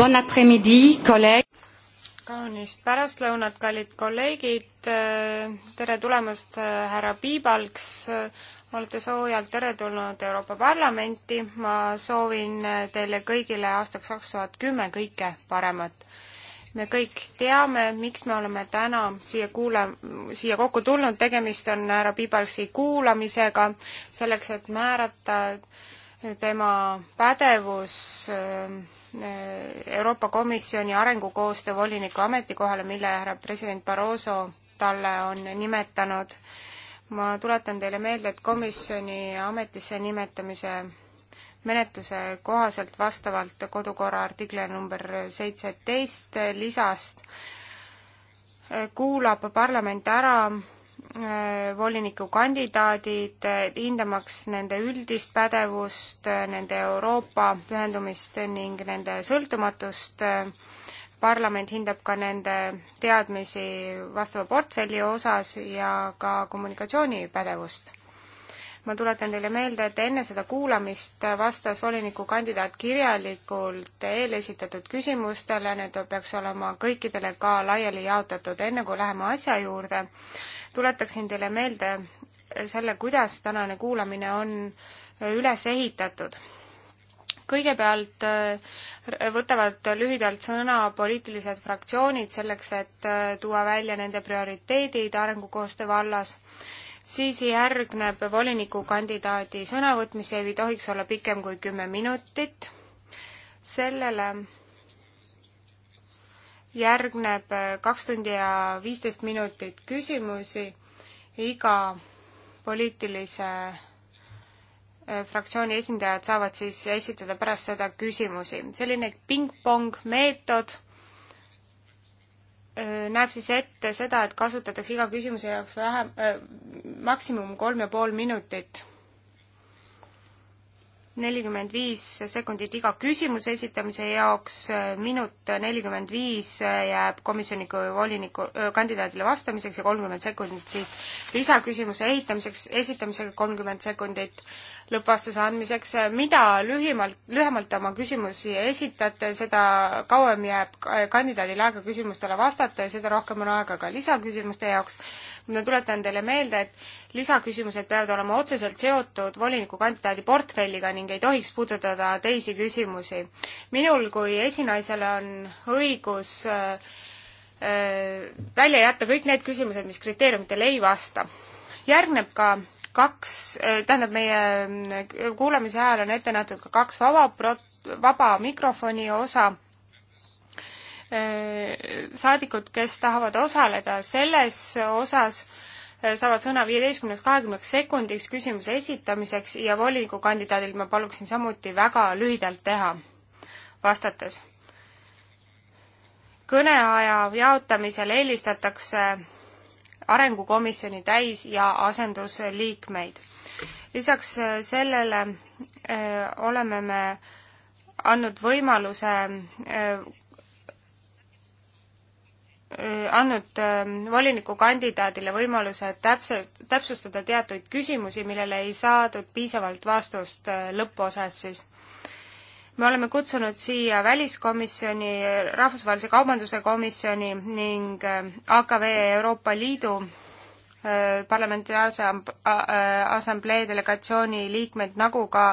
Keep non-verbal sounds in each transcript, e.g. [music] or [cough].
Bon après-midi, kolleeg. kaunist pärastlõunat, kallid kolleegid. tere tulemast, härra Piibalks. olete soojalt teretulnud Euroopa Parlamenti. ma soovin teile kõigile aastaks kaks tuhat kümme kõike paremat. me kõik teame, miks me oleme täna siia kuula-, siia kokku tulnud. tegemist on härra Piibalksi kuulamisega selleks, et määrata tema pädevus äh, Euroopa Komisjoni arengukoostöö voliniku ametikohale, mille härra president Barroso talle on nimetanud. ma tuletan teile meelde, et komisjoni ametisse nimetamise menetluse kohaselt vastavalt kodukorra artikli number seitseteist lisast kuulab parlament ära Äh, volinikukandidaadid, äh, hindamaks nende üldist pädevust, äh, nende Euroopa pühendumist ning nende sõltumatust. parlament hindab ka nende teadmisi vastava portfelli osas ja ka kommunikatsioonipädevust ma tuletan teile meelde, et enne seda kuulamist vastas volinikukandidaat kirjalikult eelesitatud küsimustele, need peaks olema kõikidele ka laiali jaotatud, enne kui läheme asja juurde, tuletaksin teile meelde selle, kuidas tänane kuulamine on üles ehitatud kõigepealt äh, võtavad lühidalt sõna poliitilised fraktsioonid selleks, et äh, tuua välja nende prioriteedid arengukoostöö vallas siis järgneb volinikukandidaadi sõnavõtt, mis ei tohiks olla pikem kui kümme minutit. sellele järgneb kaks tundi ja viisteist minutit küsimusi iga poliitilise eh, fraktsiooni esindajad saavad siis esitada pärast seda küsimusi. selline pingpong meetod näeb siis ette seda, et kasutatakse iga küsimuse jaoks vähem äh,, maksimum kolm ja pool minutit. nelikümmend viis sekundit iga küsimuse esitamise jaoks, minut nelikümmend viis jääb komisjoniku voliniku, äh, kandidaadile vastamiseks ja kolmkümmend sekundit siis lisaküsimuse ehitamiseks, esitamisega kolmkümmend sekundit lõppvastuse andmiseks, mida lühimalt, lühemalt oma küsimusi esitate, seda kauem jääb kandidaadil aega küsimustele vastata ja seda rohkem on aega ka lisaküsimuste jaoks. ma tuletan teile meelde, et lisaküsimused peavad olema otseselt seotud volinikukandidaadi portfelliga ning ei tohiks puudutada teisi küsimusi. minul kui esinaisel on õigus äh, äh, välja jätta kõik need küsimused, mis kriteeriumitele ei vasta. järgneb ka kaks, tähendab, meie kuulamise ajal on ette nähtud ka kaks vaba prot-, vaba mikrofoni osa saadikud, kes tahavad osaleda selles osas, saavad sõna viieteistkümnest kahekümneks sekundiks küsimuse esitamiseks ja volikogu kandidaadilt ma paluksin samuti väga lühidalt teha, vastates. kõneaja jaotamisel eelistatakse arengukomisjoni täis- ja asendusliikmeid. lisaks äh, sellele äh, oleme me andnud võimaluse äh, andnud volinikukandidaadile võimaluse täpselt, täpsustada teatuid küsimusi, millele ei saadud piisavalt vastust lõpuosas siis me oleme kutsunud siia Väliskomisjoni, Rahvusvahelise Kaubanduse Komisjoni ning äh, AKV Euroopa Liidu äh, parlamentaarse äh, assamblee delegatsiooni liikmed, nagu ka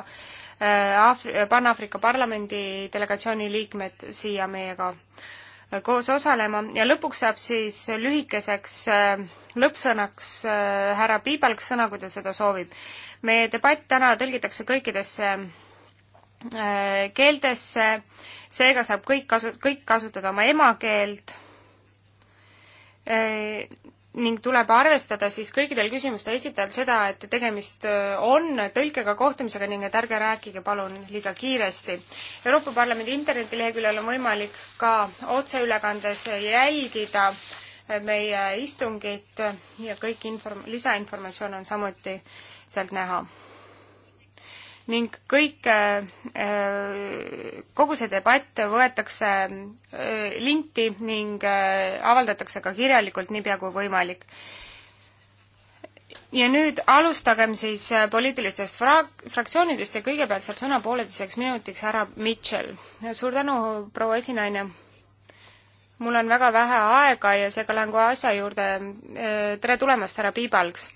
Afri-, Pan-Aafrika Parlamendi delegatsiooni liikmed siia meiega koos osalema ja lõpuks saab siis lühikeseks lõppsõnaks härra Piibalg sõna, kui ta seda soovib. meie debatt täna tõlgitakse kõikidesse Äh, keeltesse, seega saab kõik kasu-, kõik kasutada oma emakeelt äh, ning tuleb arvestada siis kõikidel küsimuste esitajal seda, et tegemist äh, on tõlkega kohtumisega ning et ärge rääkige palun liiga kiiresti. Euroopa Parlamendi internetileheküljel on võimalik ka otseülekandes jälgida meie istungit ja kõik inform-, lisainformatsioon on samuti sealt näha ning kõike, äh, kogu see debatt võetakse äh, linti ning äh, avaldatakse ka kirjalikult niipea kui võimalik. ja nüüd alustagem siis poliitilistest fra-, fraktsioonidest ja kõigepealt saab sõna pooleteiseks minutiks härra Mitchell. suur tänu, proua esinaine! mul on väga vähe aega ja seega lähen kohe asja juurde. tere tulemast, härra Piibalgs!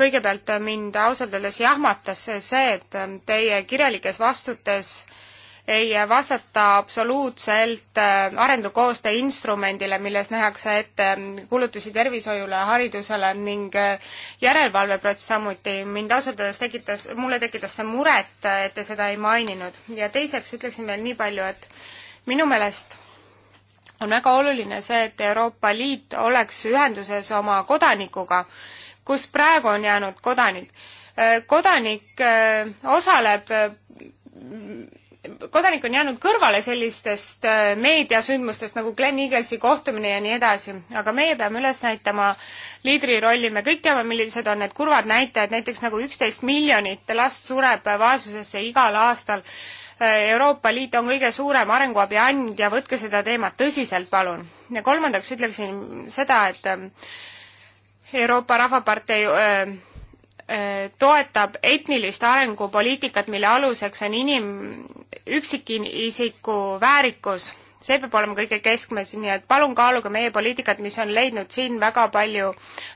kõigepealt äh, mind ausalt öeldes jahmatas see, et äh, teie kirjalikes vastutes ei vastata absoluutselt äh, arengukoostöö instrumendile, milles nähakse ette kulutusi tervishoiule, haridusele ning järelevalveprotsess samuti. mind ausalt öeldes tekitas, mulle tekitas see muret, et te seda ei maininud. ja teiseks ütleksin veel nii palju, et minu meelest on väga oluline see, et Euroopa Liit oleks ühenduses oma kodanikuga kus praegu on jäänud kodanik. Äh, kodanik äh, osaleb, äh, kodanik on jäänud kõrvale sellistest meediasündmustest nagu Glen Eaglesi kohtumine ja nii edasi, aga meie peame üles näitama liidri rolli, me kõik teame, millised on need kurvad näitajad, näiteks nagu üksteist miljonit last sureb vaesusesse igal aastal. Euroopa Liit on kõige suurem arenguabi andja, võtke seda teemat tõsiselt, palun. ja kolmandaks ütleksin seda, et Euroopa Rahvapartei öö, toetab etnilist arengupoliitikat, mille aluseks on inim-, üksikisiku väärikus. see peab olema kõige keskmes, nii et palun kaaluge meie poliitikat, mis on leidnud siin väga palju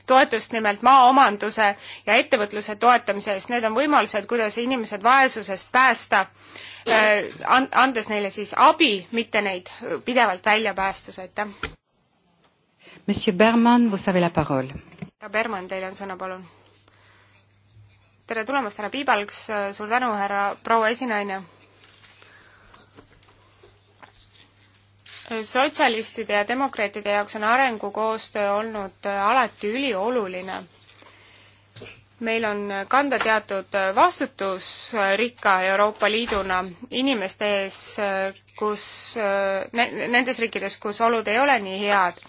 toetust nimelt maaomanduse ja ettevõtluse toetamise eest. Need on võimalused, kuidas inimesed vaesusest päästa, andes neile siis abi, mitte neid pidevalt välja päästes, aitäh. Monsieur Berman, vous avez la parole härra Berman, teil on sõna, palun. tere tulemast, härra Piibalks, suur tänu, härra proua esinaine. sotsialistide ja demokraatide jaoks on arengukoostöö olnud alati ülioluline. meil on kanda teatud vastutus rikka Euroopa Liiduna inimeste ees, kus ne,, nendes riikides, kus olud ei ole nii head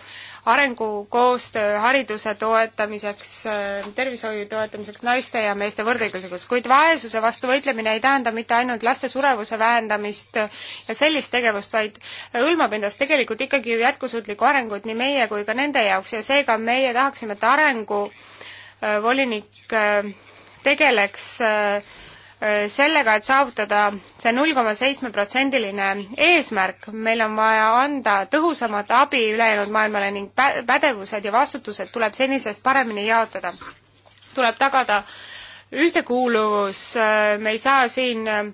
arengukoostöö hariduse toetamiseks, äh, tervishoiu toetamiseks, naiste ja meeste võrdõiguslikkus, kuid vaesuse vastu võitlemine ei tähenda mitte ainult laste surevuse vähendamist ja sellist tegevust, vaid hõlmab endast tegelikult ikkagi jätkusuutlikku arengut nii meie kui ka nende jaoks ja seega meie tahaksime, et arenguvolinik äh, äh, tegeleks äh, Äh, sellega, et saavutada see null koma seitsme protsendiline eesmärk, meil on vaja anda tõhusamat abi ülejäänud maailmale ning pä-, pädevused ja vastutused tuleb senisest paremini jaotada. tuleb tagada ühtekuuluvus, äh, me ei saa siin äh,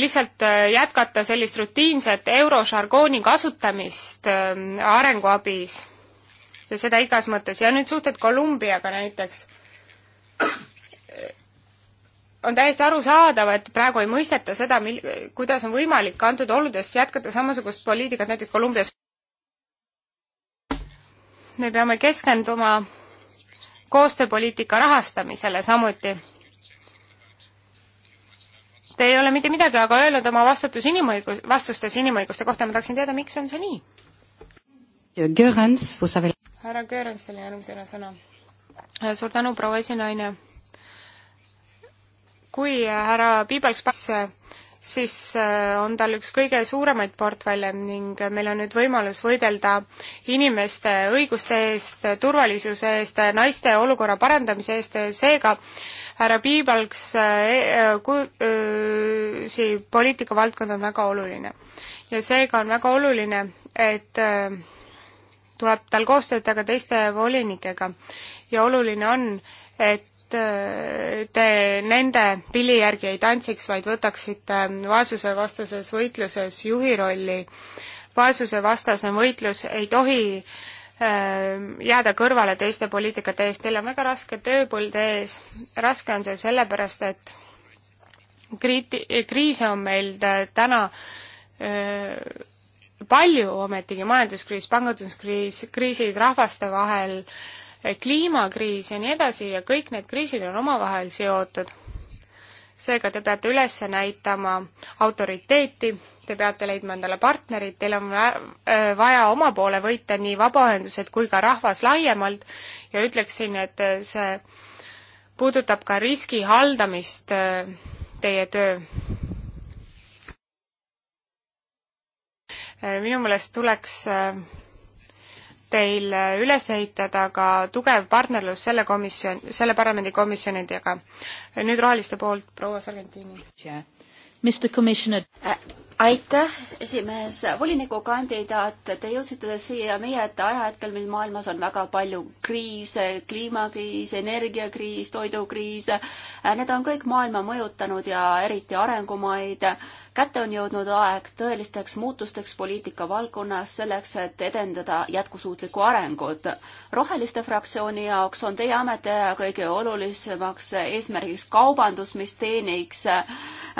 lihtsalt jätkata sellist rutiinset eurožargooni kasutamist arenguabis ja seda igas mõttes ja nüüd suhted Kolumbiaga näiteks on täiesti arusaadav, et praegu ei mõisteta seda, mil-, kuidas on võimalik antud oludes jätkata samasugust poliitikat näiteks Kolumbias. me peame keskenduma koostööpoliitika rahastamisele samuti. Te ei ole mitte midagi aga öelnud oma vastutus inimõigus, vastustes inimõiguste kohta, ma tahaksin teada, miks on see nii? härra Görans, teil on järgmisena sõna. suur tänu, proua esinaine kui äh, härra Piibalks passe, äh, siis äh, on tal üks kõige suuremaid portfelle ning meil on nüüd võimalus võidelda inimeste õiguste eest, turvalisuse eest, naiste olukorra parandamise eest, seega härra Piibalks e, ku-, see poliitikavaldkond on väga oluline. ja seega on väga oluline, et tuleb tal koostööd teha ka teiste volinikega ja oluline on, et Äh, te nende pilli järgi ei tantsiks, vaid võtaksite ähm, vaesusevastases võitluses juhi rolli. vaesusevastase võitlus ei tohi ähm, jääda kõrvale teiste poliitikate eest, teil on väga raske tööpõld ees, raske on see sellepärast, et kriiti-, kriise on meil äh, täna öö, äh, palju ometigi, majanduskriis, panganduskriis, kriisid rahvaste vahel, kliimakriis ja nii edasi ja kõik need kriisid on omavahel seotud. seega te peate üles näitama autoriteeti, te peate leidma endale partnerid, teil on vaja oma poole võita nii vabaühendused kui ka rahvas laiemalt ja ütleksin, et äh, see puudutab ka riski haldamist, äh, teie töö äh, minu meelest tuleks teil üles ehitada ka tugev partnerlus selle komisjon, selle parlamendikomisjonidega. nüüd roheliste poolt proua Sargentini. Äh, aitäh, esimees, volinikukandidaat, te jõudsite siia meie ette ajahetkel, mil maailmas on väga palju kriise, kliimakriis, energiakriis, toidukriis, äh, need on kõik maailma mõjutanud ja eriti arengumaid kätte on jõudnud aeg tõelisteks muutusteks poliitika valdkonnas selleks, et edendada jätkusuutlikku arengut. roheliste fraktsiooni jaoks on teie ametiaja kõige olulisemaks eesmärgiks kaubandus, mis teeniks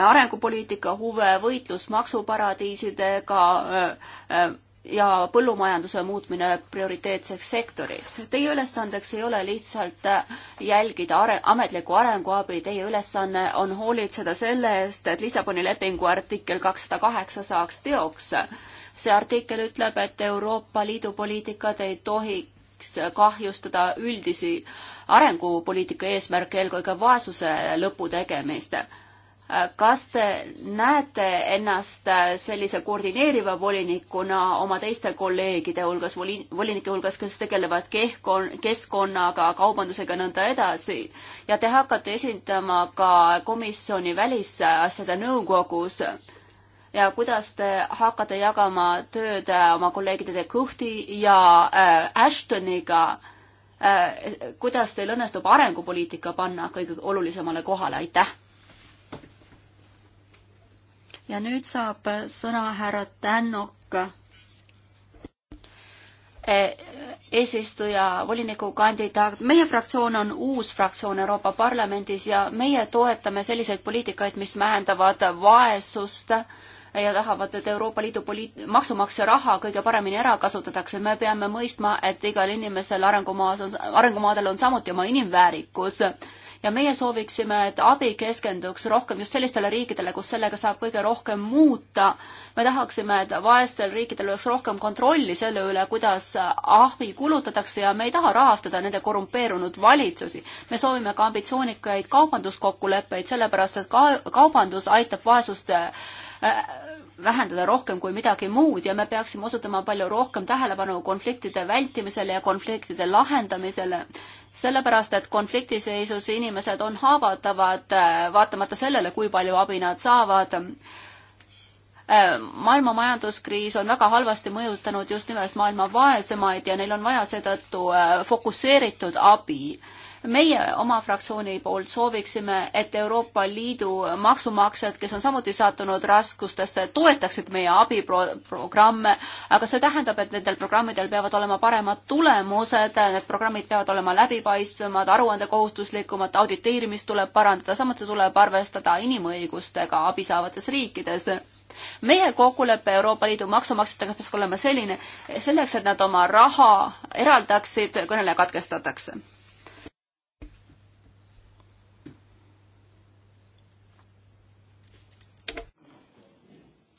arengupoliitika huve, võitlus maksuparadiisidega, ja põllumajanduse muutmine prioriteetseks sektoriks. Teie ülesandeks ei ole lihtsalt äh, jälgida are-, ametlikku arenguabi, teie ülesanne on hoolitseda selle eest, et Lissaboni lepingu artikkel kakssada kaheksa saaks teoks. see artikkel ütleb, et Euroopa Liidu poliitikad ei tohiks kahjustada üldisi arengupoliitika eesmärke, eelkõige vaesuse lõpu tegemist kas te näete ennast sellise koordineeriva volinikuna oma teiste kolleegide hulgas, volinike hulgas, kes tegelevad kehkon-, keskkonnaga, kaubandusega, nõnda edasi, ja te hakkate esindama ka komisjoni välisasjade nõukogus ja kuidas te hakkate jagama tööd äh, oma kolleegide De Kuhti ja äh, Ashtoniga äh,, kuidas teil õnnestub arengupoliitika panna kõige olulisemale kohale, aitäh! ja nüüd saab sõna härra Tännok e, eesistuja, volinikukandidaat, meie fraktsioon on uus fraktsioon Euroopa Parlamendis ja meie toetame selliseid poliitikaid, mis vähendavad vaesust ja tahavad, et Euroopa Liidu poliit-, maksumaksja raha kõige paremini ära kasutatakse. me peame mõistma, et igal inimesel arengumaas on, arengumaadel on samuti oma inimväärikus ja meie sooviksime, et abi keskenduks rohkem just sellistele riikidele, kus sellega saab kõige rohkem muuta. me tahaksime, et vaestel riikidel oleks rohkem kontrolli selle üle, kuidas abi kulutatakse ja me ei taha rahastada nende korrumpeerunud valitsusi. me soovime ka ambitsioonikaid kaubanduskokkuleppeid, sellepärast et ka kaubandus aitab vaesust äh, vähendada rohkem kui midagi muud ja me peaksime osutama palju rohkem tähelepanu konfliktide vältimisele ja konfliktide lahendamisele. sellepärast, et konfliktiseisus inimesed on haavatavad, äh, vaatamata sellele, kui palju abi nad saavad. Äh, maailma majanduskriis on väga halvasti mõjutanud just nimelt maailma vaesemaid ja neil on vaja seetõttu äh, fokusseeritud abi meie oma fraktsiooni poolt sooviksime, et Euroopa Liidu maksumaksjad, kes on samuti sattunud raskustesse, toetaksid meie abiprogramme, aga see tähendab, et nendel programmidel peavad olema paremad tulemused, need programmid peavad olema läbipaistvamad, aruandekohustuslikumad, auditeerimist tuleb parandada, samuti tuleb arvestada inimõigustega abi saavates riikides meie kokkulepe Euroopa Liidu maksumaksjatega peaks olema selline, selleks, et nad oma raha eraldaksid, kõneleja katkestatakse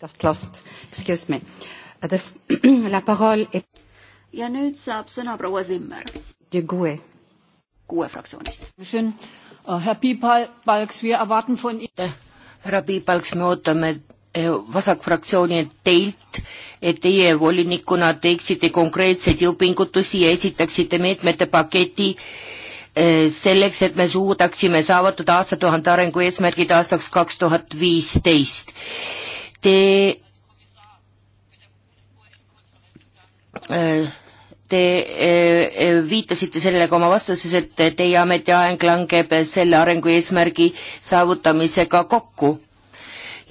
just closed, excuse me. Uh, the, [clears throat] la parole est... ja nüüd saab sõna proua Zimmer. De Gue. Gue fraktsioonist. härra äh, Piipalks, me erwarten von Ihnen. härra Piipalks, me ootame äh, vasakfraktsiooni teilt, et teie volinikuna teeksite konkreetseid jõupingutusi ja esitaksite meetmete paketi äh, selleks, et me suudaksime saavutada aastatuhande arengu eesmärgid aastaks kaks tuhat viisteist Te, äh, te äh, äh, viitasite sellele ka oma vastuses, et teie ametiaeg langeb selle arengu eesmärgi saavutamisega kokku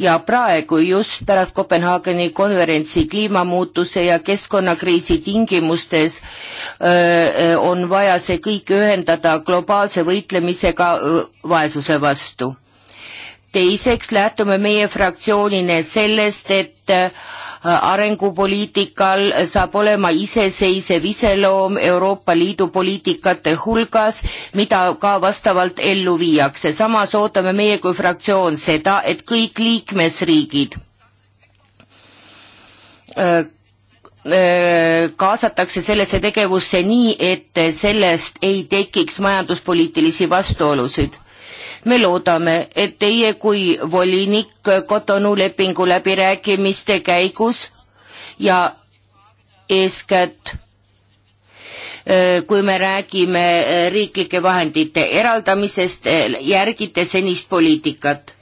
ja praegu just pärast Kopenhaageni konverentsi kliimamuutuse ja keskkonnakriisi tingimustes öö, on vaja see kõik ühendada globaalse võitlemisega vaesuse vastu teiseks lähtume meie fraktsioonina sellest, et äh, arengupoliitikal saab olema iseseisev iseloom Euroopa Liidu poliitikate hulgas, mida ka vastavalt ellu viiakse. samas ootame meie kui fraktsioon seda, et kõik liikmesriigid äh, äh, kaasatakse sellesse tegevusse nii, et sellest ei tekiks majanduspoliitilisi vastuolusid me loodame, et teie kui volinik Cotonou lepingu läbirääkimiste käigus ja eeskätt eh, kui me räägime eh, riiklike vahendite eraldamisest, eh, järgite senist poliitikat.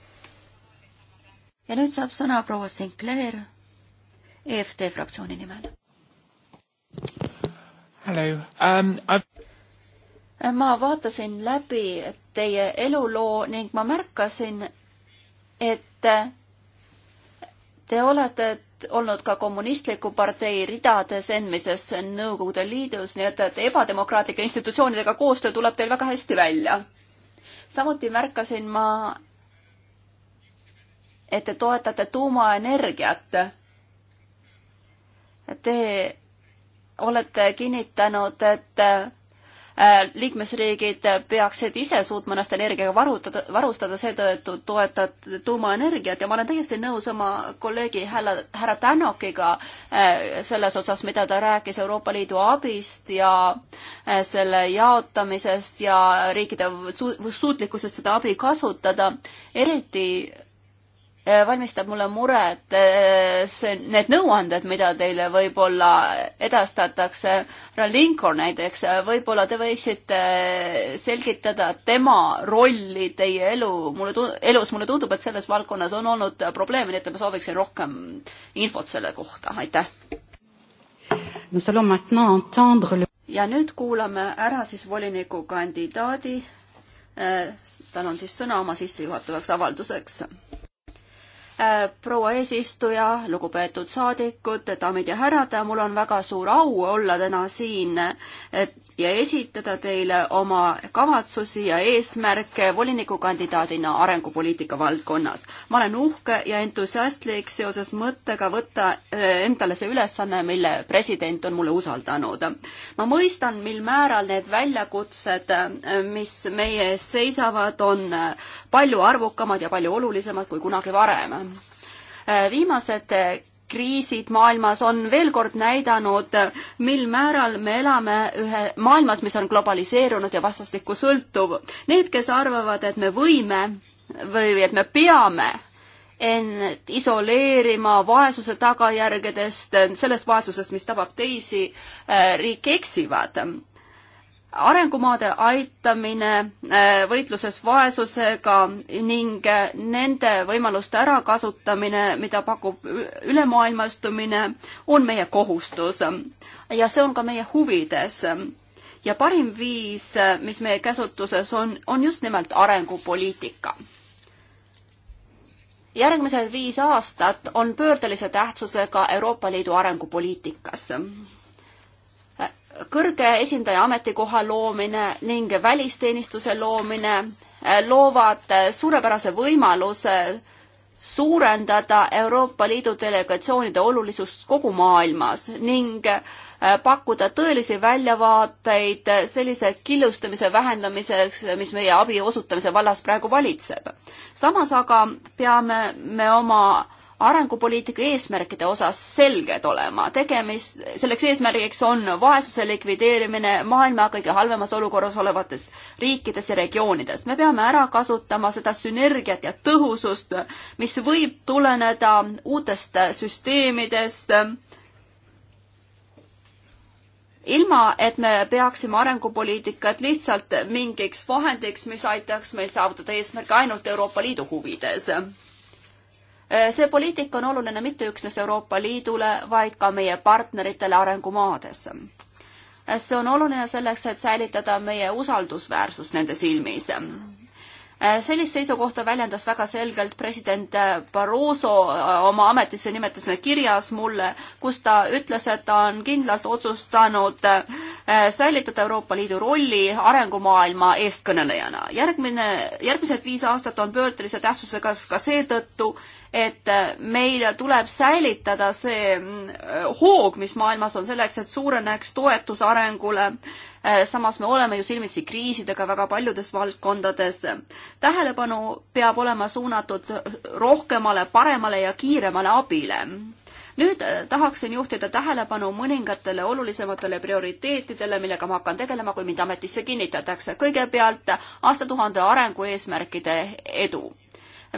ja nüüd saab sõna proua Sinclair EFD fraktsiooni nimel. Hello um,. I've ma vaatasin läbi teie eluloo ning ma märkasin, et te olete olnud ka kommunistliku partei ridades endises Nõukogude Liidus, nii et, et ebademokraatlike institutsioonidega koostöö tuleb teil väga hästi välja. samuti märkasin ma, et te toetate tuumaenergiat. Te olete kinnitanud, et Äh, liikmesriigid peaksid ise suutma ennast energiaga varutada, varustada, seetõttu toetad tuumaenergiat ja ma olen täiesti nõus oma kolleegi härra, härra Tänokiga äh, selles osas, mida ta rääkis Euroopa Liidu abist ja äh, selle jaotamisest ja riikide su suutlikkusest seda abi kasutada, eriti Eh, valmistab mulle muret eh, see, need nõuanded, mida teile võib-olla edastatakse, härra Lincoln näiteks, eh, võib-olla te võiksite selgitada tema rolli teie elu, mulle tu-, elus, mulle tundub, et selles valdkonnas on olnud probleeme, nii et ma sooviksin rohkem infot selle kohta, aitäh. ja nüüd kuulame ära siis volinikukandidaadi, tal on siis sõna oma sissejuhatavaks avalduseks Äh, proua eesistuja, lugupeetud saadikud, daamid ja härrad, mul on väga suur au olla täna siin, et ja esitada teile oma kavatsusi ja eesmärke volinikukandidaadina arengupoliitika valdkonnas. ma olen uhke ja entusiastlik seoses mõttega võtta eh, endale see ülesanne, mille president on mulle usaldanud. ma mõistan, mil määral need väljakutsed, eh, mis meie ees seisavad, on eh, palju arvukamad ja palju olulisemad kui kunagi varem viimased kriisid maailmas on veel kord näidanud, mil määral me elame ühe maailmas, mis on globaliseerunud ja vastastikku sõltuv. Need, kes arvavad, et me võime või et me peame end isoleerima vaesuse tagajärgedest, sellest vaesusest, mis tabab teisi äh, riike, eksivad arengumaade aitamine äh, võitluses vaesusega ning äh, nende võimaluste ärakasutamine, mida pakub ülemaailmastumine, on meie kohustus ja see on ka meie huvides. ja parim viis, äh, mis meie käsutuses on, on just nimelt arengupoliitika järgmised viis aastat on pöördelise tähtsusega Euroopa Liidu arengupoliitikas kõrge esindaja ametikoha loomine ning välisteenistuse loomine äh, loovad äh, suurepärase võimaluse suurendada Euroopa Liidu delegatsioonide olulisust kogu maailmas ning äh, pakkuda tõelisi väljavaateid sellise killustamise vähendamiseks, mis meie abi osutamise vallas praegu valitseb. samas aga peame me oma arengupoliitika eesmärkide osas selged olema. tegemist, selleks eesmärgiks on vaesuse likvideerimine maailma kõige halvemas olukorras olevates riikides ja regioonides. me peame ära kasutama seda sünergiat ja tõhusust, mis võib tuleneda uutest süsteemidest, ilma, et me peaksime arengupoliitikat lihtsalt mingiks vahendiks, mis aitaks meil saavutada eesmärke ainult Euroopa Liidu huvides Äh, see poliitika on oluline mitte üksnes Euroopa Liidule, vaid ka meie partneritele arengumaades. Äh, see on oluline selleks, et säilitada meie usaldusväärsus nende silmis. Äh, sellist seisukohta väljendas väga selgelt president äh, Barroso äh, oma ametisse nimetasime kirjas mulle, kus ta ütles, et ta on kindlalt otsustanud säilitada Euroopa Liidu rolli arengumaailma eestkõnelejana. järgmine, järgmised viis aastat on pöördelise tähtsusega ka seetõttu, et meil tuleb säilitada see mm, hoog, mis maailmas on selleks, et suureneks toetus arengule Äh, samas me oleme ju silmitsi kriisidega väga paljudes valdkondades. tähelepanu peab olema suunatud rohkemale, paremale ja kiiremale abile nüüd äh, tahaksin juhtida tähelepanu mõningatele olulisematele prioriteetidele, millega ma hakkan tegelema, kui mind ametisse kinnitatakse. kõigepealt aastatuhande arengueesmärkide edu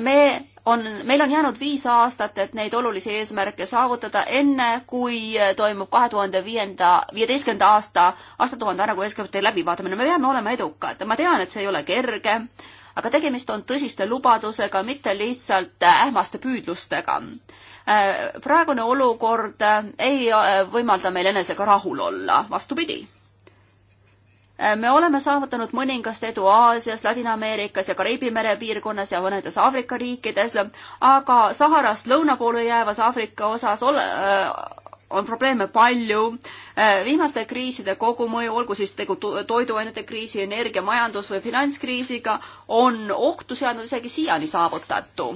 me on, meil on jäänud viis aastat, et neid olulisi eesmärke saavutada, enne kui toimub kahe tuhande viienda, viieteistkümnenda aasta, aastatuhande arengu eesmärkide läbivaatamine. me peame olema edukad. ma tean, et see ei ole kerge, aga tegemist on tõsiste lubadusega, mitte lihtsalt ähmaste püüdlustega. Äh, praegune olukord ei võimalda meil enesega rahul olla, vastupidi me oleme saavutanud mõningast edu Aasias, Ladina-Ameerikas ja Kariibi mere piirkonnas ja mõnedes Aafrika riikides, aga Saharast lõuna poole jäävas Aafrika osas ole, äh, on probleeme palju. Äh, viimaste kriiside kogumõju, olgu siis tegu toiduainete kriisi, energia, majandus või finantskriisiga, on ohtu seadnud isegi siiani saavutatu.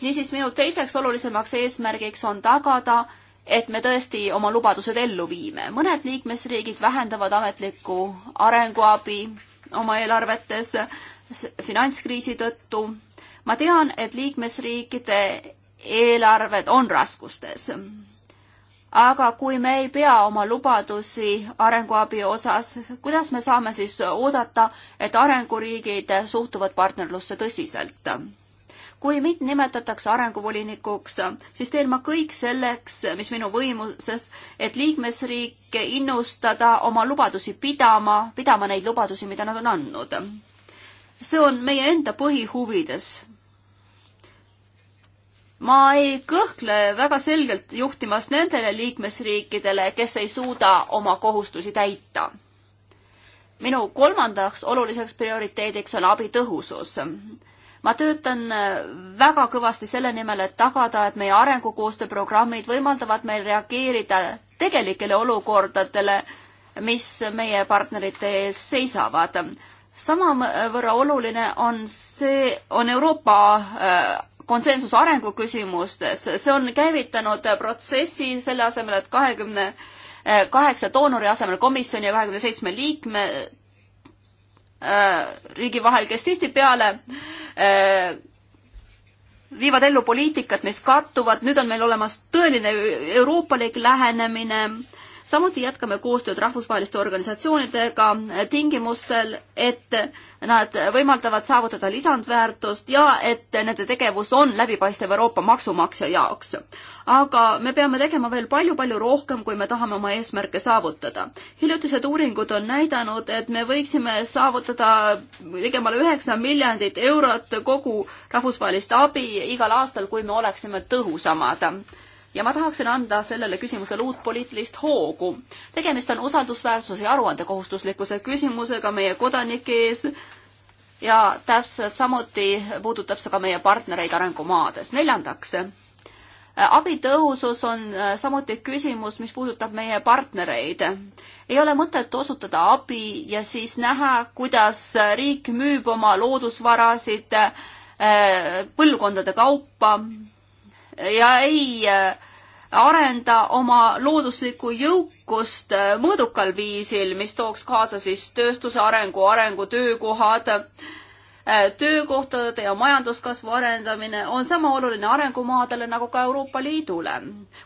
niisiis minu teiseks olulisemaks eesmärgiks on tagada, et me tõesti oma lubadused ellu viime. mõned liikmesriigid vähendavad ametlikku arenguabi oma eelarvetes finantskriisi tõttu. ma tean, et liikmesriikide eelarved on raskustes. aga kui me ei pea oma lubadusi arenguabi osas, kuidas me saame siis oodata, et arenguriigid suhtuvad partnerlusse tõsiselt? kui mind nimetatakse arenguvolinikuks, siis teen ma kõik selleks, mis minu võimuses, et liikmesriike innustada oma lubadusi pidama, pidama neid lubadusi, mida nad on andnud. see on meie enda põhihuvides. ma ei kõhkle väga selgelt juhtimas nendele liikmesriikidele, kes ei suuda oma kohustusi täita minu kolmandaks oluliseks prioriteediks on abi tõhusus ma töötan äh, väga kõvasti selle nimel, et tagada, et meie arengukoostööprogrammid võimaldavad meil reageerida tegelikele olukordadele, mis meie partnerite ees seisavad. samavõrra oluline on see, on Euroopa äh, konsensus arenguküsimustes, see on käivitanud protsessi selle asemel, et kahekümne äh, kaheksa doonori asemel komisjoni ja kahekümne seitsme liikme Äh, riigi vahel, kes tihtipeale äh, viivad ellu poliitikat, mis kattuvad, nüüd on meil olemas tõeline euroopalik lähenemine samuti jätkame koostööd rahvusvaheliste organisatsioonidega tingimustel, et nad võimaldavad saavutada lisandväärtust ja et nende tegevus on läbipaistev Euroopa maksumaksja jaoks. aga me peame tegema veel palju-palju rohkem, kui me tahame oma eesmärke saavutada. hiljutised uuringud on näidanud, et me võiksime saavutada ligemale üheksa miljardit eurot kogu rahvusvahelist abi igal aastal, kui me oleksime tõhusamad ja ma tahaksin anda sellele küsimusele uut poliitilist hoogu. tegemist on usaldusväärsuse ja aruandekohustuslikkuse küsimusega meie kodanike ees ja täpselt samuti puudutab see ka meie partnereid arengumaades. neljandaks, abitõhusus on äh, samuti küsimus, mis puudutab meie partnereid. ei ole mõtet osutada abi ja siis näha, kuidas riik müüb oma loodusvarasid äh, põlvkondade kaupa ja ei äh, arenda oma looduslikku jõukust äh, mõõdukal viisil, mis tooks kaasa siis tööstuse arengu, arengu töökohad äh,, Äh, töökohtade ja majanduskasvu arendamine on sama oluline arengumaadele nagu ka Euroopa Liidule.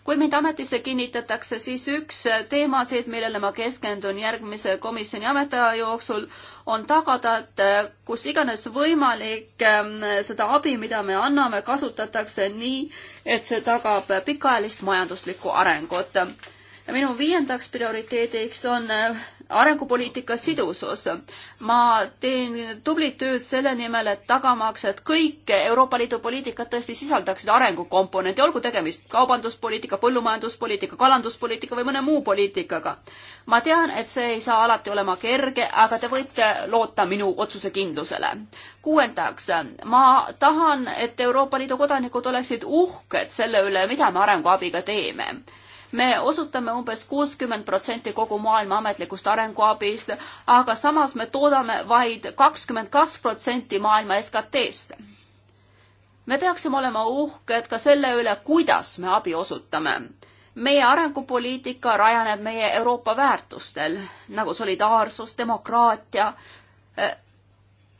kui mind ametisse kinnitatakse, siis üks teemasid, millele ma keskendun järgmise komisjoni ametiaja jooksul, on tagada, et äh, kus iganes võimalik, ähm, seda abi, mida me anname, kasutatakse nii, et see tagab pikaajalist majanduslikku arengut. minu viiendaks prioriteediks on äh, arengupoliitika sidusus. ma teen tublit tööd selle nimel, et tagamaks, et kõik Euroopa Liidu poliitikad tõesti sisaldaksid arengukomponendi, olgu tegemist kaubanduspoliitika, põllumajanduspoliitika, kalanduspoliitika või mõne muu poliitikaga. ma tean, et see ei saa alati olema kerge, aga te võite loota minu otsusekindlusele. kuuendaks, ma tahan, et Euroopa Liidu kodanikud oleksid uhked selle üle, mida me arenguabiga teeme me osutame umbes kuuskümmend protsenti kogu maailma ametlikust arenguabist, aga samas me toodame vaid kakskümmend kaks protsenti maailma SKT-st. me peaksime olema uhked ka selle üle, kuidas me abi osutame meie arengupoliitika rajaneb meie Euroopa väärtustel nagu solidaarsus, demokraatia, eh,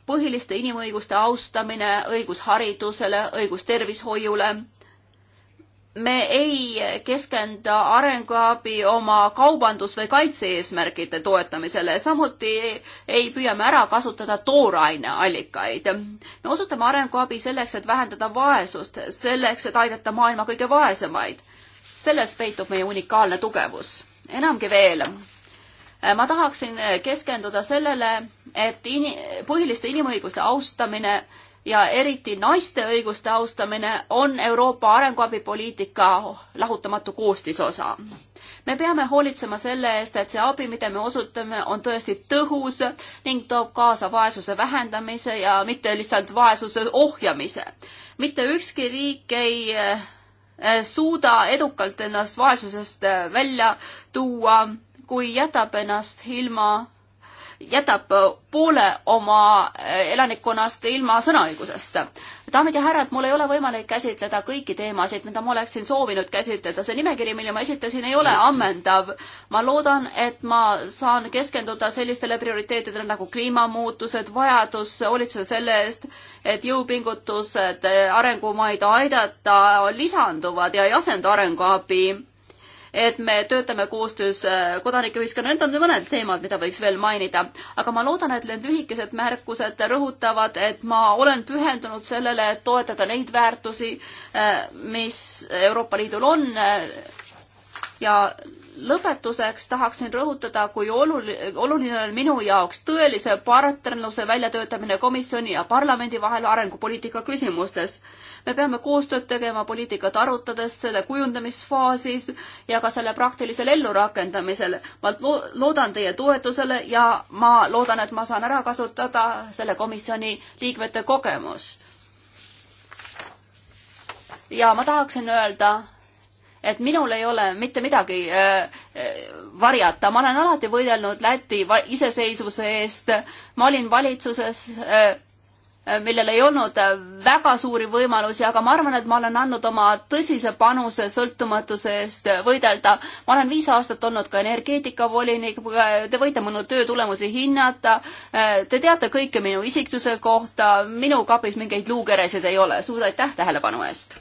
põhiliste inimõiguste austamine, õigus haridusele, õigus tervishoiule me ei keskenda arenguabi oma kaubandus- või kaitse-eesmärgide toetamisele, samuti ei püüa me ära kasutada tooraineallikaid. me osutame arenguabi selleks, et vähendada vaesust, selleks, et aidata maailma kõige vaesemaid. selles peitub meie unikaalne tugevus. enamgi veel, ma tahaksin keskenduda sellele, et in-, põhiliste inimõiguste austamine ja eriti naiste õiguste austamine on Euroopa arenguabipoliitika lahutamatu koostisosa. me peame hoolitsema selle eest, et see abi, mida me osutame, on tõesti tõhus ning toob kaasa vaesuse vähendamise ja mitte lihtsalt vaesuse ohjamise. mitte ükski riik ei eh, suuda edukalt ennast vaesusest eh, välja tuua, kui jätab ennast ilma jätab poole oma äh, elanikkonnast ilma sõnaõigusest. daamid ja härrad, mul ei ole võimalik käsitleda kõiki teemasid, mida ma oleksin soovinud käsitleda. see nimekiri, mille ma esitasin, ei ole ammendav. ma loodan, et ma saan keskenduda sellistele prioriteetidele nagu kliimamuutused, vajadus hoolitseda selle eest, et jõupingutused äh, arengumaid aidata lisanduvad ja ei asenda arenguabi et me töötame koostöös äh, kodanikeühiskonna, need on mõned teemad, mida võiks veel mainida. aga ma loodan, et need lühikesed märkused rõhutavad, et ma olen pühendunud sellele, et toetada neid väärtusi, äh, mis Euroopa Liidul on äh, ja lõpetuseks tahaksin rõhutada, kui oluline, oluline on minu jaoks tõelise partnerluse väljatöötamine komisjoni ja parlamendi vahel arengupoliitika küsimustes. me peame koostööd tegema poliitikat arutades, selle kujundamisfaasis ja ka selle praktilisel ellurakendamisel. ma loodan teie toetusele ja ma loodan, et ma saan ära kasutada selle komisjoni liikmete kogemust. ja ma tahaksin öelda, et minul ei ole mitte midagi äh, äh, varjata, ma olen alati võidelnud Läti iseseisvuse eest, ma olin valitsuses, äh, millel ei olnud väga suuri võimalusi, aga ma arvan, et ma olen andnud oma tõsise panuse sõltumatuse eest võidelda. ma olen viis aastat olnud ka energeetikavolinik, te võite minu töö tulemusi hinnata. Te teate kõike minu isiksuse kohta, minu kapis mingeid luukeresid ei ole. suur aitäh tähelepanu eest!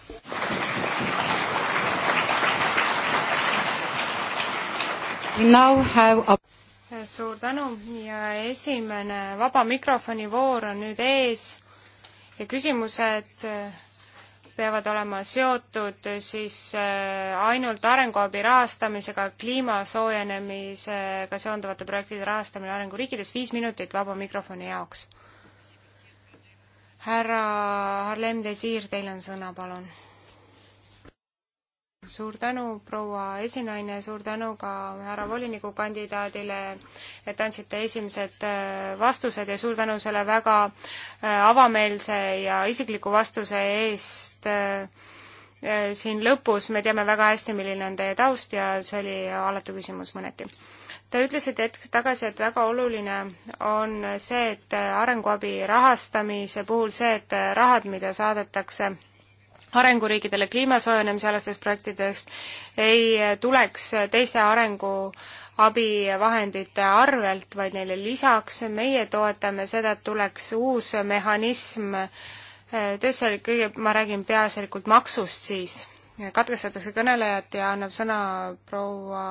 suur tänu ja esimene vaba mikrofoni voor on nüüd ees ja küsimused eh, peavad olema seotud eh, siis eh, ainult arenguabi rahastamisega, kliima soojenemisega seonduvate projektide rahastamine arenguriikides, viis minutit vaba mikrofoni jaoks. härra Harlem Desir, teil on sõna, palun suur tänu, proua esinaine, suur tänu ka härra volinikukandidaadile, et andsite esimesed äh, vastused ja suur tänu selle väga äh, avameelse ja isikliku vastuse eest äh, siin lõpus. me teame väga hästi, milline on teie taust ja see oli alatu küsimus mõneti. Te ütlesite hetk tagasi, et väga oluline on see, et arenguabi rahastamise puhul see, et rahad, mida saadetakse arenguriikidele kliima soojenemise alastest projektidest ei tuleks teiste arenguabivahendite arvelt, vaid neile lisaks meie toetame seda, et tuleks uus mehhanism, tõesti, kõige, ma räägin peaasjalikult maksust siis, katkestatakse kõnelejat ja annab sõna proua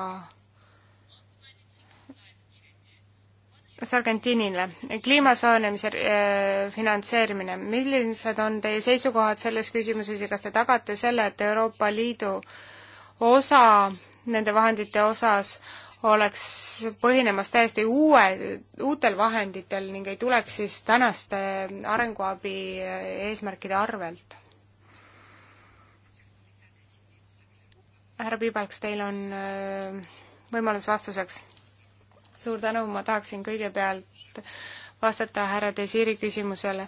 kas Argentiinile kliima soojenemise äh, finantseerimine, millised on teie seisukohad selles küsimuses ja kas te tagate selle, et Euroopa Liidu osa nende vahendite osas oleks põhinemas täiesti uue, uutel vahenditel ning ei tuleks siis tänaste arenguabi äh, eesmärkide arvelt? härra Piibalks, teil on äh, võimalus vastuseks suur tänu, ma tahaksin kõigepealt vastata härra Desiri küsimusele.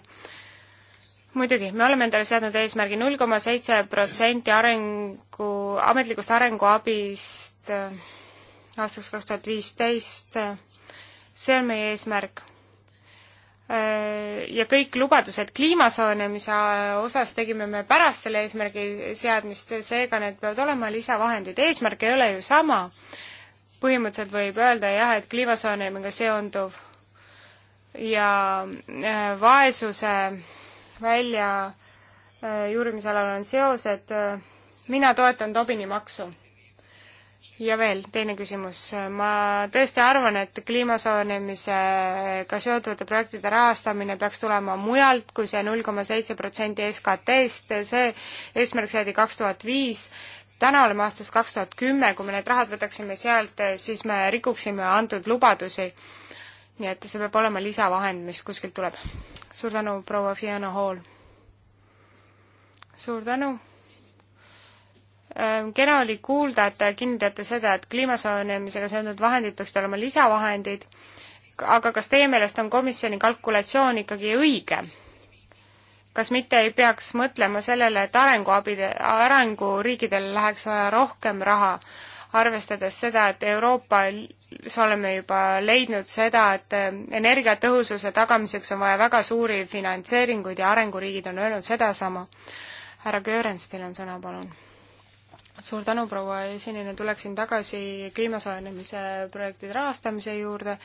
muidugi, me oleme endale seadnud eesmärgi null koma seitse protsenti arengu, ametlikust arenguabist äh, aastaks kaks tuhat viisteist, see on meie eesmärk. Äh, ja kõik lubadused kliima soojenemise osas tegime me pärast selle eesmärgi seadmist, seega need peavad olema lisavahendid, eesmärk ei ole ju sama põhimõtteliselt võib öelda jah, et kliima soojenemisega seonduv ja äh, vaesuse välja äh, juurimisalal on seosed, äh, mina toetan Tobini maksu. ja veel teine küsimus, ma tõesti arvan, et kliima soojenemisega seonduvate projektide rahastamine peaks tulema mujalt kui see null koma seitse protsenti SKT-st, SKT see eesmärk seati kaks tuhat viis täna oleme aastas kaks tuhat kümme, kui me need rahad võtaksime sealt, eh, siis me rikuksime antud lubadusi. nii et see peab olema lisavahend, mis kuskilt tuleb. suur tänu, proua Fiona Hall! suur tänu! Ähm, kena oli kuulda, et te kinnitate seda, et kliima soojenemisega seonduvad vahendid peaksid olema lisavahendid, aga kas teie meelest on komisjoni kalkulatsioon ikkagi õige? kas mitte ei peaks mõtlema sellele, et arenguabide, arenguriikidel läheks vaja rohkem raha, arvestades seda, et Euroopas oleme juba leidnud seda, et energiatõhususe tagamiseks on vaja väga suuri finantseeringuid ja arenguriigid on öelnud sedasama. härra Göörens, teil on sõna, palun. suur tänu, proua esineja, tuleksin tagasi kliimasoojenemise projektide rahastamise juurde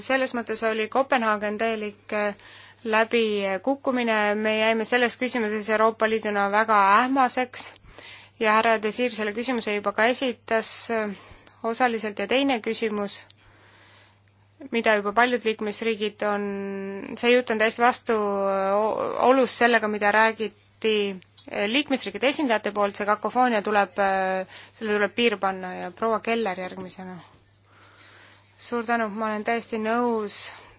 selles mõttes oli Kopenhaagen täielik läbikukkumine, me jäime selles küsimuses Euroopa Liiduna väga ähmaseks ja härra Desir selle küsimuse juba ka esitas osaliselt ja teine küsimus, mida juba paljud liikmesriigid on, see jutt on täiesti vastuolus sellega, mida räägiti liikmesriikide esindajate poolt, see kakofoonia tuleb, selle tuleb piir panna ja proua Keller järgmisena. suur tänu, ma olen täiesti nõus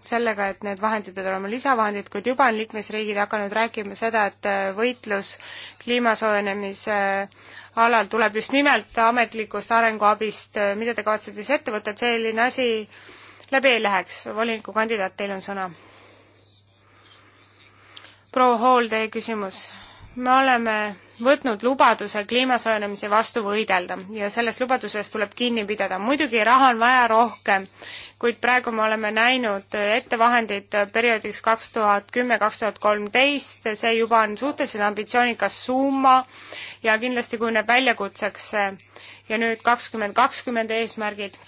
sellega, et need vahendid peavad olema lisavahendid, kuid juba on liikmesriigid hakanud rääkima seda, et äh, võitlus kliima soojenemise äh, alal tuleb just nimelt ametlikust arenguabist, äh, mida te kavatsete siis ette võtta, et selline asi läbi ei läheks. volinikukandidaat, teil on sõna. proua Hool, teie küsimus. me oleme võtnud lubaduse kliima soojenemise vastu võidelda ja sellest lubadusest tuleb kinni pidada. muidugi raha on vaja rohkem, kuid praegu me oleme näinud ette vahendid perioodiks kaks tuhat kümme, kaks tuhat kolmteist, see juba on suhteliselt ambitsioonikas summa ja kindlasti kujuneb väljakutseks ja nüüd kakskümmend kakskümmend eesmärgid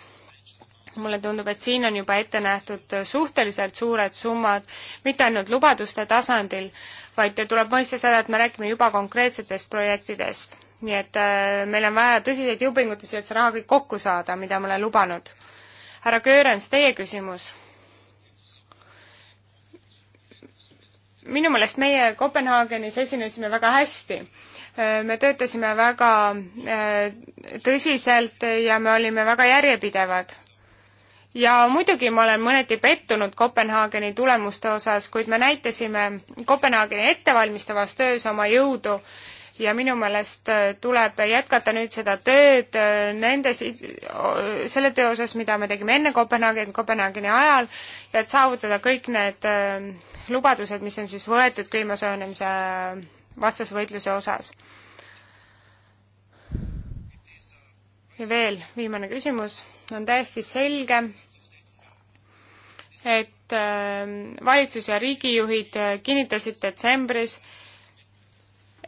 mulle tundub, et siin on juba ette nähtud suhteliselt suured summad, mitte ainult lubaduste tasandil, vaid tuleb mõista seda, et me räägime juba konkreetsetest projektidest. nii et äh, meil on vaja tõsiseid jõupingutusi, et see raha kõik kokku saada, mida ma olen lubanud. härra Köörens, teie küsimus? minu meelest meie Kopenhaagenis esinesime väga hästi äh, me töötasime väga äh, tõsiselt ja me olime väga järjepidevad ja muidugi ma olen mõneti pettunud Kopenhaageni tulemuste osas, kuid me näitasime Kopenhaageni ettevalmistavas töös oma jõudu ja minu meelest äh, tuleb jätkata nüüd seda tööd äh, nende, selle töö osas, mida me tegime enne Kopenhaageni, Kopenhaageni ajal, ja et saavutada kõik need äh, lubadused, mis on siis võetud kliima soojenemise vastase võitluse osas. ja veel viimane küsimus, on täiesti selge et ähm, valitsus ja riigijuhid äh, kinnitasid detsembris,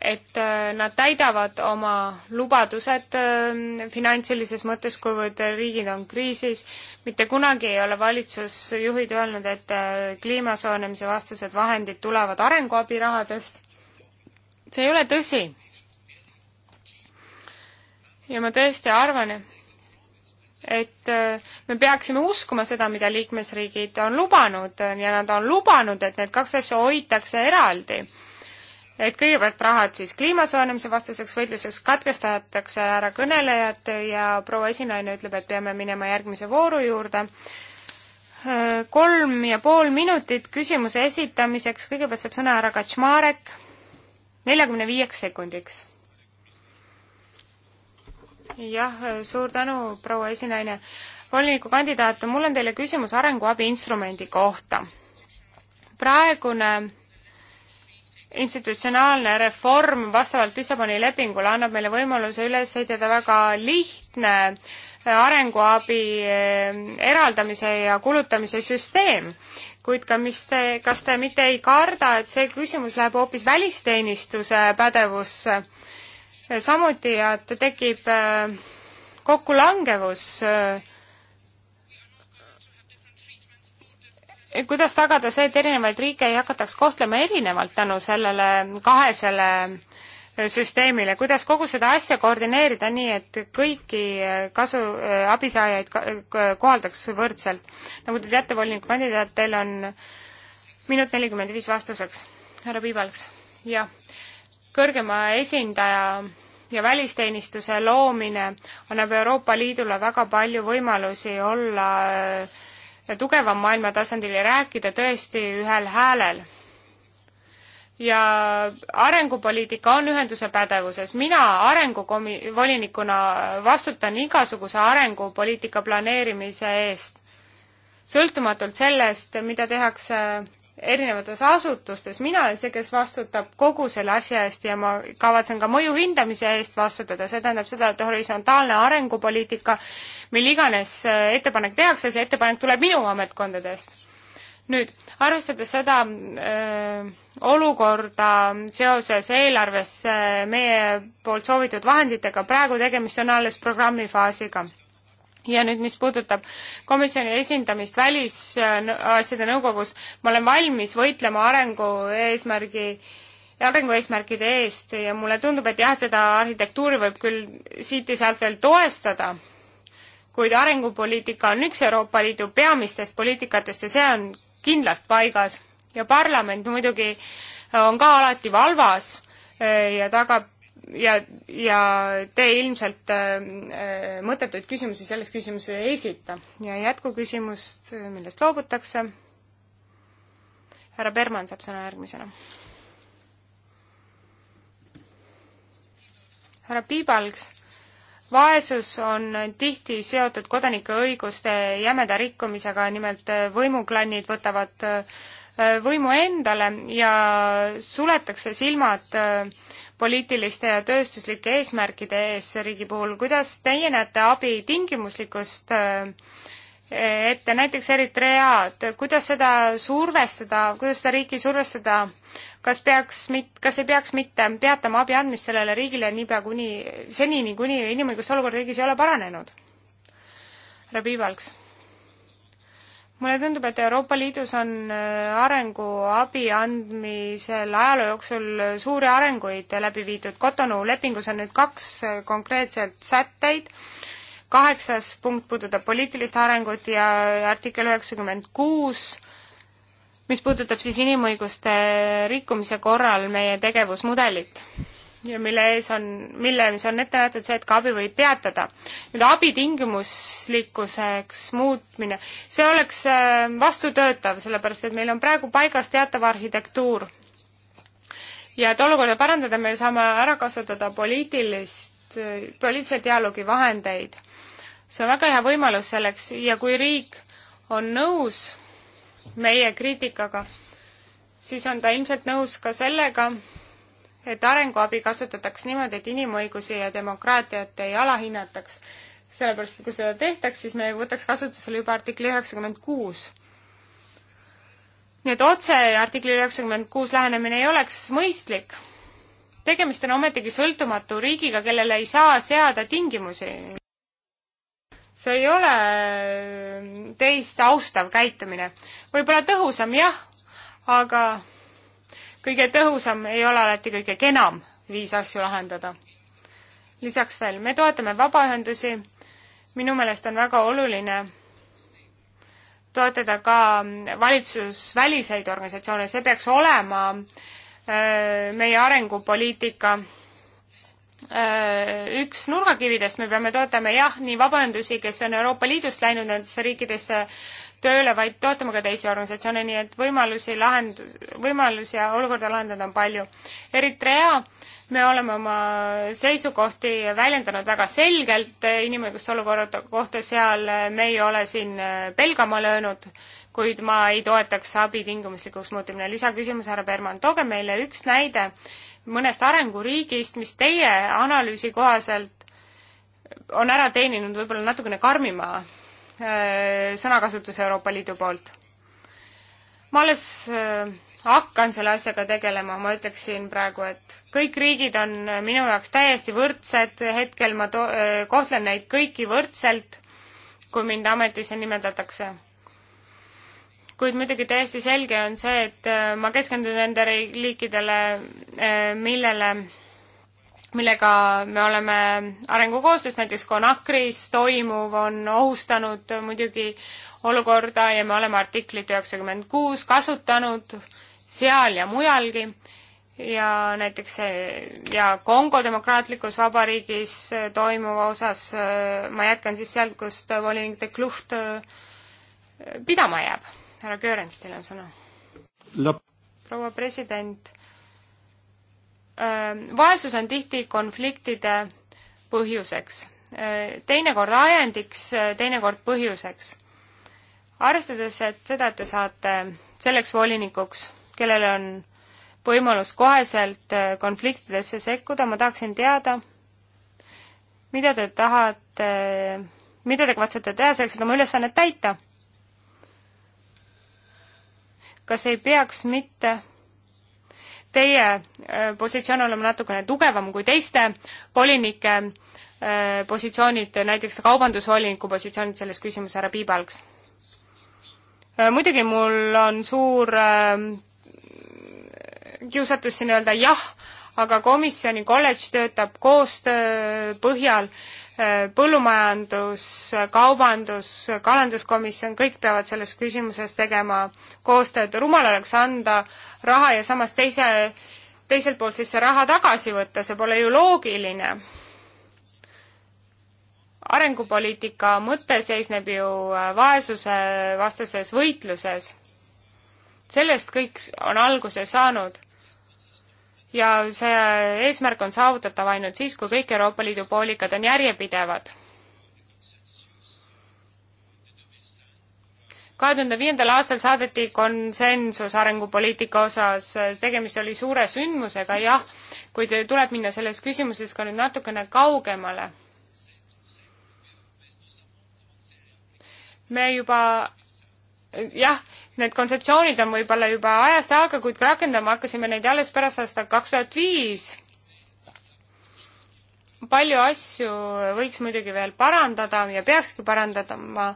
et äh, nad täidavad oma lubadused ähm, finantsilises mõttes, kuivõrd riigid on kriisis. mitte kunagi ei ole valitsusjuhid öelnud, et äh, kliima soojenemise vastased vahendid tulevad arenguabi rahadest. see ei ole tõsi. ja ma tõesti arvan, et äh, me peaksime uskuma seda, mida liikmesriigid on lubanud äh, ja nad on lubanud, et need kaks asja hoitakse eraldi. et kõigepealt rahad siis kliima soojenemise vastaseks võitluseks katkestatakse ära kõnelejad ja proua esinaine ütleb, et peame minema järgmise vooru juurde. Äh, kolm ja pool minutit küsimuse esitamiseks, kõigepealt saab sõna härra Kaczmarek neljakümne viieks sekundiks jah, suur tänu, proua esinaine. volinikukandidaat, mul on teile küsimus arenguabi instrumendi kohta. praegune institutsionaalne reform vastavalt Lissaboni lepingule annab meile võimaluse üles ehitada väga lihtne äh, arenguabi äh, eraldamise ja kulutamise süsteem, kuid ka mis te, kas te mitte ei karda, et see küsimus läheb hoopis välisteenistuse pädevusse samuti ja et tekib äh, kokkulangevus äh, kuidas tagada see, et erinevaid riike ei hakataks kohtlema erinevalt tänu sellele kahesele äh, süsteemile, kuidas kogu seda asja koordineerida nii, et kõiki kasu, abisaajaid kohaldaks võrdselt? nagu te teate, volinik kandidaat, teil on minut nelikümmend viis vastuseks. härra Piibalks, jah kõrgema esindaja ja välisteenistuse loomine annab Euroopa Liidule väga palju võimalusi olla äh, tugevam maailma tasandil ja rääkida tõesti ühel häälel. ja arengupoliitika on ühenduse pädevuses, mina arengukomi-, volinikuna vastutan igasuguse arengupoliitika planeerimise eest, sõltumatult sellest, mida tehakse erinevates asutustes, mina olen see, kes vastutab kogu selle asja eest ja ma kavatsen ka mõju hindamise eest vastutada, see tähendab seda, et horisontaalne arengupoliitika, mille iganes äh, ettepanek tehakse, see ettepanek tuleb minu ametkondadest. nüüd, arvestades seda öö, äh, olukorda seoses eelarves äh, meie poolt soovitud vahenditega, praegu tegemist on alles programmifaasiga ja nüüd, mis puudutab komisjoni esindamist välisasjade nõukogus, ma olen valmis võitlema arengu eesmärgi arengueesmärkide eest ja mulle tundub, et jah, et seda arhitektuuri võib küll siit ja sealt veel toestada, kuid arengupoliitika on üks Euroopa Liidu peamistest poliitikatest ja see on kindlalt paigas. ja parlament muidugi on ka alati valvas eh, ja tagab ja, ja te ilmselt äh, äh, mõttetuid küsimusi selles küsimuses ei esita. ja jätkuküsimust, äh, millest loobutakse, härra Berman saab sõna järgmisena. härra Piibalgs, vaesus on tihti seotud kodanikuõiguste jämeda rikkumisega, nimelt äh, võimuklannid võtavad võimu endale ja suletakse silmad äh, poliitiliste ja tööstuslike eesmärkide ees riigi puhul. kuidas teie näete abi tingimuslikkust eh, ette, näiteks Eritread, kuidas seda survestada, kuidas seda riiki survestada, kas peaks mit-, kas ei peaks mitte peatama abi andmist sellele riigile niipea kuni, senini, kuni inimõiguste olukord riigis ei ole paranenud? härra Piivalks mulle tundub, et Euroopa Liidus on äh, arenguabi andmisel ajaloo jooksul äh, suuri arenguid läbi viidud. Cotonou lepingus on nüüd kaks äh, konkreetselt sätteid. kaheksas punkt puudutab poliitilist arengut ja artikkel üheksakümmend kuus, mis puudutab siis inimõiguste rikkumise korral meie tegevusmudelit ja mille ees on, mille, mis on ette nähtud see, et ka abi võib peatada. nüüd abi tingimuslikkuseks muutmine, see oleks äh, vastutöötav, sellepärast et meil on praegu paigas teatav arhitektuur. ja et olukorda parandada, me saame ära kasutada poliitilist, poliitilise dialoogi vahendeid. see on väga hea võimalus selleks ja kui riik on nõus meie kriitikaga, siis on ta ilmselt nõus ka sellega, et arenguabi kasutataks niimoodi, et inimõigusi ja demokraatiat ei alahinnataks. sellepärast, et kui seda tehtaks, siis me võtaks kasutusele juba artikli üheksakümmend kuus. nii et otse artikli üheksakümmend kuus lähenemine ei oleks mõistlik. tegemist on ometigi sõltumatu riigiga, kellele ei saa seada tingimusi. see ei ole teist austav käitumine. võib-olla tõhusam, jah, aga kõige tõhusam ei ole alati kõige kenam viis asju lahendada. lisaks veel, me toetame vabaühendusi, minu meelest on väga oluline toetada ka valitsusväliseid organisatsioone, see peaks olema äh, meie arengupoliitika äh, üks nurgakividest, me peame toetama jah, nii vabaühendusi, kes on Euroopa Liidust läinud nendesse riikidesse tööle, vaid toetame ka teisi organisatsioone, nii et võimalusi lahend-, võimalusi ja olukorda lahendada on palju. Eritrea, me oleme oma seisukohti väljendanud väga selgelt inimõiguste olukorra kohta seal, me ei ole siin pelgama löönud, kuid ma ei toetaks abi tingimuslikuks muutumine. lisaküsimus, härra Berman, tooge meile üks näide mõnest arenguriigist, mis teie analüüsi kohaselt on ära teeninud võib-olla natukene karmima Äh, sõnakasutus Euroopa Liidu poolt. ma alles äh, hakkan selle asjaga tegelema, ma ütleksin praegu, et kõik riigid on äh, minu jaoks täiesti võrdsed, hetkel ma to-, kohtlen neid kõiki võrdselt, kui mind ametisse nimetatakse. kuid muidugi täiesti selge on see, et ma keskendun nendele liikidele, millele millega me oleme arengukoostöös, näiteks Konakris toimuv on ohustanud muidugi olukorda ja me oleme artiklit üheksakümmend kuus kasutanud seal ja mujalgi ja näiteks see ja Kongo demokraatlikus vabariigis toimuva osas äh, ma jätkan siis sealt, kust volinik de Kluht äh, pidama jääb. härra Göranstil on sõna. proua president Äh, vaesus on tihti konfliktide põhjuseks, äh, teinekord ajendiks, äh, teinekord põhjuseks. arvestades, et seda te saate selleks volinikuks, kellel on võimalus koheselt konfliktidesse sekkuda, ma tahaksin teada, mida te tahate, mida te kavatsete teha selleks, et oma ülesannet täita? kas ei peaks mitte Teie äh, positsioon olema natukene tugevam kui teiste volinike äh, positsioonid, näiteks kaubandusvoliniku positsioonid selles küsimuses, härra Piibalgs? Äh, muidugi mul on suur kiusatus siin öelda jah, aga komisjoni kolledž töötab koostöö põhjal põllumajandus, kaubandus, kalanduskomisjon, kõik peavad selles küsimuses tegema koostööd, rumal oleks anda raha ja samas teise, teiselt poolt siis see raha tagasi võtta, see pole ju loogiline. arengupoliitika mõte seisneb ju äh, vaesuse vastases võitluses. sellest kõik on alguse saanud ja see eesmärk on saavutatav ainult siis, kui kõik Euroopa Liidu poolikad on järjepidevad. kahe tuhande viiendal aastal saadeti konsensus arengupoliitika osas, tegemist oli suure sündmusega, jah, kuid tuleb minna selles küsimuses ka nüüd natukene kaugemale. me juba jah, Need kontseptsioonid on võib-olla juba ajast aega, kuid rakendama hakkasime neid alles pärast aastat kaks tuhat viis. palju asju võiks muidugi veel parandada ja peakski parandama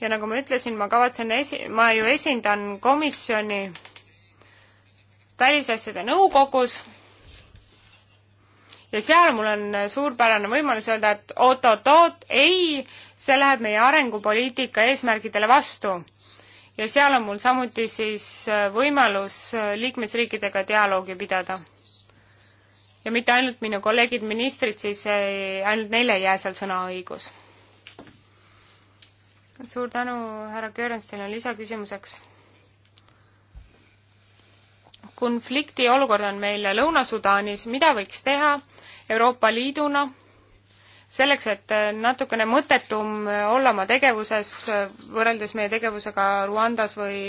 ja nagu ma ütlesin, ma kavatsen esi-, ma ju esindan komisjoni välisasjade nõukogus ja seal mul on suurpärane võimalus öelda, et oot-oot-oot, ei, see läheb meie arengupoliitika eesmärgidele vastu ja seal on mul samuti siis äh, võimalus äh, liikmesriikidega dialoogi pidada. ja mitte ainult minu kolleegid ministrid, siis ei, äh, ainult neile ei jää seal sõnaõigus. suur tänu, härra Köörens, teil on lisaküsimuseks? konflikti olukord on meil Lõuna-Sudaanis, mida võiks teha Euroopa Liiduna selleks, et äh, natukene mõttetum äh, olla oma tegevuses äh, võrreldes meie tegevusega Ruandas või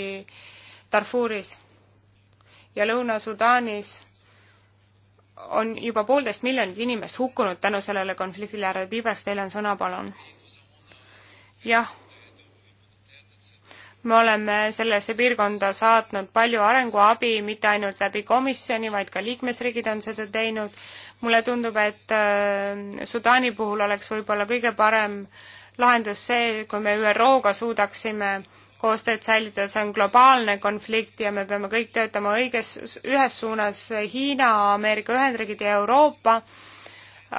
Darfuris ja Lõuna-Sudaanis on juba poolteist miljonit inimest hukkunud tänu sellele konfliktile, härra Pibas, teil on sõna, palun. jah me oleme sellesse piirkonda saatnud palju arenguabi, mitte ainult läbi komisjoni, vaid ka liikmesriigid on seda teinud. mulle tundub, et äh, Sudaani puhul oleks võib-olla kõige parem lahendus see, kui me ÜRO-ga suudaksime koostööd säilitada, see on globaalne konflikt ja me peame kõik töötama õiges, ühes suunas Hiina, Ameerika Ühendriigid ja Euroopa.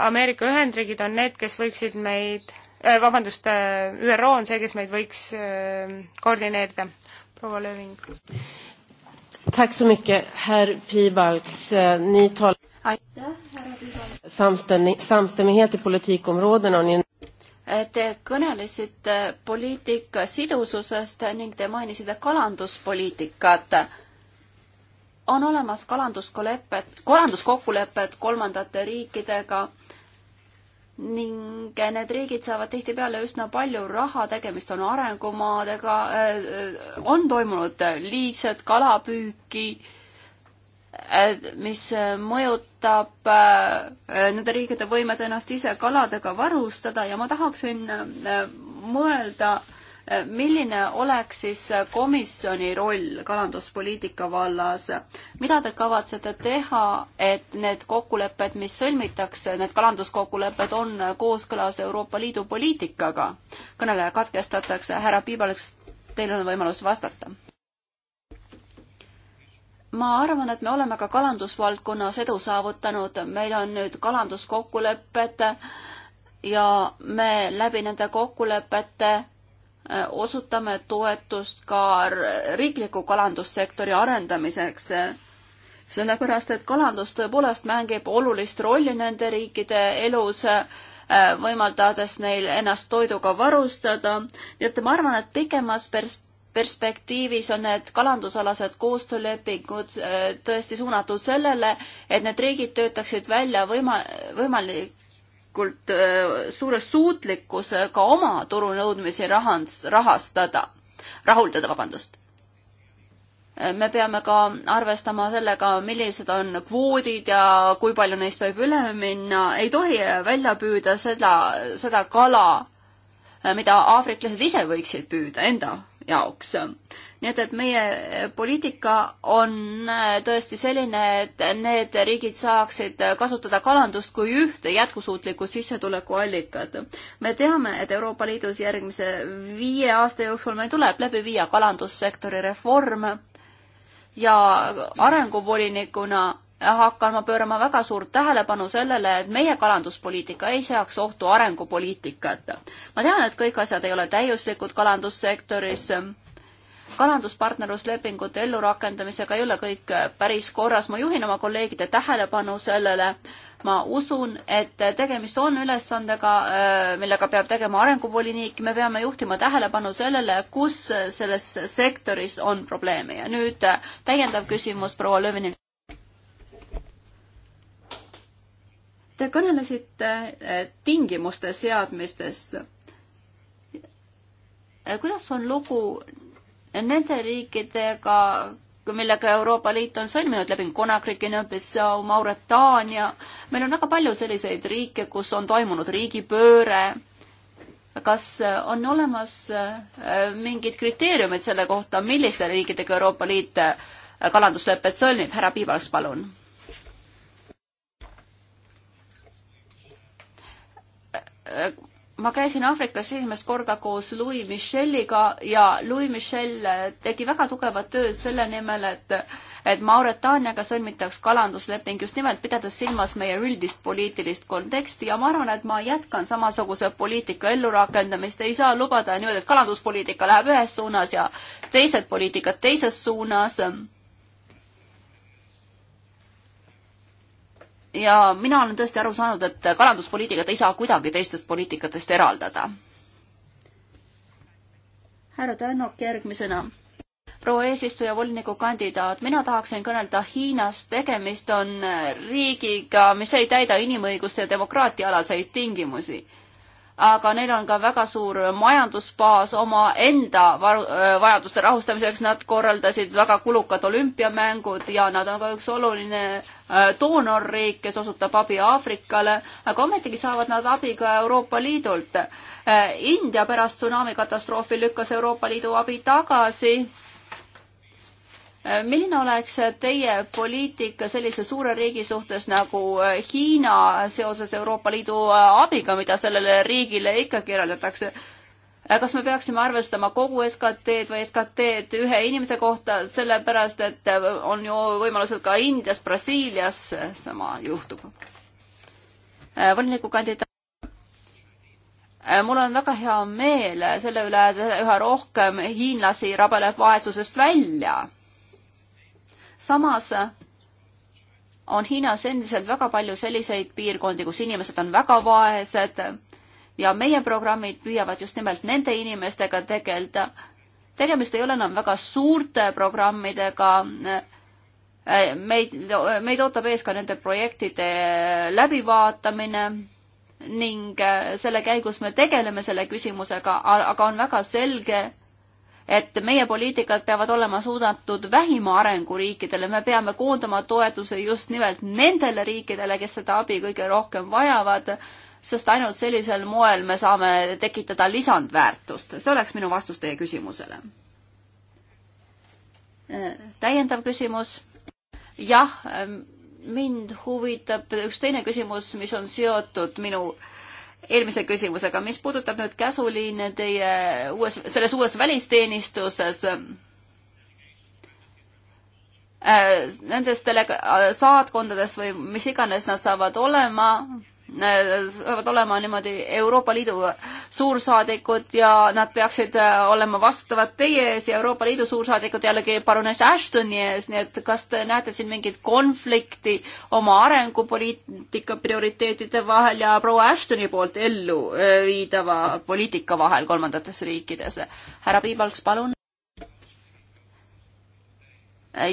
Ameerika Ühendriigid on need, kes võiksid meid Äh, vabandust, äh, ÜRO on see, kes meid võiks äh, koordineerida. proua Lööving. aitäh, härra Piibalg. samstämmighet i politikområdena on Te kõnelesite poliitika sidususest ning te mainisite kalanduspoliitikat. on olemas kalanduslepped, kalanduskokkulepped kolmandate riikidega ning need riigid saavad tihtipeale üsna palju raha, tegemist on arengumaadega, äh, on toimunud liigset kalapüüki, äh, mis mõjutab äh, nende riikide võimet ennast ise kaladega varustada ja ma tahaksin mõelda milline oleks siis komisjoni roll kalanduspoliitika vallas, mida te kavatsete teha, et need kokkulepped, mis sõlmitakse, need kalanduskokkulepped on kooskõlas Euroopa Liidu poliitikaga? kõneleja katkestatakse, härra Piibaleks, teil on võimalus vastata. ma arvan, et me oleme ka kalandusvaldkonnas edu saavutanud, meil on nüüd kalanduskokkulepped ja me läbi nende kokkulepete Äh, osutame toetust ka riikliku kalandussektori arendamiseks, sellepärast et kalandus tõepoolest mängib olulist rolli nende riikide elus, äh, võimaldades neil ennast toiduga varustada, nii et ma arvan, et pikemas pers-, perspektiivis on need kalandusalased koostöölepingud äh, tõesti suunatud sellele, et need riigid töötaksid välja võima-, võimalik, võimalikult äh, suure suutlikkusega oma turunõudmisi rahand-, rahastada, rahuldada, vabandust äh, me peame ka arvestama sellega, millised on kvoodid ja kui palju neist võib üle minna, ei tohi välja püüda seda, seda kala, äh, mida aafriklased ise võiksid püüda enda jaoks nii et, et meie poliitika on äh, tõesti selline, et need riigid saaksid kasutada kalandust kui ühte jätkusuutlikku sissetulekuallikat. me teame, et Euroopa Liidus järgmise viie aasta jooksul meil tuleb läbi viia kalandussektori reform ja arenguvolinikuna hakkan ma pöörama väga suurt tähelepanu sellele, et meie kalanduspoliitika ei seaks ohtu arengupoliitikat. ma tean, et kõik asjad ei ole täiuslikud kalandussektoris kalanduspartnerluslepingute ellurakendamisega ei ole kõik päris korras, ma juhin oma kolleegide tähelepanu sellele, ma usun, et tegemist on ülesandega, äh, millega peab tegema arenguvolinik, me peame juhtima tähelepanu sellele, kus selles sektoris on probleeme ja nüüd äh, täiendav küsimus proua Löövinil. Te kõnelesite äh, tingimuste seadmistest. kuidas on lugu nende riikidega, millega Euroopa Liit on sõlminud leping, Konakri, Guinea-Bissau, Mauretaania, meil on väga palju selliseid riike, kus on toimunud riigipööre. kas on olemas äh, mingid kriteeriumid selle kohta, milliste riikidega Euroopa Liit äh, kalanduslepet sõlmib, härra Piivals, palun. Äh, ma käisin Aafrikas esimest korda koos Louis Micheliga ja Louis Michel tegi väga tugevat tööd selle nimel, et, et Mauretaaniaga sõlmitaks kalandusleping just nimelt pidades silmas meie üldist poliitilist konteksti ja ma arvan, et ma jätkan samasuguse poliitika ellurakendamist, ei saa lubada niimoodi, et kalanduspoliitika läheb ühes suunas ja teised poliitikad teises suunas ja mina olen tõesti aru saanud, et kalanduspoliitikat ei saa kuidagi teistest poliitikatest eraldada. härra Tänok järgmisena. proua eesistuja, volinikukandidaat, mina tahaksin kõnelda Hiinast. tegemist on riigiga, mis ei täida inimõiguste ja demokraatia alaseid tingimusi aga neil on ka väga suur majandusbaas omaenda vajaduste rahustamiseks, nad korraldasid väga kulukad olümpiamängud ja nad on ka üks oluline doonorriik, kes osutab abi Aafrikale, aga ometigi saavad nad abi ka Euroopa Liidult. India pärast tsunami katastroofi lükkas Euroopa Liidu abi tagasi milline oleks teie poliitika sellise suure riigi suhtes nagu äh, Hiina seoses Euroopa Liidu äh, abiga, mida sellele riigile ikkagi eraldatakse? Äh, kas me peaksime arvestama kogu SKT-d või SKT-d ühe inimese kohta, sellepärast et on ju võimalused ka Indias, Brasiilias sama juhtub. volinikukandidaat mul on väga hea meel selle üle, et üha rohkem hiinlasi rabeleb vaesusest välja samas on Hiinas endiselt väga palju selliseid piirkondi, kus inimesed on väga vaesed ja meie programmid püüavad just nimelt nende inimestega tegeleda. tegemist ei ole enam väga suurte programmidega. meid, meid ootab ees ka nende projektide läbivaatamine ning selle käigus me tegeleme selle küsimusega, aga on väga selge, et meie poliitikad peavad olema suunatud vähima arenguriikidele, me peame koondama toetuse just nimelt nendele riikidele, kes seda abi kõige rohkem vajavad, sest ainult sellisel moel me saame tekitada lisandväärtust. see oleks minu vastus teie küsimusele. täiendav küsimus? jah, mind huvitab üks teine küsimus, mis on seotud minu äh, eelmise küsimusega, mis puudutab nüüd käsuliine teie uues, selles uues välisteenistuses äh, nendes delega-, saatkondades või mis iganes nad saavad olema, saavad olema niimoodi Euroopa Liidu suursaadikud ja nad peaksid äh, olema vastutavad teie ees ja Euroopa Liidu suursaadikud jällegi paruness Ashtoni ees, nii et kas te näete siin mingit konflikti oma arengupoliitika prioriteetide vahel ja proua Ashtoni poolt ellu äh, viidava poliitika vahel kolmandates riikides? härra Piibalks, palun.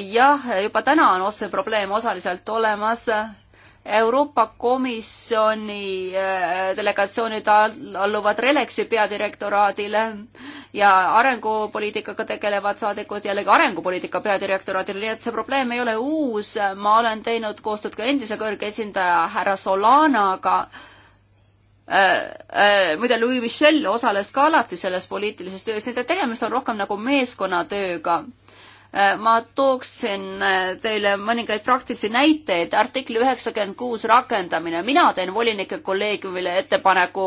jah, juba täna on otseprobleem osaliselt olemas Euroopa Komisjoni äh, delegatsioonid alluvad Relexi peadirektoraadile ja arengupoliitikaga tegelevad saadikud jällegi arengupoliitika peadirektoraadile, nii et see probleem ei ole uus. ma olen teinud koostööd ka endise kõrge esindaja härra Solanaga. Äh, äh, muide, Louis Michel osales ka alati selles poliitilises töös, nii et tegemist on rohkem nagu meeskonnatööga Äh, ma tooksin äh, teile mõningaid praktilisi näiteid. artikli üheksakümmend kuus rakendamine. mina teen volinike kolleegiumile ettepaneku,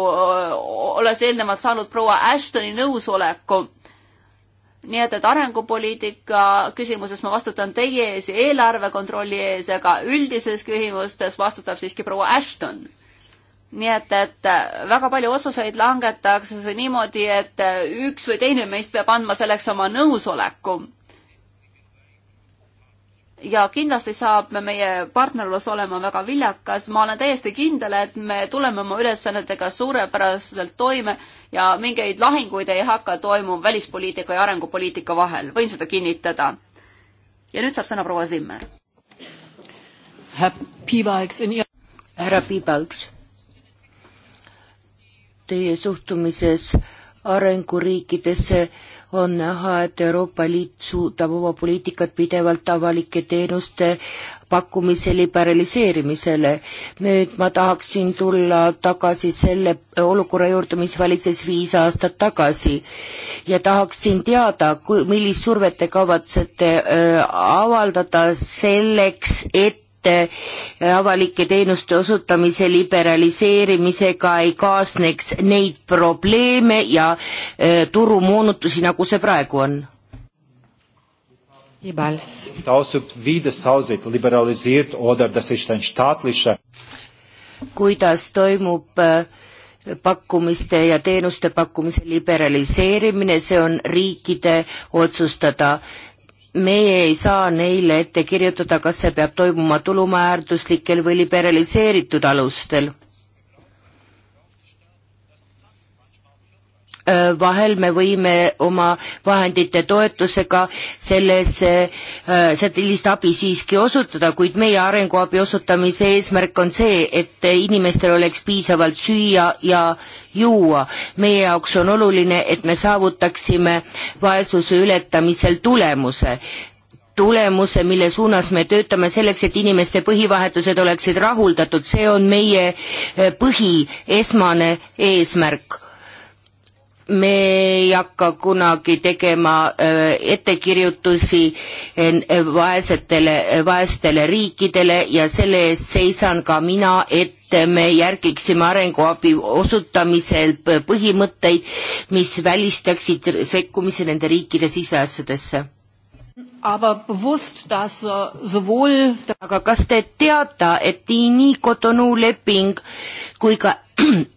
olles eelnevalt saanud proua Ashtoni nõusoleku. nii et, et arengupoliitika küsimuses ma vastutan teie ees ja eelarve kontrolli ees, aga üldises küsimustes vastutab siiski proua Ashton nii et, et äh, väga palju otsuseid langetatakse niimoodi, et üks või teine meist peab andma selleks oma nõusoleku ja kindlasti saab meie partnerlus olema väga viljakas, ma olen täiesti kindel, et me tuleme oma ülesannetega suurepäraselt toime ja mingeid lahinguid ei hakka toimuma välispoliitika ja arengupoliitika vahel, võin seda kinnitada. ja nüüd saab sõna proua Zimmer. härra Piibalks, teie suhtumises arenguriikidesse äh, on näha, et Euroopa Liit suudab oma poliitikat pidevalt avalike teenuste pakkumise liberaliseerimisele. nüüd ma tahaksin tulla tagasi selle olukorra juurde, mis valitses viis aastat tagasi ja tahaksin teada, kui, millist survet te kavatsete öö, äh, avaldada selleks, et mitte äh, avalike teenuste osutamise liberaliseerimisega ei kaasneks neid probleeme ja äh, turumoonutusi, nagu see praegu on? Jeweils. kuidas toimub äh, pakkumiste ja teenuste pakkumise liberaliseerimine, see on riikide otsustada meie ei saa neile ette kirjutada, kas see peab toimuma tulumäärtuslikel või liberaliseeritud alustel vahel me võime oma vahendite toetusega selles, sellist abi siiski osutada, kuid meie arenguabi osutamise eesmärk on see, et inimestel oleks piisavalt süüa ja juua. meie jaoks on oluline, et me saavutaksime vaesuse ületamisel tulemuse tulemuse, mille suunas me töötame selleks, et inimeste põhivahetused oleksid rahuldatud, see on meie põhi, esmane eesmärk me ei hakka kunagi tegema äh, ettekirjutusi äh, vaesetele, äh, vaestele riikidele ja selle eest seisan ka mina, et me järgiksime arenguabi osutamisel põhimõtteid, mis välistaksid sekkumise nende riikide siseasjadesse. aga kas te teate, et nii Cotonou leping kui ka [clears throat]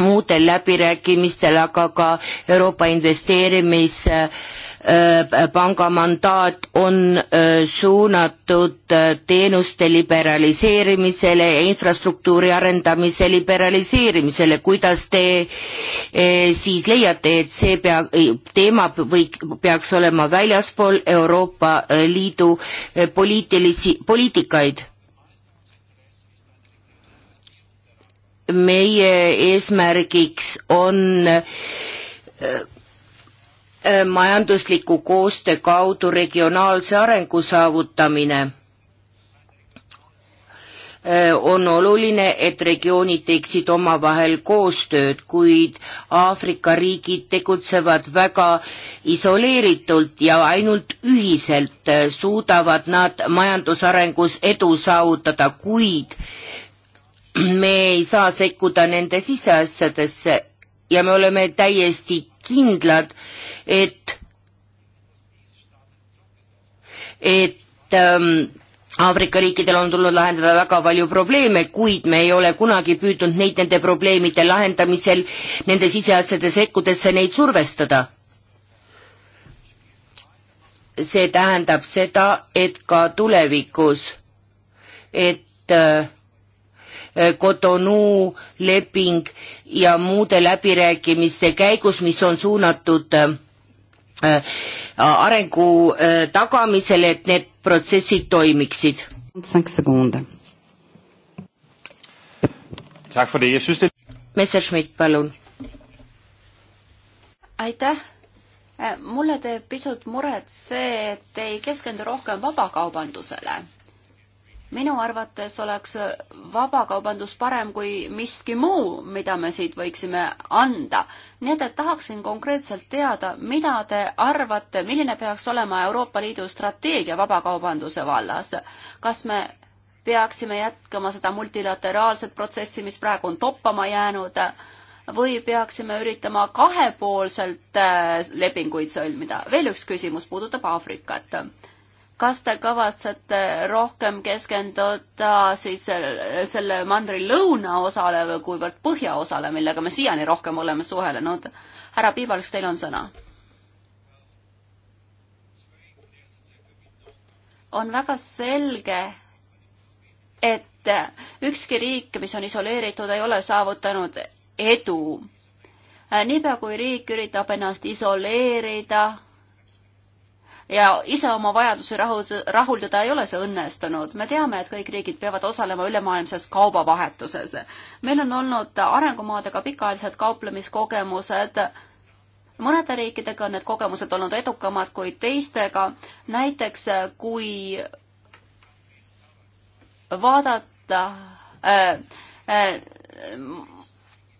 muudel läbirääkimistel, aga ka Euroopa Investeerimispanga äh, mandaat on äh, suunatud äh, teenuste liberaliseerimisele ja infrastruktuuri arendamise liberaliseerimisele. kuidas te siis leiate, et see pea, teema või peaks olema väljaspool Euroopa Liidu poliitilisi, poliitikaid? meie eesmärgiks on äh, äh, majandusliku koostöö kaudu regionaalse arengu saavutamine. Äh, on oluline, et regioonid teeksid omavahel koostööd, kuid Aafrika riigid tegutsevad väga isoleeritult ja ainult ühiselt suudavad nad majandusarengus edu saavutada, kuid me ei saa sekkuda nende siseasjadesse ja me oleme täiesti kindlad, et, et ähm, Aafrika riikidel on tulnud lahendada väga palju probleeme, kuid me ei ole kunagi püüdnud neid nende probleemide lahendamisel, nende siseasjade sekkudesse neid survestada. see tähendab seda, et ka tulevikus, et äh, Cotonou leping ja muude läbirääkimiste käigus, mis on suunatud äh, arengu äh, tagamisele, et need protsessid toimiksid. Messerschmidt, palun. aitäh mulle teeb pisut muret see, et ei keskendu rohkem vabakaubandusele minu arvates oleks vabakaubandus parem kui miski muu, mida me siit võiksime anda. nii et, et tahaksin konkreetselt teada, mida te arvate, milline peaks olema Euroopa Liidu strateegia vabakaubanduse vallas. kas me peaksime jätkama seda multilateraalset protsessi, mis praegu on toppama jäänud, või peaksime üritama kahepoolselt äh, lepinguid sõlmida? veel üks küsimus puudutab Aafrikat kas te kavatsete rohkem keskenduda siis selle mandri lõunaosale või kuivõrd põhjaosale, millega me siiani rohkem oleme suhelenud? härra Piibalks, teil on sõna. on väga selge, et ükski riik, mis on isoleeritud, ei ole saavutanud edu. niipea, kui riik üritab ennast isoleerida, ja ise oma vajadusi rahuldada ei ole see õnnestunud. me teame, et kõik riigid peavad osalema ülemaailmses kaubavahetuses. meil on olnud arengumaadega pikaajalised kauplemiskogemused mõnede riikidega on need kogemused olnud edukamad kui teistega. näiteks kui vaadata äh, äh,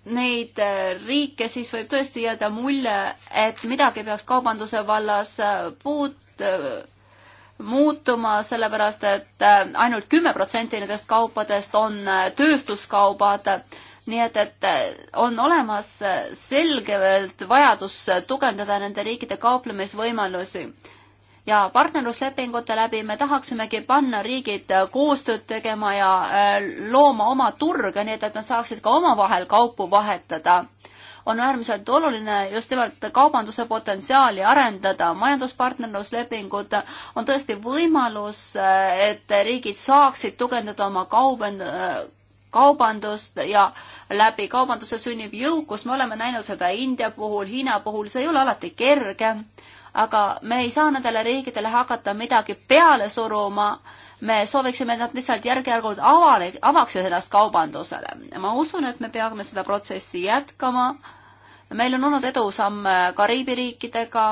neid äh, riike, siis võib tõesti jääda mulje, et midagi peaks kaubanduse vallas äh, puut-, äh, muutuma, sellepärast et ainult kümme protsenti nendest kaupadest on tööstuskaubad, nii et, et on olemas selgelt vajadus tugevdada nende riikide kauplemisvõimalusi ja partnerluslepingute läbi me tahaksimegi panna riigid äh, koostööd tegema ja äh, looma oma turge, nii et, et nad saaksid ka omavahel kaupu vahetada on äärmiselt oluline just nimelt kaubanduse potentsiaali arendada. majanduspartnerluslepingud on tõesti võimalus, äh, et riigid saaksid tugevdada oma kauband-, kaubandust ja läbi kaubanduse sünnib jõukus, me oleme näinud seda India puhul, Hiina puhul, see ei ole alati kerge aga me ei saa nendele riikidele hakata midagi peale suruma, me sooviksime, et nad lihtsalt järk-järgult avale, avaksid ennast kaubandusele. ma usun, et me peame seda protsessi jätkama, meil on olnud edusamme Kariibi riikidega,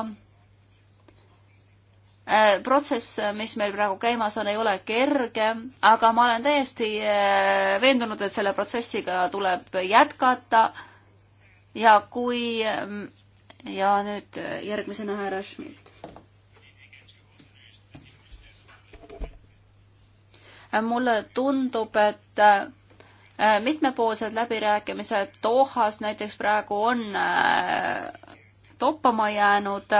äh, protsess, mis meil praegu käimas on, ei ole kerge, aga ma olen täiesti äh, veendunud, et selle protsessiga tuleb jätkata ja kui ja nüüd äh, järgmisena härra Schmidt. mulle tundub, et äh, mitmepoolsed läbirääkimised Dohas näiteks praegu on äh, toppama jäänud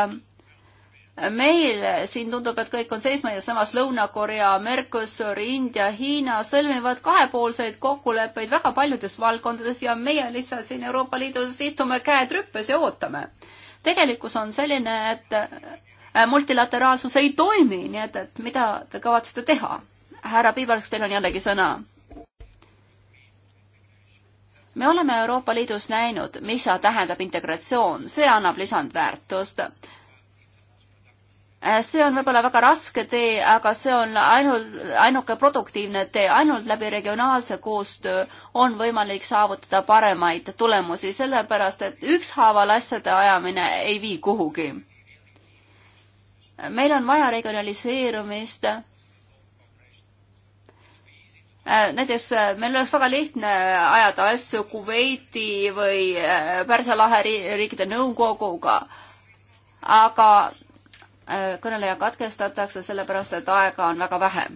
meil siin tundub, et kõik on seisma ja samas Lõuna-Korea, Mercosur, India, Hiina sõlmivad kahepoolseid kokkuleppeid väga paljudes valdkondades ja meie lihtsalt siin Euroopa Liidus istume käed rüppes ja ootame. tegelikkus on selline, et äh, multilateraalsus ei toimi, nii et, et mida te kavatsete teha? härra Piibalks, teil on jällegi sõna me oleme Euroopa Liidus näinud, mis tähendab integratsioon, see annab lisandväärtust Äh, see on võib-olla väga raske tee, aga see on ainult, ainuke produktiivne tee, ainult läbi regionaalse koostöö on võimalik saavutada paremaid tulemusi, sellepärast et ükshaaval asjade ajamine ei vii kuhugi. meil on vaja regionaliseerumist. Äh, näiteks äh, meil oleks väga lihtne ajada asju Kuveiti või Pärsia lahe riikide nõukoguga, aga kõneleja katkestatakse, sellepärast et aega on väga vähe.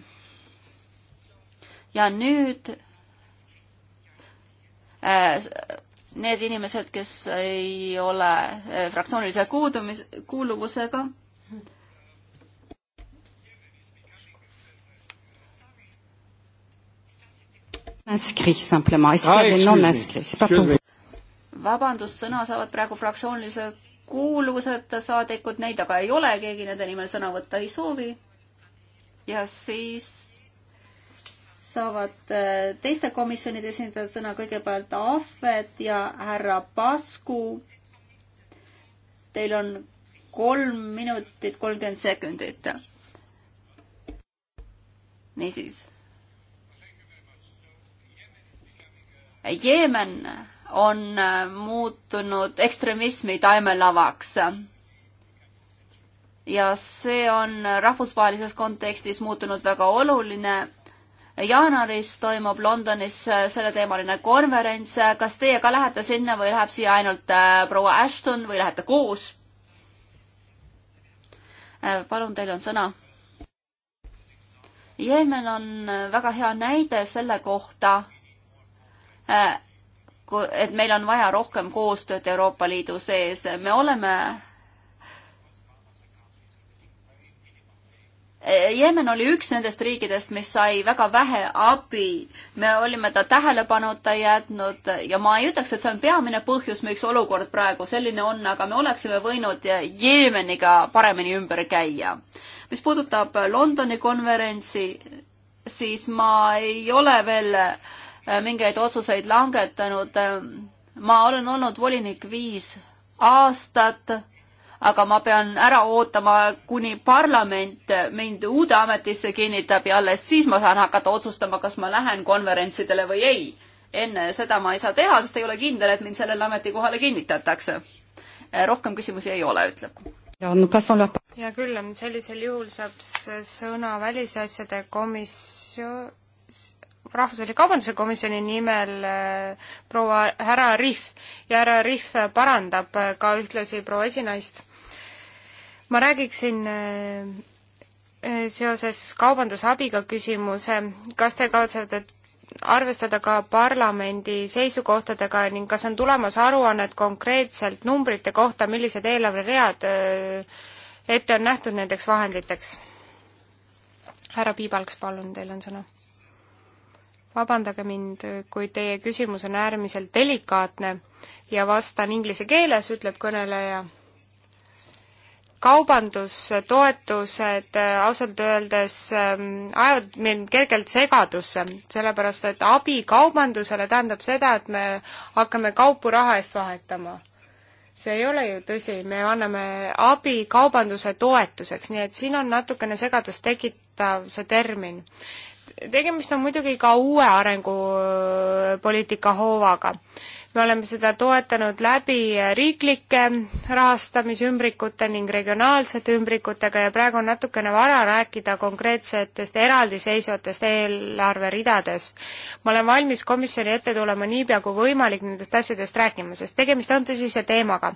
ja nüüd äh, need inimesed, kes ei ole äh, fraktsioonilise kuulumis, kuuluvusega, inscrit simplement, est-ce qu'il y a ah, des non inscrits, c'est pas pour vous. vabandust, sõna saavad praegu fraktsioonilise kuuluvuseta saadikud, neid aga ei ole, keegi nende nimel sõna võtta ei soovi. ja siis saavad äh, teiste komisjonide esindajad sõna kõigepealt Ahvet ja härra Pasku. Teil on kolm minutit kolmkümmend sekundit. niisiis. Jeemen on äh, muutunud ekstremismi taimelavaks. ja see on rahvusvahelises kontekstis muutunud väga oluline. jaanuaris toimub Londonis äh, selleteemaline konverents. kas teie ka lähete sinna või läheb siia ainult äh, proua Ashton või lähete koos? palun, teil on sõna. Jeemen on väga hea näide selle kohta, et meil on vaja rohkem koostööd Euroopa Liidu sees, me oleme Jeemen oli üks nendest riikidest, mis sai väga vähe abi. me olime ta tähelepanuta jätnud ja ma ei ütleks, et see on peamine põhjus, miks olukord praegu selline on, aga me oleksime võinud Jeemeniga paremini ümber käia. mis puudutab Londoni konverentsi, siis ma ei ole veel äh, Äh, mingeid otsuseid langetanud. Äh, ma olen olnud volinik viis aastat, aga ma pean ära ootama, kuni parlament mind uude ametisse kinnitab ja alles siis ma saan hakata otsustama, kas ma lähen konverentsidele või ei. enne seda ma ei saa teha, sest ei ole kindel, et mind sellele ametikohale kinnitatakse. Äh, rohkem küsimusi ei ole, ütleb hea küll, sellisel juhul saab sõna välisasjade komisjon, Rahvusvahelise Kaubanduse Komisjoni nimel äh, proua härra Rihv ja härra Rihv parandab äh, ka ühtlasi proua esinaist. ma räägiksin äh, seoses kaubandusabiga küsimuse, kas te kavatsete arvestada ka parlamendi seisukohtadega ning kas on tulemas aruannet konkreetselt numbrite kohta, millised eelarveread ette on nähtud nendeks vahenditeks? härra Piibalks, palun, teil on sõna vabandage mind, kuid teie küsimus on äärmiselt delikaatne ja vastan inglise keeles, ütleb kõneleja. kaubandustoetused ausalt öeldes ähm, ajavad mind kergelt segadusse, sellepärast et abi kaubandusele tähendab seda, et me hakkame kaupu raha eest vahetama see ei ole ju tõsi, me anname abi kaubanduse toetuseks, nii et siin on natukene segadust tekitav see termin tegemist on muidugi ka uue arengupoliitika hoovaga. me oleme seda toetanud läbi riiklike rahastamisümbrikute ning regionaalsete ümbrikutega ja praegu on natukene vara rääkida konkreetsetest eraldiseisvatest eelarveridadest. ma olen valmis komisjoni ette tulema niipea kui võimalik nendest asjadest rääkima, sest tegemist on tõsise teemaga.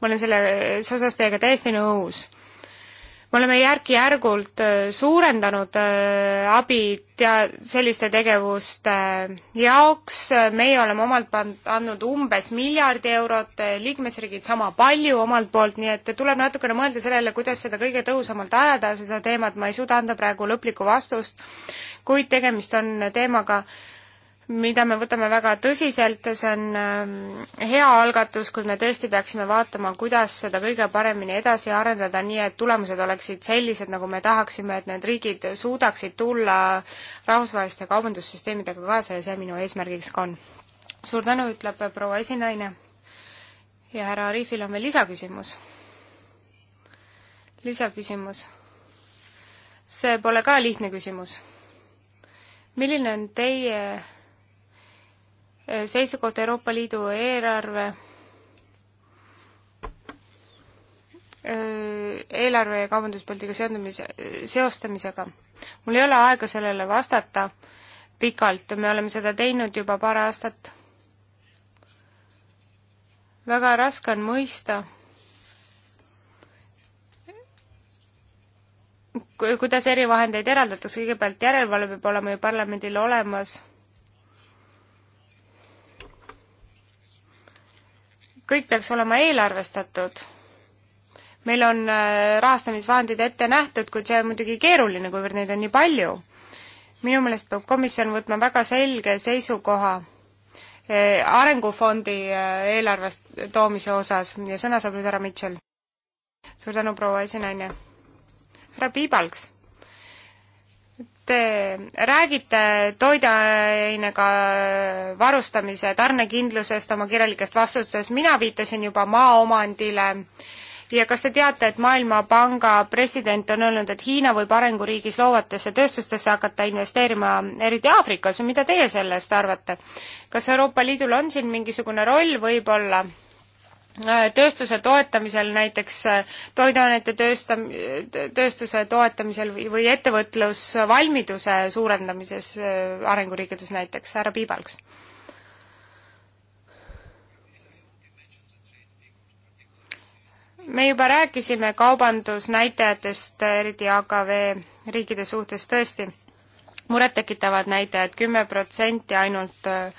ma olen selles osas teiega täiesti nõus me oleme järk-järgult äh, suurendanud äh, abi tea-, selliste tegevuste äh, jaoks, meie oleme omalt poolt andnud umbes miljard eurot, liikmesriigid sama palju omalt poolt, nii et tuleb natukene mõelda sellele, kuidas seda kõige tõhusamalt ajada, seda teemat ma ei suuda anda praegu lõplikku vastust, kuid tegemist on teemaga, mida me võtame väga tõsiselt, see on ähm, hea algatus, kuid me tõesti peaksime vaatama, kuidas seda kõige paremini edasi arendada, nii et tulemused oleksid sellised, nagu me tahaksime, et need riigid suudaksid tulla rahvusvaheliste kaubandussüsteemidega kaasa ja see minu eesmärgiks ka on. suur tänu, ütleb proua esinaine. ja härra Arifil on veel lisaküsimus. lisaküsimus. see pole ka lihtne küsimus. milline on teie seisukoht Euroopa Liidu eelarve eelarve ja kaubanduspoliitika seondumise, seostamisega. mul ei ole aega sellele vastata pikalt, me oleme seda teinud juba paar aastat. väga raske on mõista, kuidas erivahendeid eraldatakse, kõigepealt järelevalve peab olema ju parlamendil olemas kõik peaks olema eelarvestatud. meil on äh, rahastamisvahendid ette nähtud, kuid see on muidugi keeruline, kuivõrd neid on nii palju. minu meelest peab komisjon võtma väga selge seisukoha äh, arengufondi äh, eelarvest toomise osas ja sõna saab nüüd härra Mitchell. suur tänu, proua esinaine. härra Piibalks Te räägite toideainega varustamise tarnekindlusest oma kirjalikest vastustes, mina viitasin juba maaomandile ja kas te teate, et Maailmapanga president on öelnud, et Hiina võib arenguriigis loovatesse tööstustesse hakata investeerima, eriti Aafrikas, mida teie sellest arvate? kas Euroopa Liidul on siin mingisugune roll võib-olla? Äh, tööstuse toetamisel, näiteks äh, toiduainete töösta-, tööstuse toetamisel või, või ettevõtlusvalmiduse suurendamises äh, arenguriikides näiteks, härra Piibalks? me juba rääkisime kaubandusnäitajatest, eriti AKV riikide suhtes tõesti murettekitavad näitajad, kümme protsenti ainult äh,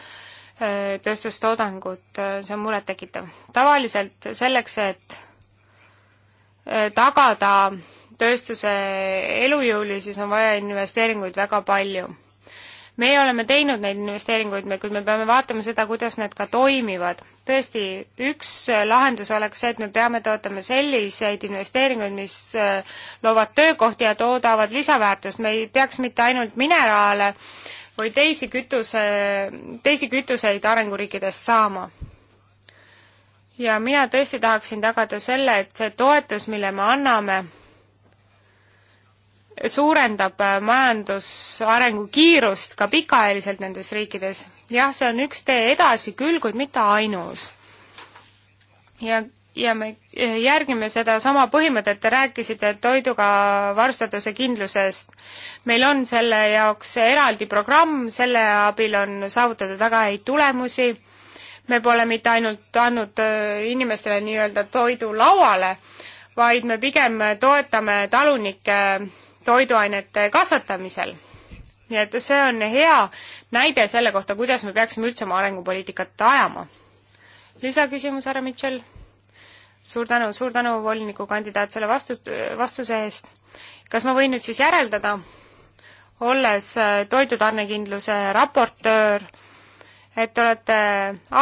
tööstustoodangut, see on murettekitav. tavaliselt selleks, et tagada tööstuse elujõulisus, on vaja investeeringuid väga palju. meie oleme teinud neid investeeringuid, me, kuid me peame vaatama seda, kuidas need ka toimivad. tõesti, üks lahendus oleks see, et me peame tootma selliseid investeeringuid, mis eh, loovad töökohti ja toodavad lisaväärtust, me ei peaks mitte ainult mineraale äh, või teisi kütuse, teisi kütuseid arenguriikidest saama. ja mina tõesti tahaksin tagada selle, et see toetus, mille me anname, suurendab majandusarengu kiirust ka pikaajaliselt nendes riikides. jah, see on üks tee edasi küll, kuid mitte ainus. ja ja me järgime sedasama põhimõtet, te rääkisite toiduga varustatuse kindlusest. meil on selle jaoks eraldi programm, selle abil on saavutatud väga häid tulemusi. me pole mitte ainult andnud äh, inimestele nii-öelda toidu lauale, vaid me pigem toetame talunikke toiduainete kasvatamisel. nii et see on hea näide selle kohta, kuidas me peaksime üldse oma arengupoliitikat ajama. lisaküsimus, härra Mitchell? suur tänu, suur tänu, volinikukandidaat, selle vastu, vastuse eest. kas ma võin nüüd siis järeldada, olles äh, toidutarnekindluse raportöör, et olete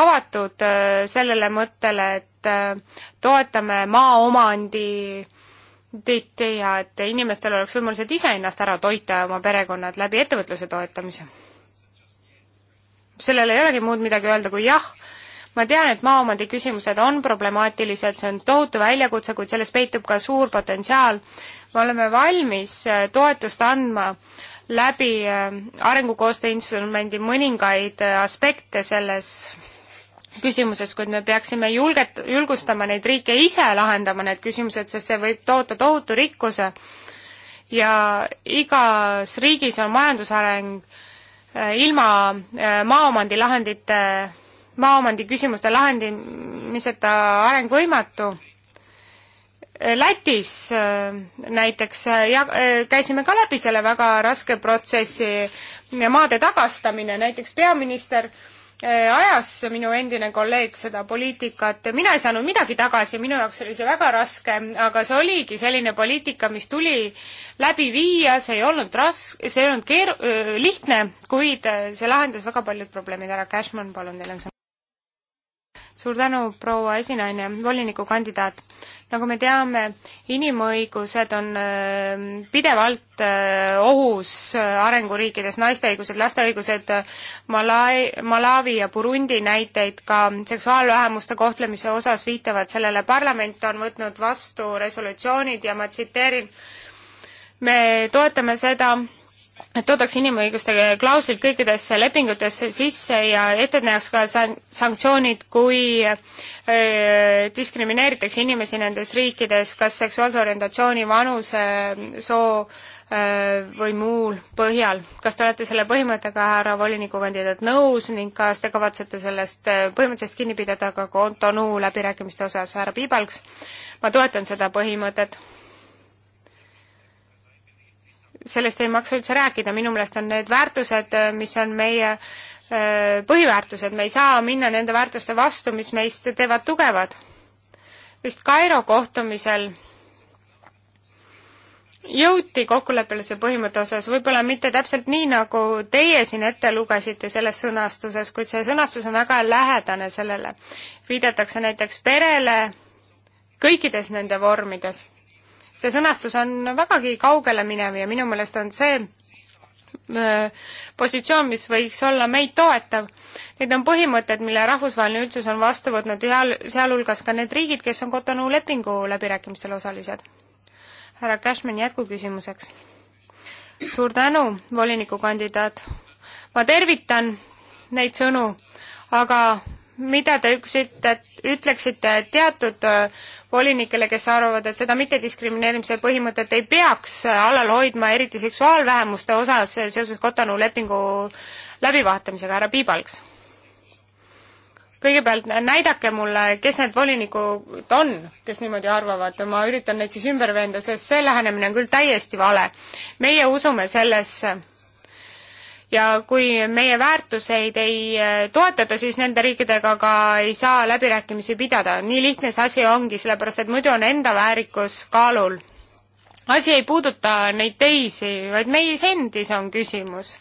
avatud äh, sellele mõttele, et äh, toetame maaomandi tiit ja et inimestel oleks võimalused ise ennast ära toita ja oma perekonnad läbi ettevõtluse toetamise. sellele ei olegi muud midagi öelda kui jah ma tean, et maaomandi küsimused on problemaatilised, see on tohutu väljakutse, kuid selles peitub ka suur potentsiaal. me oleme valmis äh, toetust andma läbi äh, arengukoostöö instrumendi mõningaid äh, aspekte selles küsimuses, kuid me peaksime julget-, julgustama neid riike ise lahendama need küsimused, sest see võib toota tohutu rikkuse ja igas riigis on majandusareng ilma maaomandi lahendite maaomandi küsimuste lahendamiseta areng võimatu. Lätis äh, näiteks äh, ja, äh, käisime ka läbi selle väga raske protsessi, maade tagastamine, näiteks peaminister ajas minu endine kolleeg seda poliitikat, mina ei saanud midagi tagasi, minu jaoks oli see väga raske, aga see oligi selline poliitika, mis tuli läbi viia, see ei olnud raske, see ei olnud keeru-, lihtne, kuid see lahendas väga paljud probleemid ära. Cashman, palun, teil on sõna suur tänu, proua esinaine, volinikukandidaat. nagu me teame, inimõigused on äh, pidevalt äh, ohus äh, arenguriikides, naiste õigused, laste õigused, Malai-, Malawi ja Burundi näiteid ka seksuaalvähemuste kohtlemise osas viitavad sellele. parlament on võtnud vastu resolutsioonid ja ma tsiteerin, me toetame seda, et toodaks inimõiguste klauslid kõikidesse lepingutesse sisse ja ette näeks ka sanktsioonid, kui äh, diskrimineeritakse inimesi nendes riikides kas seksuaalse orientatsiooni, vanuse, soo äh, või muul põhjal. kas te olete selle põhimõttega, härra volinikukandidaat, nõus ning kas te kavatsete sellest äh, põhimõttest kinni pidada ka Cotonou läbirääkimiste osas, härra Piibalks? ma toetan seda põhimõtet sellest ei maksa üldse rääkida, minu meelest on need väärtused, äh, mis on meie äh, põhiväärtused, me ei saa minna nende väärtuste vastu, mis meist teevad tugevad. vist Kairo kohtumisel jõuti kokkuleppele see põhimõtte osas, võib-olla mitte täpselt nii, nagu teie siin ette lugesite selles sõnastuses, kuid see sõnastus on väga lähedane sellele. viidatakse näiteks perele kõikides nende vormides see sõnastus on vägagi kaugele minev ja minu meelest on see äh, positsioon, mis võiks olla meid toetav. Need on põhimõtted, mille rahvusvaheline üldsus on vastu võtnud ja sealhulgas ka need riigid, kes on Cotonou lepingu läbirääkimistel osalised. härra Cashman, jätkuküsimuseks. suur tänu, volinikukandidaat. ma tervitan neid sõnu, aga mida te üksite, ütleksite teatud äh, volinikele, kes arvavad, et seda mittediskrimineerimise põhimõtet ei peaks äh, alal hoidma, eriti seksuaalvähemuste osas äh, seoses Kotonu lepingu läbivaatamisega, härra Piibalks? kõigepealt näidake mulle, kes need volinikud on, kes niimoodi arvavad, ma üritan neid siis ümber veenda, sest see lähenemine on küll täiesti vale. meie usume sellesse ja kui meie väärtuseid ei äh, toetata, siis nende riikidega ka ei saa läbirääkimisi pidada. nii lihtne see asi ongi, sellepärast et muidu on enda väärikus kaalul. asi ei puuduta neid teisi, vaid meis endis on küsimus.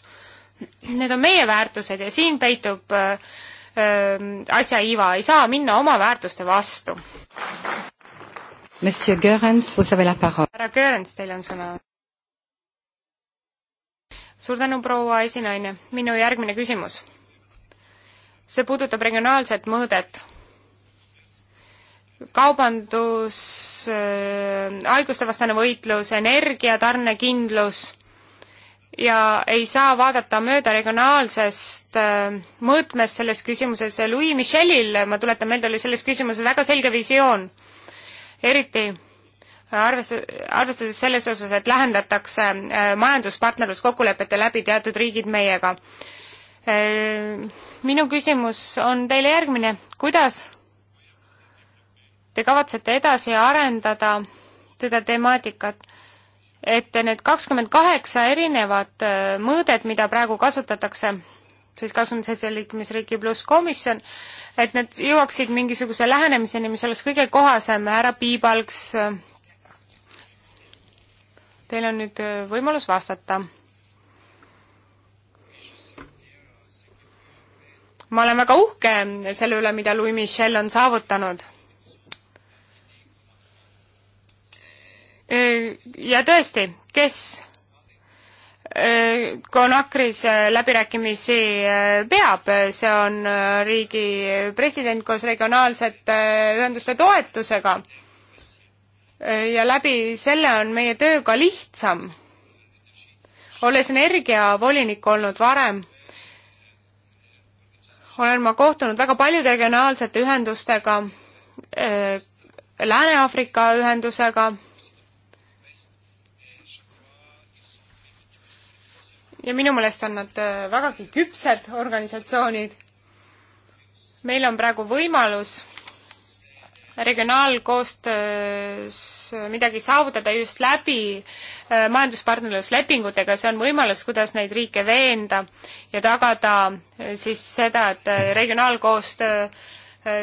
Need on meie väärtused ja siin peitub öö, äh, ähm, asja iva, ei saa minna oma väärtuste vastu. härra Görens, teil on sõna suur tänu, proua esinaine. minu järgmine küsimus. see puudutab regionaalset mõõdet kaubandus äh,, haigustevastane võitlus, energiatarnekindlus ja ei saa vaadata mööda regionaalsest äh, mõõtmest selles küsimuses. Louis Michelil, ma tuletan meelde, oli selles küsimuses väga selge visioon, eriti arvesta-, arvestades selles osas, et lähendatakse äh, majanduspartnerluskokkulepete läbi teatud riigid meiega. Äh, minu küsimus on teile järgmine, kuidas te kavatsete edasi arendada seda temaatikat, et need kakskümmend kaheksa erinevat äh, mõõdet, mida praegu kasutatakse, siis kakskümmend seitse liikmesriiki pluss komisjon, et need jõuaksid mingisuguse lähenemiseni, mis oleks kõige kohasem, härra Piibalks äh,, Teil on nüüd äh, võimalus vastata. ma olen väga uhke selle üle, mida Louis Michel on saavutanud. Äh, ja tõesti, kes Konakris äh, läbirääkimisi peab, see on riigi president koos regionaalsete ühenduste toetusega Äh, ja läbi selle on meie töö ka lihtsam. olles energiavolinik olnud varem, olen ma kohtunud väga paljude regionaalsete ühendustega, äh, Lääne-Aafrika ühendusega ja minu meelest on nad äh, vägagi küpsed organisatsioonid. meil on praegu võimalus regionaalkoostöös midagi saavutada just läbi äh, majanduspartnerluslepingutega, see on võimalus, kuidas neid riike veenda ja tagada äh, siis seda, et äh, regionaalkoostöö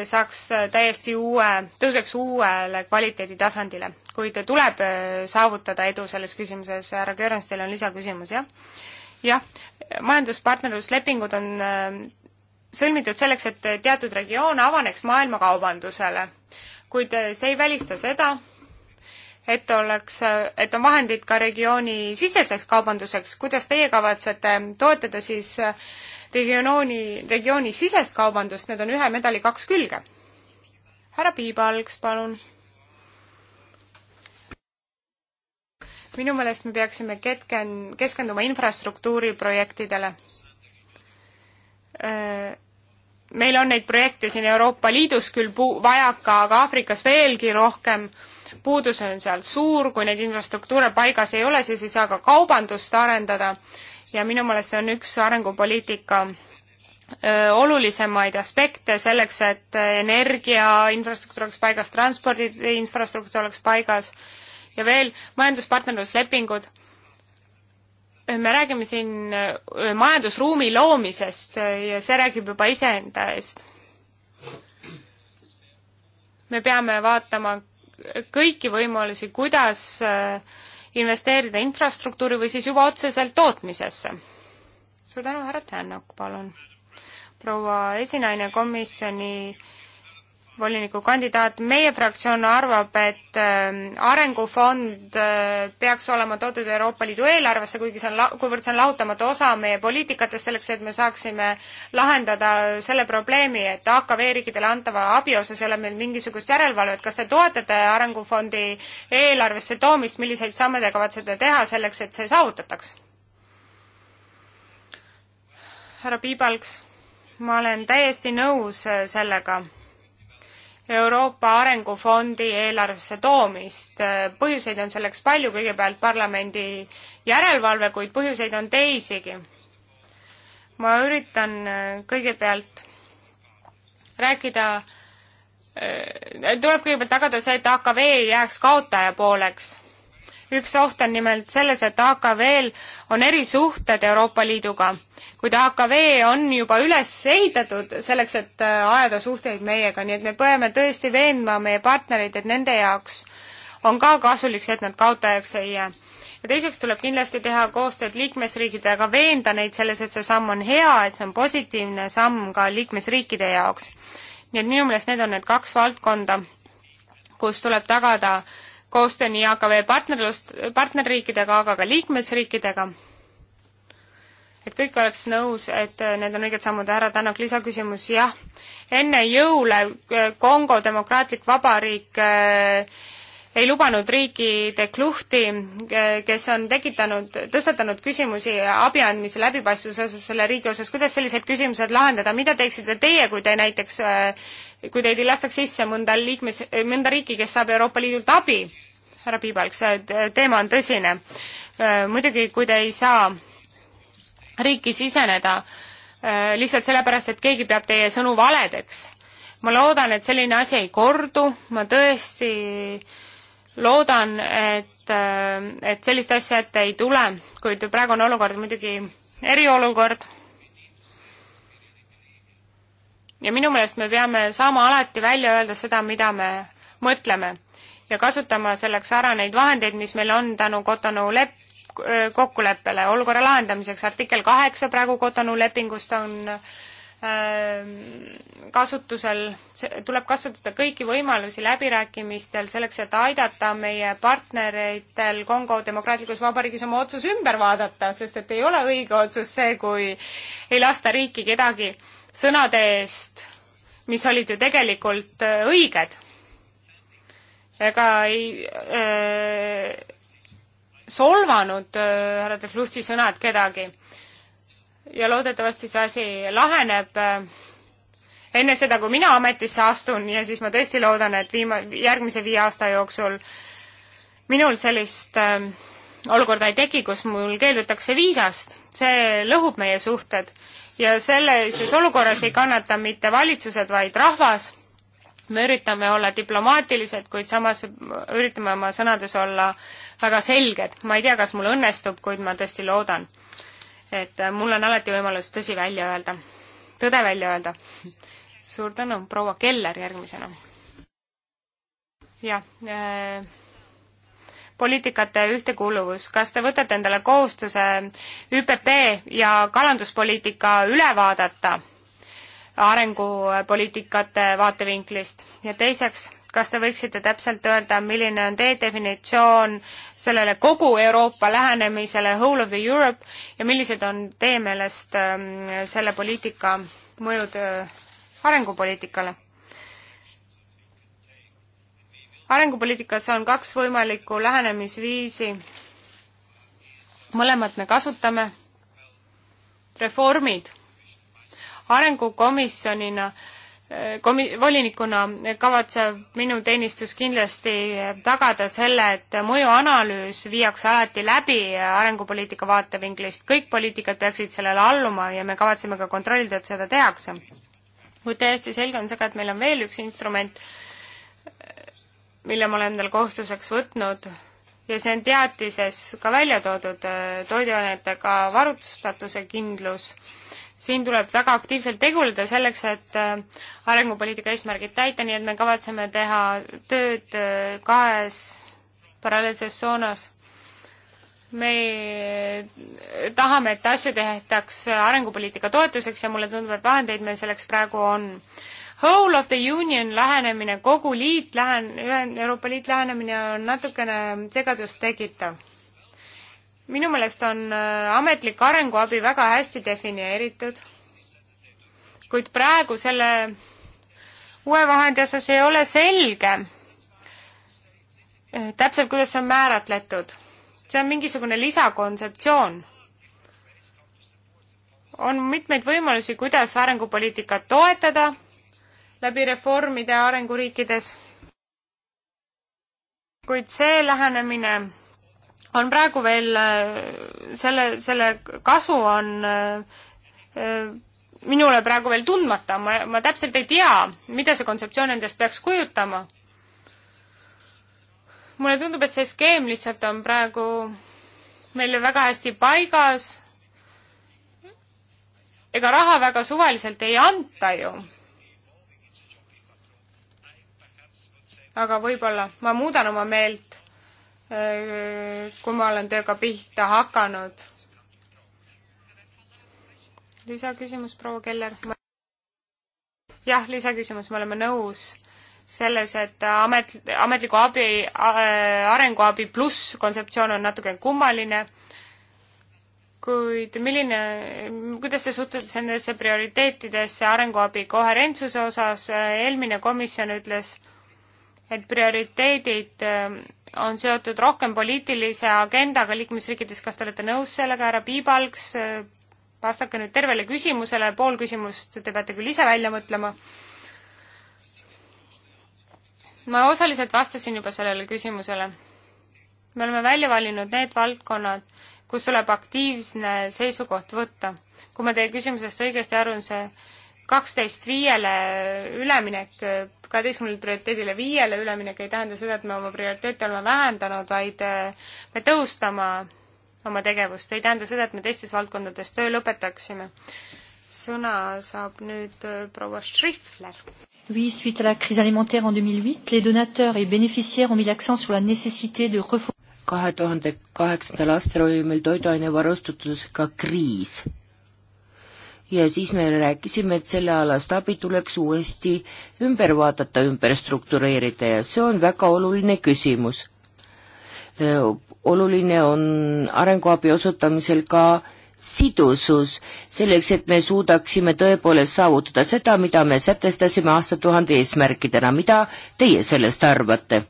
saaks täiesti uue, tõuseks uuele kvaliteeditasandile. kuid tuleb saavutada edu selles küsimuses, härra Köörens, teil on lisaküsimus, jah? jah, majanduspartnerluslepingud on sõlmitud selleks, et teatud regioon avaneks maailmakaubandusele, kuid see ei välista seda, et oleks, et on vahendid ka regiooni siseseks kaubanduseks, kuidas teie kavatsete toetada siis regiooni, regiooni sisest kaubandust, need on ühe medali kaks külge. härra Piibalks, palun. minu meelest me peaksime ketken-, keskenduma infrastruktuuriprojektidele Äh, meil on neid projekte siin Euroopa Liidus küll puu-, vajaka, aga Aafrikas veelgi rohkem, puudus on seal suur, kui neid infrastruktuure paigas ei ole, siis ei saa ka kaubandust arendada ja minu meelest see on üks arengupoliitika äh, olulisemaid aspekte selleks, et äh, energia infrastruktuur oleks paigas, transpordi infrastruktuur oleks paigas ja veel majanduspartnerluslepingud me räägime siin äh, majandusruumi loomisest äh, ja see räägib juba iseenda eest. me peame vaatama kõiki võimalusi, kuidas äh, investeerida infrastruktuuri või siis juba otseselt tootmisesse. suur tänu, härra Tänak, palun. proua esinaine komisjoni äh, volinikukandidaat, meie fraktsioon arvab, et ähm, arengufond äh, peaks olema toodud Euroopa Liidu eelarvesse, kuigi see on, kuivõrd see on lahutamatu osa meie poliitikatest, selleks et me saaksime lahendada selle probleemi, et AKV riikidele antava abi osas ei ole meil mingisugust järelevalvet. kas te toetate arengufondi eelarvesse toomist, milliseid samme te kavatsete teha selleks, et see saavutataks? härra Piibalks, ma olen täiesti nõus äh, sellega Euroopa Arengufondi eelarvesse toomist. põhjuseid on selleks palju, kõigepealt parlamendi järelevalve, kuid põhjuseid on teisigi. ma üritan äh, kõigepealt rääkida, äh, tuleb kõigepealt tagada see, et AKV ei jääks kaotaja pooleks üks oht on nimelt selles, et AKV-l on erisuhted Euroopa Liiduga. kuid AKV on juba üles ehitatud selleks, et äh, ajada suhteid meiega, nii et me peame tõesti veenma meie partnereid, et nende jaoks on ka kasulik see, et nad kaotajaks ei jää. ja teiseks tuleb kindlasti teha koostööd liikmesriikidega, veenda neid selles, et see samm on hea, et see on positiivne samm ka liikmesriikide jaoks. nii et minu meelest need on need kaks valdkonda, kus tuleb tagada äh, koostöö nii AKV partnerlust, partnerriikidega, aga ka liikmesriikidega. et kõik oleks nõus, et need on õiged sammud, härra Tänak, lisaküsimus, jah. enne jõule Kongo Demokraatlik Vabariik äh, ei lubanud riikide kluhti, kes on tekitanud, tõstatanud küsimusi abi andmise läbipaistvuse osas selle riigi osas, kuidas sellised küsimused lahendada, mida teeksite teie, kui te näiteks, kui teid ei lastaks sisse mõnda liikmes, mõnda riiki, kes saab Euroopa Liidult abi? härra Piibalk, see teema on tõsine. muidugi, kui te ei saa riiki siseneda lihtsalt sellepärast, et keegi peab teie sõnu valedeks, ma loodan, et selline asi ei kordu, ma tõesti äh, loodan, et, et sellist asja ette ei tule, kuid praegune olukord muidugi eriolukord. ja minu meelest me peame saama alati välja öelda seda, mida me mõtleme ja kasutama selleks ära neid vahendeid, mis meil on tänu Cotonou lepp-, kokkuleppele olukorra lahendamiseks. artikkel kaheksa praegu Cotonou lepingust on äh, Ehm, kasutusel, tuleb kasutada kõiki võimalusi läbirääkimistel selleks, et aidata meie partneritel Kongo Demokraatlikus Vabariigis oma otsus ümber vaadata, sest et ei ole õige otsus see, kui ei lasta riiki kedagi sõnade eest, mis olid ju tegelikult äh, õiged. ega ei öö, äh, solvanud äh, härra Tehluhti sõnad kedagi ja loodetavasti see asi laheneb äh, enne seda, kui mina ametisse astun ja siis ma tõesti loodan, et viima-, järgmise viie aasta jooksul minul sellist äh, olukorda ei teki, kus mul keeldutakse viisast. see lõhub meie suhted ja sellises olukorras ei kannata mitte valitsused, vaid rahvas. me üritame olla diplomaatilised, kuid samas üritame oma sõnades olla väga selged. ma ei tea, kas mul õnnestub, kuid ma tõesti loodan et mul on alati võimalus tõsi välja öelda, tõde välja öelda. suur tänu, proua Keller järgmisena. jah äh,, poliitikate ühtekuuluvus, kas te võtate endale kohustuse ÜPP ja kalanduspoliitika üle vaadata arengupoliitikate vaatevinklist ja teiseks, kas te võiksite täpselt öelda, milline on teie definitsioon sellele kogu Euroopa lähenemisele, whole of the Europe, ja millised on teie meelest ähm, selle poliitika mõjud äh, arengupoliitikale? arengupoliitikas on kaks võimalikku lähenemisviisi, mõlemat me kasutame, reformid. arengukomisjonina äh, komi-, volinikuna kavatseb minu teenistus kindlasti tagada selle, et mõjuanalüüs viiakse alati läbi arengupoliitika vaatevinklist. kõik poliitikad peaksid sellele alluma ja me kavatseme ka kontrollida, et seda tehakse. kuid täiesti selge on see ka, et meil on veel üks instrument, mille ma olen endale kohustuseks võtnud ja see on teatises ka välja toodud toiduainetega varustatuse kindlus siin tuleb väga aktiivselt tegutseda selleks, et äh, arengupoliitika eesmärgid täita, nii et me kavatseme teha tööd äh, kahes paralleelses suunas. me tahame, et asju tehtaks äh, arengupoliitika toetuseks ja mulle tundub, et vahendeid meil selleks praegu on. Whole of the Union lähenemine, kogu liit lähen-, Euroopa Liit lähenemine on natukene segadust tekitav minu meelest on äh, ametlik arenguabi väga hästi defineeritud, kuid praegu selle uue vahendi osas ei ole selge äh, täpselt, kuidas see on määratletud. see on mingisugune lisakontseptsioon on mitmeid võimalusi, kuidas arengupoliitikat toetada läbi reformide arenguriikides. kuid see lähenemine on praegu veel äh, selle, selle kasu on äh, äh, minule praegu veel tundmata, ma, ma täpselt ei tea, mida see kontseptsioon endast peaks kujutama. mulle tundub, et see skeem lihtsalt on praegu meil väga hästi paigas. ega raha väga suvaliselt ei anta ju aga võib-olla ma muudan oma meelt. Äh, kui ma olen tööga pihta hakanud. lisaküsimus, proua Keller? jah, lisaküsimus, me oleme nõus selles, et amet, ametliku abi, äh, arenguabi pluss kontseptsioon on natukene kummaline, kuid milline, kuidas te suhtute nendesse prioriteetidesse arenguabi koherentsuse osas, eelmine komisjon ütles, et prioriteedid äh, on seotud rohkem poliitilise agendaga liikmesriikides, kas te olete nõus sellega, härra Piibalks, vastake nüüd tervele küsimusele, pool küsimust te peate küll ise välja mõtlema. ma osaliselt vastasin juba sellele küsimusele. me oleme välja valinud need valdkonnad, kus tuleb aktiivne seisukoht võtta. kui ma teie küsimusest õigesti arvan, see kaksteist viiele üleminek, kaheteistkümnele prioriteedile viiele üleminek ei tähenda seda, et me oma prioriteete oleme vähendanud, vaid äh, me tõhustame oma tegevust, see ei tähenda seda, et me teistes valdkondades töö lõpetaksime. sõna saab nüüd äh, proua Schrifler. Oui, suite à la crise alimentaire en 2008, les donateurs et bénéficiaires ont mis l'accent sur la nécessité de reformer kahe tuhande kaheksandal aastal oli meil toiduainevarustatusega kriis ja siis me rääkisime, et sellealast abi tuleks uuesti ümber vaadata, ümber struktureerida ja see on väga oluline küsimus. oluline on arenguabi osutamisel ka sidusus, selleks et me suudaksime tõepoolest saavutada seda, mida me sätestasime aastatuhande eesmärkidena, mida teie sellest arvate?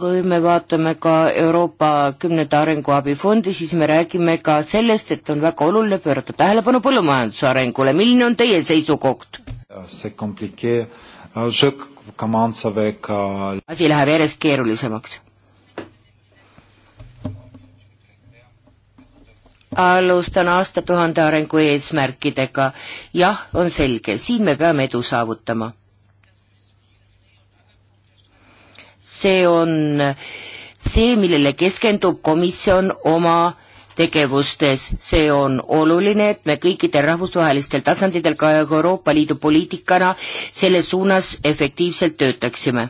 kui me vaatame ka Euroopa kümnenda arenguabifondi, siis me räägime ka sellest, et on väga oluline pöörata tähelepanu põllumajanduse arengule, milline on teie seisukoht? Äh, asi läheb järjest keerulisemaks. alustan aastatuhande arengu eesmärkidega. jah, on selge, siin me peame edu saavutama see on see, millele keskendub komisjon oma tegevustes, see on oluline, et me kõikidel rahvusvahelistel tasanditel ka Euroopa Liidu poliitikana selles suunas efektiivselt töötaksime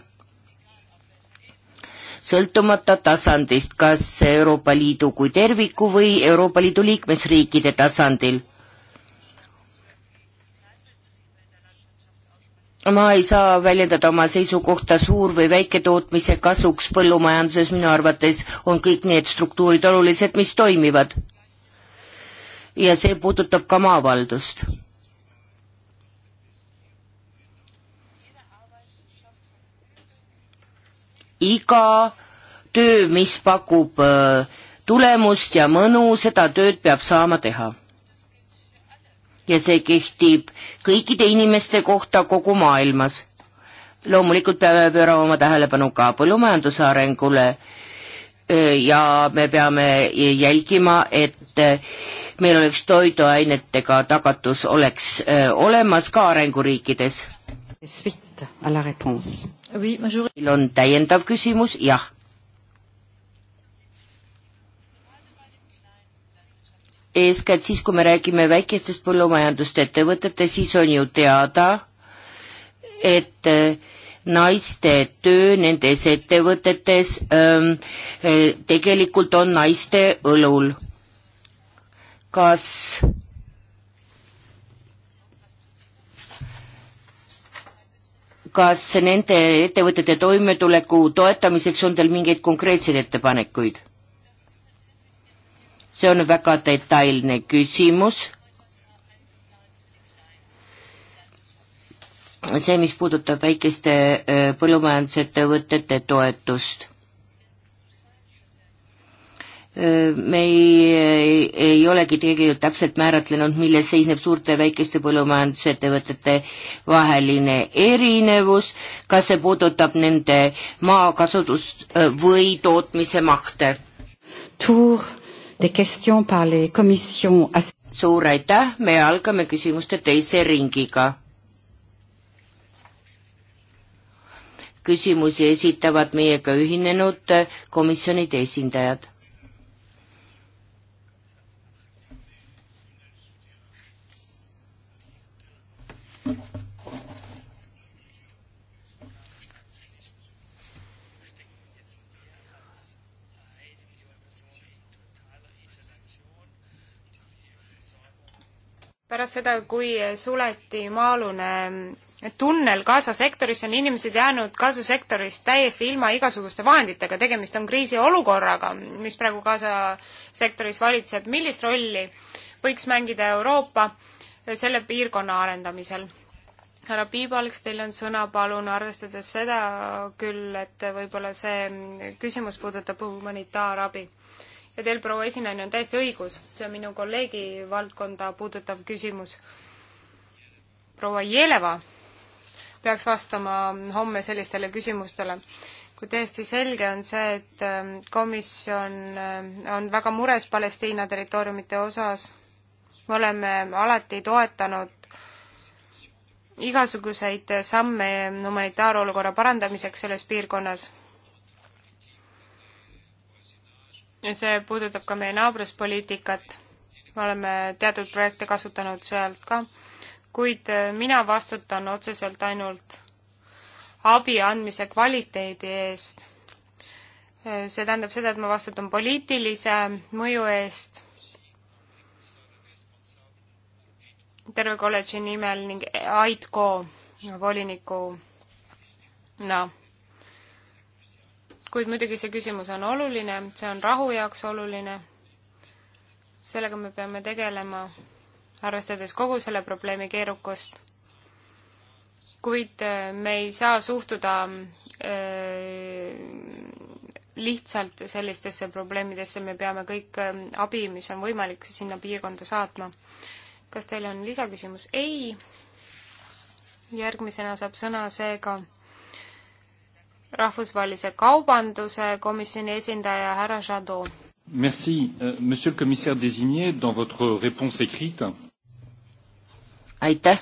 sõltumata tasandist, kas Euroopa Liidu kui terviku või Euroopa Liidu liikmesriikide tasandil. ma ei saa väljendada oma seisukohta suur- või väiketootmise kasuks põllumajanduses, minu arvates on kõik need struktuurid olulised, mis toimivad. ja see puudutab ka maavaldust. iga töö, mis pakub äh, tulemust ja mõnu, seda tööd peab saama teha ja see kehtib kõikide inimeste kohta kogu maailmas. loomulikult peame pöörama oma tähelepanu ka põllumajanduse arengule ja me peame jälgima, et meil oleks toiduainetega tagatus oleks olemas ka arenguriikides. meil on täiendav küsimus, jah eeskätt siis, kui me räägime väikestest põllumajandustettevõtete, siis on ju teada, et äh, naiste töö nendes ettevõtetes ähm, äh, tegelikult on naiste õlul. kas kas nende ettevõtete toimetuleku toetamiseks on teil mingeid konkreetseid ettepanekuid? see on väga detailne küsimus. see, mis puudutab väikeste põllumajandusettevõtete toetust. me ei, ei olegi tegelikult täpselt määratlenud, milles seisneb suurte ja väikeste põllumajandusettevõtete vaheline erinevus, kas see puudutab nende maakasutust või tootmise mahte. Tour suur aitäh, me algame küsimuste teise ringiga. küsimusi esitavad meiega ühinenud komisjonide esindajad. pärast seda, kui suleti Maalune tunnel Gaza sektorisse, on inimesed jäänud Gaza sektorist täiesti ilma igasuguste vahenditega, tegemist on kriisiolukorraga, mis praegu Gaza sektoris valitseb. millist rolli võiks mängida Euroopa selle piirkonna arendamisel? härra Piibalks, teil on sõna, palun, arvestades seda küll, et võib-olla see küsimus puudutab humanitaarabi ja teil, proua esinaine, on täiesti õigus, see on minu kolleegi valdkonda puudutav küsimus. proua Jeleva peaks vastama homme sellistele küsimustele. kui täiesti selge on see, et ähm, komisjon äh, on väga mures Palestiina territooriumite osas, me oleme alati toetanud igasuguseid samme humanitaarolukorra parandamiseks selles piirkonnas see puudutab ka meie naabruspoliitikat. me oleme teatud projekte kasutanud sealt ka, kuid äh, mina vastutan otseselt ainult abi andmise kvaliteedi eest. Äh, see tähendab seda, et ma vastutan poliitilise mõju eest terve kolledži nimel ning AITCO volinikuna no kuid muidugi see küsimus on oluline, see on rahu jaoks oluline. sellega me peame tegelema, arvestades kogu selle probleemi keerukust. kuid äh, me ei saa suhtuda öö, äh, lihtsalt sellistesse probleemidesse, me peame kõik äh, abi, mis on võimalik, sinna piirkonda saatma. kas teil on lisaküsimus? ei. järgmisena saab sõna seega rahvusvahelise kaubanduse komisjoni esindaja härra Jadot. Merci, euh, monsieur le commissaire désigné, dans votre réponse écrite. aitäh.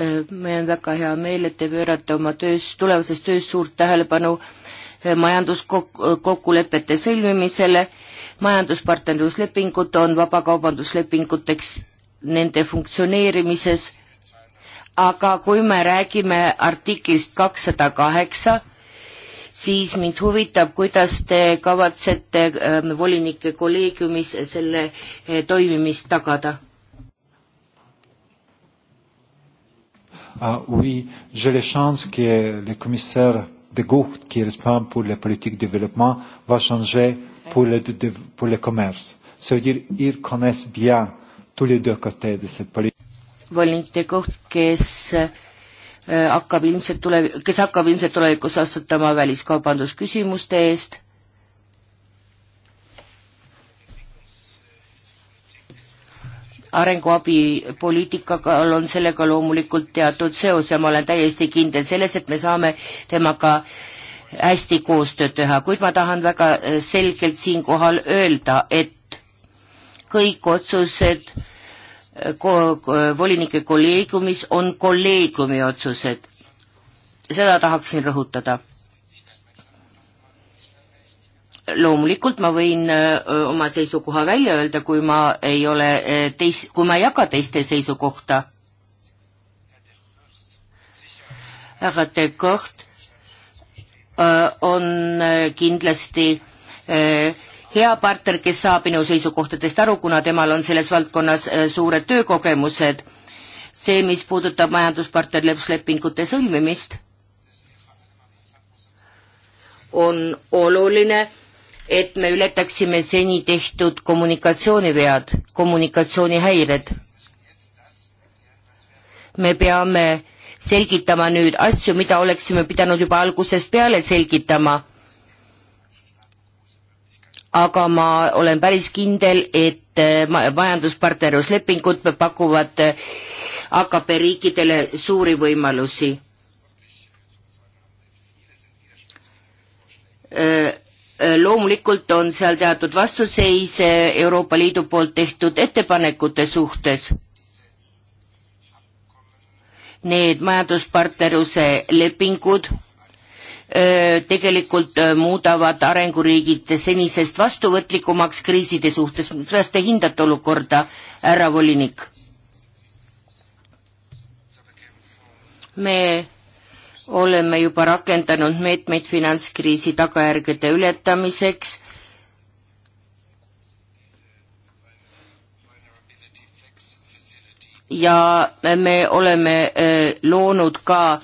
Äh, meil on väga hea meel, et te pöörate oma töös, tulevases töös suurt tähelepanu äh, majanduskokkulepete äh, sõlmimisele majanduspartnerluslepingud on vabakaubanduslepinguteks nende funktsioneerimises, aga kui me räägime artiklist kakssada kaheksa, siis mind huvitab, kuidas te kavatsete ähm, volinike kolleegiumis selle äh, toimimist tagada Ah oui, j'ai la chance que le commissaire de Gucht, qui est responsable pour la politique de développement, va changer pour le, pour le commerce. Ça veut dire qu'ils connaissent bien tous les deux côtés de cette politique. volinike koht, kes äh, hakkab ilmselt tule, kes hakkab ilmselt tulevikus vastutama väliskaubandusküsimuste eest arenguabipoliitikaga on sellega loomulikult teatud seos ja ma olen täiesti kindel selles, et me saame temaga hästi koostööd teha, kuid ma tahan väga äh, selgelt siinkohal öelda, et kõik otsused äh, ko volinike kolleegiumis on kolleegiumi otsused. seda tahaksin rõhutada. loomulikult ma võin äh, oma seisukoha välja öelda, kui ma ei ole teis-, kui ma ei jaga teiste seisukohta härra de Kort Äh, on äh, kindlasti äh, hea partner, kes saab minu seisukohtadest aru, kuna temal on selles valdkonnas suured töökogemused. see, mis puudutab majanduspartnerlepingute sõlmimist, on oluline, et me ületaksime seni tehtud kommunikatsioonivead, kommunikatsioonihäired. me peame selgitama nüüd asju, mida oleksime pidanud juba algusest peale selgitama. aga ma olen päris kindel, et äh, majanduspartnerluslepingud pakuvad äh, AKP riikidele suuri võimalusi äh, loomulikult on seal teatud vastuseis Euroopa Liidu poolt tehtud ettepanekute suhtes need majanduspartnerluse lepingud tegelikult muudavad arenguriigid senisest vastuvõtlikumaks kriiside suhtes. kuidas te hindate olukorda, härra volinik? me oleme juba rakendanud meetmeid finantskriisi tagajärgede ületamiseks ja me oleme äh, loonud ka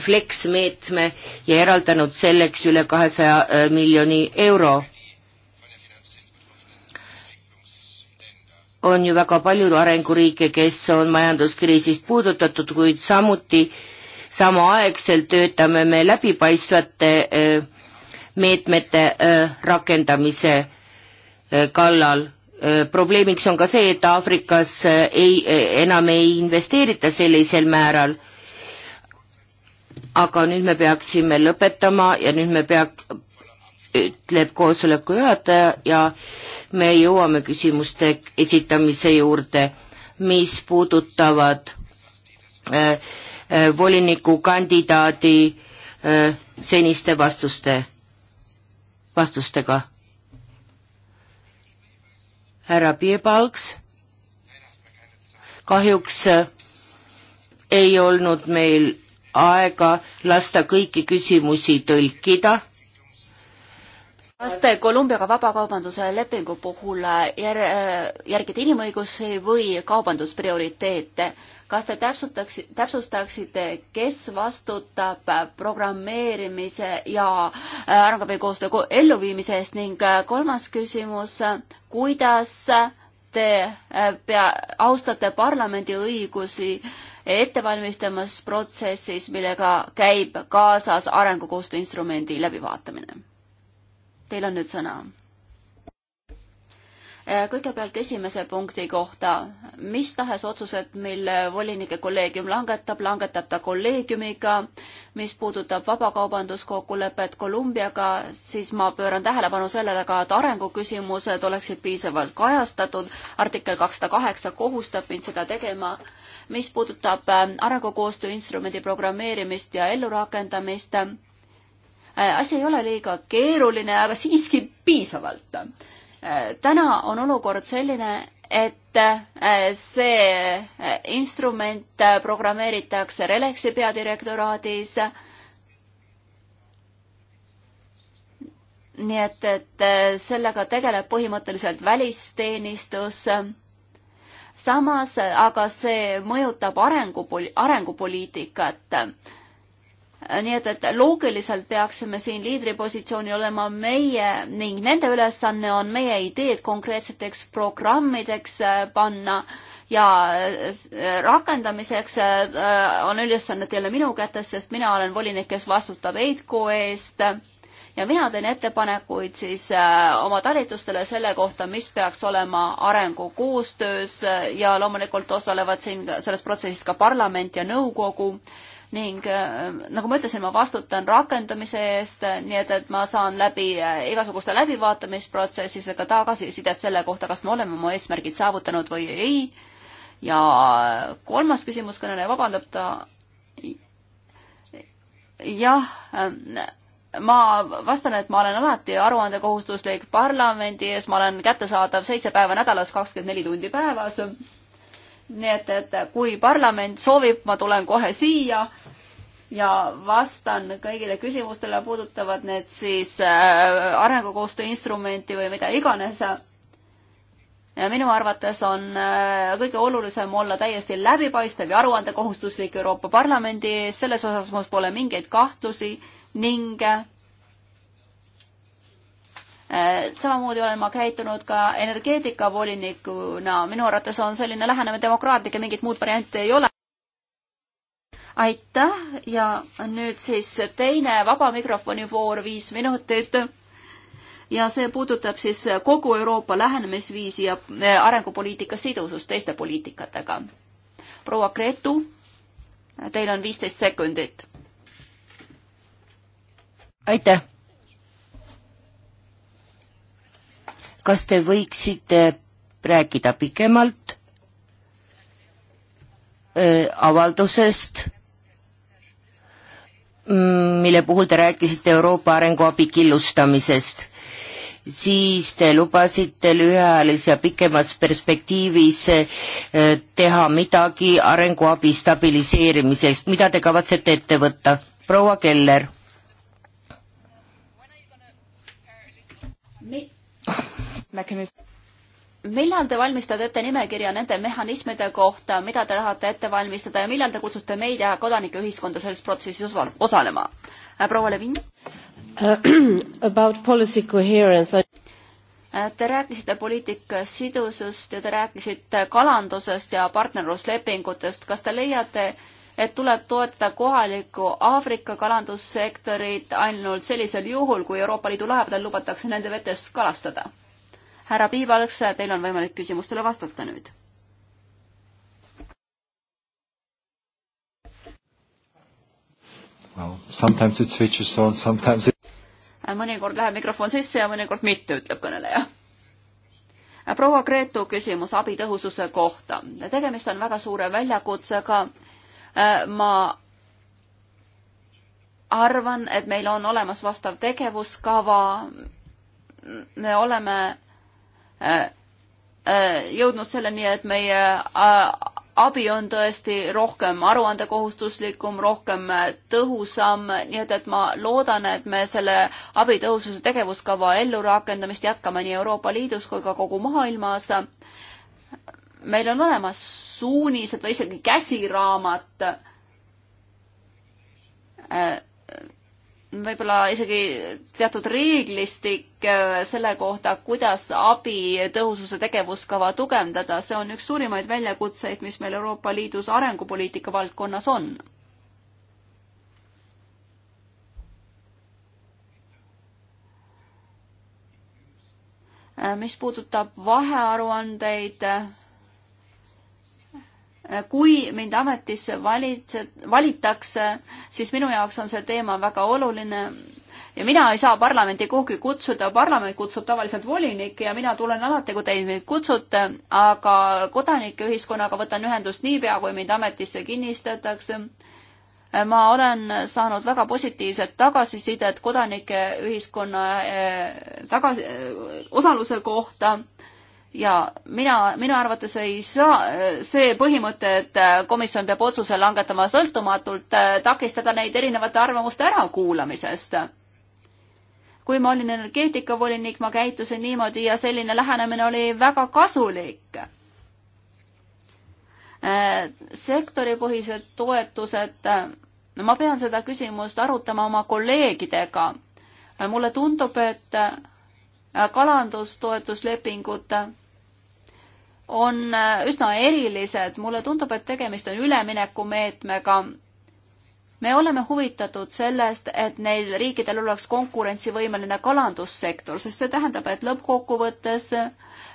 Flex meetme ja eraldanud selleks üle 200 äh, miljoni euro. On ju väga paljud arenguriike, kes on majanduskriisist puudutatud, kuid samuti samaaegselt töötame me läbipaistvate äh, meetmete rakendamise kallal Äh, probleemiks on ka see, et Aafrikas äh, ei, äh, enam ei investeerita sellisel määral. aga nüüd me peaksime lõpetama ja nüüd me pea-, ütleb koosoleku juhataja ja me jõuame küsimuste esitamise juurde, mis puudutavad äh, äh, volinikukandidaadi äh, seniste vastuste, vastustega härra Piebalgs. kahjuks äh, ei olnud meil aega lasta kõiki küsimusi tõlkida. kas te Kolumbiaga vabakaubanduse lepingu puhul äh, jär, äh, järgite inimõigusi või kaubandusprioriteete? kas te täpsutaks, täpsustaksite, kes vastutab äh, programmeerimise ja äh, arenguabi koostöö elluviimise eest ning äh, kolmas küsimus, kuidas te pea, austate parlamendi õigusi ettevalmistamisprotsessis, millega käib kaasas arengukoostöö instrumendi läbivaatamine? Teil on nüüd sõna Äh, kõigepealt esimese punkti kohta. mis tahes otsused, mille volinike kolleegium langetab, langetab ta kolleegiumiga. mis puudutab vabakaubanduskokkulepet Kolumbiaga, siis ma pööran tähelepanu sellele ka, et arenguküsimused oleksid piisavalt kajastatud. artikkel kakssada kaheksa kohustab mind seda tegema. mis puudutab äh, arengukoostöö instrumendi programmeerimist ja ellurakendamist, äh, asi ei ole liiga keeruline, aga siiski piisavalt täna on olukord selline, et äh, see äh, instrument äh, programmeeritakse Relexi peadirektoraadis. nii et, et sellega tegeleb põhimõtteliselt välisteenistus. samas aga see mõjutab arengupol-, arengupoliitikat nii et, et loogiliselt peaksime siin liidripositsiooni olema meie ning nende ülesanne on meie ideed konkreetseteks programmideks äh, panna ja äh, rakendamiseks äh, on ülesanded jälle minu kätes, sest mina olen volinik, kes vastutab EITKO eest ja mina teen ettepanekuid siis oma talitustele selle kohta, mis peaks olema arengukoostöös ja loomulikult osalevad siin selles protsessis ka parlament ja nõukogu ning äh, nagu ma ütlesin, ma vastutan rakendamise eest, nii et, et ma saan läbi äh, igasuguste läbivaatamisprotsessidega tagasisidet selle kohta, kas me oleme oma eesmärgid saavutanud või ei. ja äh, kolmas küsimus, kõneleja vabandab, ta jah ma vastan, et ma olen alati aruandekohustuslik parlamendi ees, ma olen kättesaadav seitse päeva nädalas, kakskümmend neli tundi päevas nii et, et kui parlament soovib, ma tulen kohe siia ja vastan kõigile küsimustele, puudutavad need siis äh, arengukoostöö instrumenti või mida iganes Ja minu arvates on äh, kõige olulisem olla täiesti läbipaistev ja aruandekohustuslik Euroopa Parlamendi ees, selles osas mul pole mingeid kahtlusi ning äh, Äh, samamoodi olen ma käitunud ka energeetikavolinikuna, minu arvates on selline lähenemine demokraatlik ja mingit muud varianti ei ole. aitäh ja nüüd siis teine vaba mikrofoni voor, viis minutit. ja see puudutab siis kogu Euroopa lähenemisviisi ja äh, arengupoliitika sidusust teiste poliitikatega. proua Gretu, teil on viisteist sekundit. aitäh kas te võiksite rääkida pikemalt äh, avaldusest, mm, mille puhul te rääkisite Euroopa arenguabi killustamisest, siis te lubasite lühiajalis ja pikemas perspektiivis äh, teha midagi arenguabi stabiliseerimiseks, mida te kavatsete ette võtta? proua Keller mechanism. millal te valmistate ette nimekirja nende mehhanismide kohta, mida te tahate ette valmistada ja millal te kutsute meid ja kodanikeühiskonda selles protsessis osal-, osalema? Äh, proua Levin äh, [clears throat] About policy coherence. Te rääkisite poliitika sidususest ja te rääkisite kalandusest ja partnerluslepingutest. kas te leiate, et tuleb toetada kohalikku Aafrika kalandussektorit ainult sellisel juhul, kui Euroopa Liidu laevadel lubatakse nende vetes kalastada? härra Piibalks, teil on võimalik küsimustele vastata nüüd. Well, sometimes it switches on, sometimes it... mõnikord läheb mikrofon sisse ja mõnikord mitte, ütleb kõneleja proua Gretu küsimus abi tõhususe kohta. tegemist on väga suure väljakutsega. Äh, ma arvan, et meil on olemas vastav tegevuskava. me oleme Äh, äh, jõudnud selleni, et meie äh, abi on tõesti rohkem aruandekohustuslikum, rohkem tõhusam, nii et, et ma loodan, et me selle abitõhususe tegevuskava ellurakendamist jätkame nii Euroopa Liidus kui ka kogu maailmas. meil on olemas suunised või isegi käsiraamat võib-olla isegi teatud reeglistik äh, selle kohta, kuidas abi tõhususe tegevuskava tugevdada, see on üks suurimaid väljakutseid, mis meil Euroopa Liidus arengupoliitika valdkonnas on. Äh, mis puudutab vahearuandeid, kui mind ametisse valit-, valitakse, siis minu jaoks on see teema väga oluline ja mina ei saa parlamenti kuhugi kutsuda, parlament kutsub tavaliselt volinikke ja mina tulen alati, kui teid mind kutsute, aga kodanikeühiskonnaga võtan ühendust niipea, kui mind ametisse kinnistatakse. ma olen saanud väga positiivset tagasisidet kodanikeühiskonna eh, tagasi, eh, osaluse kohta ja mina, minu arvates ei saa see põhimõte, et äh, komisjon peab otsuse langetama sõltumatult, äh, takistada neid erinevate arvamuste ärakuulamisest. kui ma olin energeetikavolinik, ma käitusin niimoodi ja selline lähenemine oli väga kasulik. Äh, sektoripõhised toetused, ma pean seda küsimust arutama oma kolleegidega. mulle tundub, et kalandustoetuslepingud on äh, üsna erilised. mulle tundub, et tegemist on üleminekumeetmega. me oleme huvitatud sellest, et neil riikidel oleks konkurentsivõimeline kalandussektor, sest see tähendab, et lõppkokkuvõttes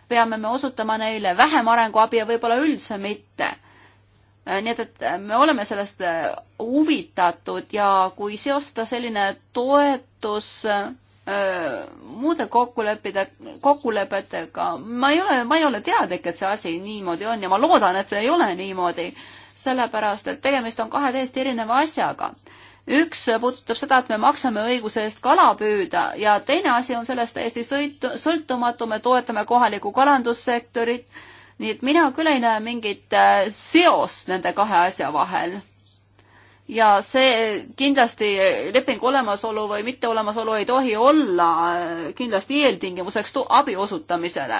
peame me osutama neile vähem arenguabi ja võib-olla üldse mitte äh, nii et, et me oleme sellest äh, huvitatud ja kui seostada selline toetus muude kokkuleppida, kokkulepetega, ma ei ole, ma ei ole teadlik, et see asi niimoodi on ja ma loodan, et see ei ole niimoodi, sellepärast et tegemist on kahe täiesti erineva asjaga. üks puudutab seda, et me maksame õiguse eest kala püüda ja teine asi on sellest täiesti sõitu, sõltumatu, me toetame kohalikku kalandussektorit, nii et mina küll ei näe mingit äh, seost nende kahe asja vahel ja see kindlasti lepingu olemasolu või mitteolemasolu ei tohi olla äh, kindlasti eeltingimuseks abi osutamisele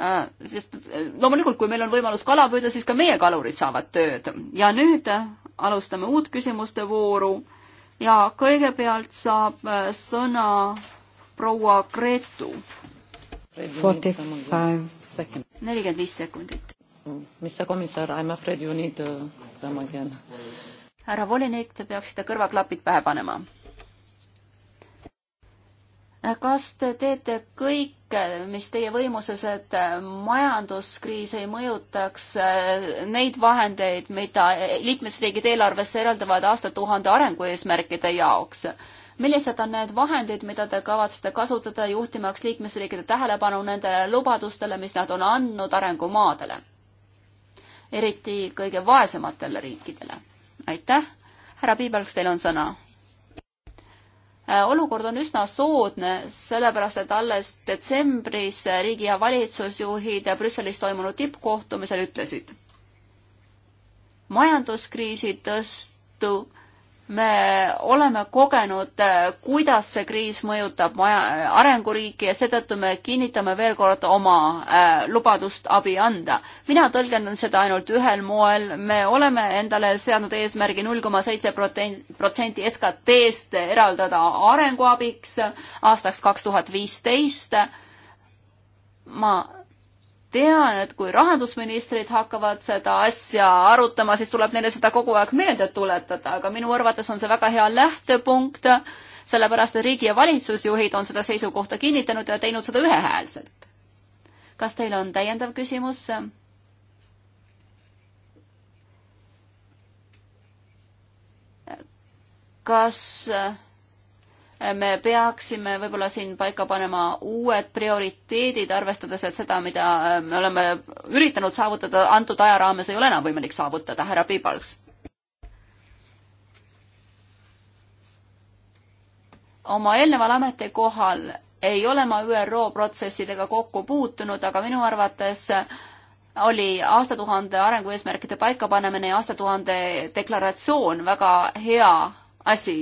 äh,. sest äh, loomulikult, kui meil on võimalus kala püüda, siis ka meie kalurid saavad tööd ja nüüd äh, alustame uut küsimuste vooru ja kõigepealt saab sõna proua Gretu. nelikümmend viis sekundit Mr Commissar, I am afraid you need uh, them again. härra volinik, te peaksite kõrvaklapid pähe panema. kas te teete kõik, mis teie võimuses, et majanduskriis ei mõjutaks äh, neid vahendeid, mida liikmesriigid eelarvesse eraldavad aastatuhande arengueesmärkide jaoks? millised on need vahendid, mida te kavatsete kasutada, juhtimaks liikmesriikide tähelepanu nendele lubadustele, mis nad on andnud arengumaadele? eriti kõige vaesematele riikidele. aitäh, härra Piibalks, teil on sõna. Äh, olukord on üsna soodne, sellepärast et alles detsembris riigi- ja valitsusjuhid Brüsselis toimunud tippkohtumisel ütlesid, majanduskriisi tõstu me oleme kogenud, kuidas see kriis mõjutab maja, arenguriiki ja seetõttu me kinnitame veel kord oma äh, lubadust abi anda. mina tõlgendan seda ainult ühel moel, me oleme endale seadnud eesmärgi null koma seitse protsenti SKT-st eraldada arenguabiks aastaks kaks tuhat viisteist. ma tean, et kui rahandusministrid hakkavad seda asja arutama, siis tuleb neile seda kogu aeg meelde tuletada, aga minu arvates on see väga hea lähtepunkt, sellepärast et riigi- ja valitsusjuhid on seda seisukohta kinnitanud ja teinud seda ühehäälselt. kas teil on täiendav küsimus? kas me peaksime võib-olla siin paika panema uued prioriteedid, arvestades, et seda, mida äh, me oleme üritanud saavutada antud ajaraames, ei ole enam võimalik saavutada, härra Piibalks. oma eelneval ametikohal ei ole ma ÜRO protsessidega kokku puutunud, aga minu arvates oli aastatuhande arengueesmärkide paikapanemine ja aastatuhande deklaratsioon väga hea asi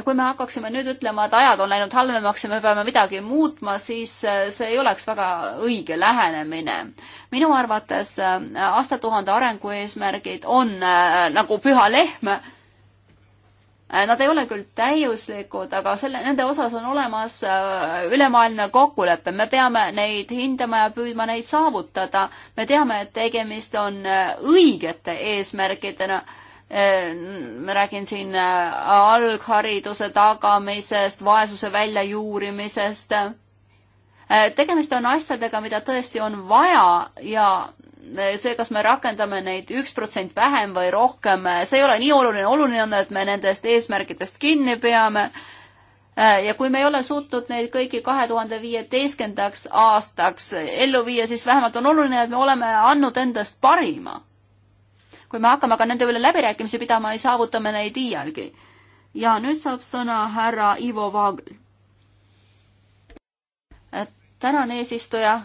ja kui me hakkaksime nüüd ütlema, et ajad on läinud halvemaks ja me peame midagi muutma, siis äh, see ei oleks väga õige lähenemine. minu arvates äh, aastatuhande arengueesmärgid on äh, nagu püha lehm. Nad ei ole küll täiuslikud, aga selle, nende osas on olemas ülemaailmne kokkulepe, me peame neid hindama ja püüdma neid saavutada. me teame, et tegemist on õigete eesmärkidena no ma räägin siin äh, alghariduse tagamisest, vaesuse väljajuurimisest. Äh, tegemist on asjadega, mida tõesti on vaja ja äh, see, kas me rakendame neid üks protsent vähem või rohkem, see ei ole nii oluline, oluline on, et me nendest eesmärkidest kinni peame ja kui me ei ole suutnud neid kõiki kahe tuhande viieteistkümnendaks aastaks ellu viia, siis vähemalt on oluline, et me oleme andnud endast parima kui me hakkame aga nende üle läbirääkimisi pidama, ei saavuta me neid iialgi. ja nüüd saab sõna härra Ivo Vaagl. tänan, eesistuja.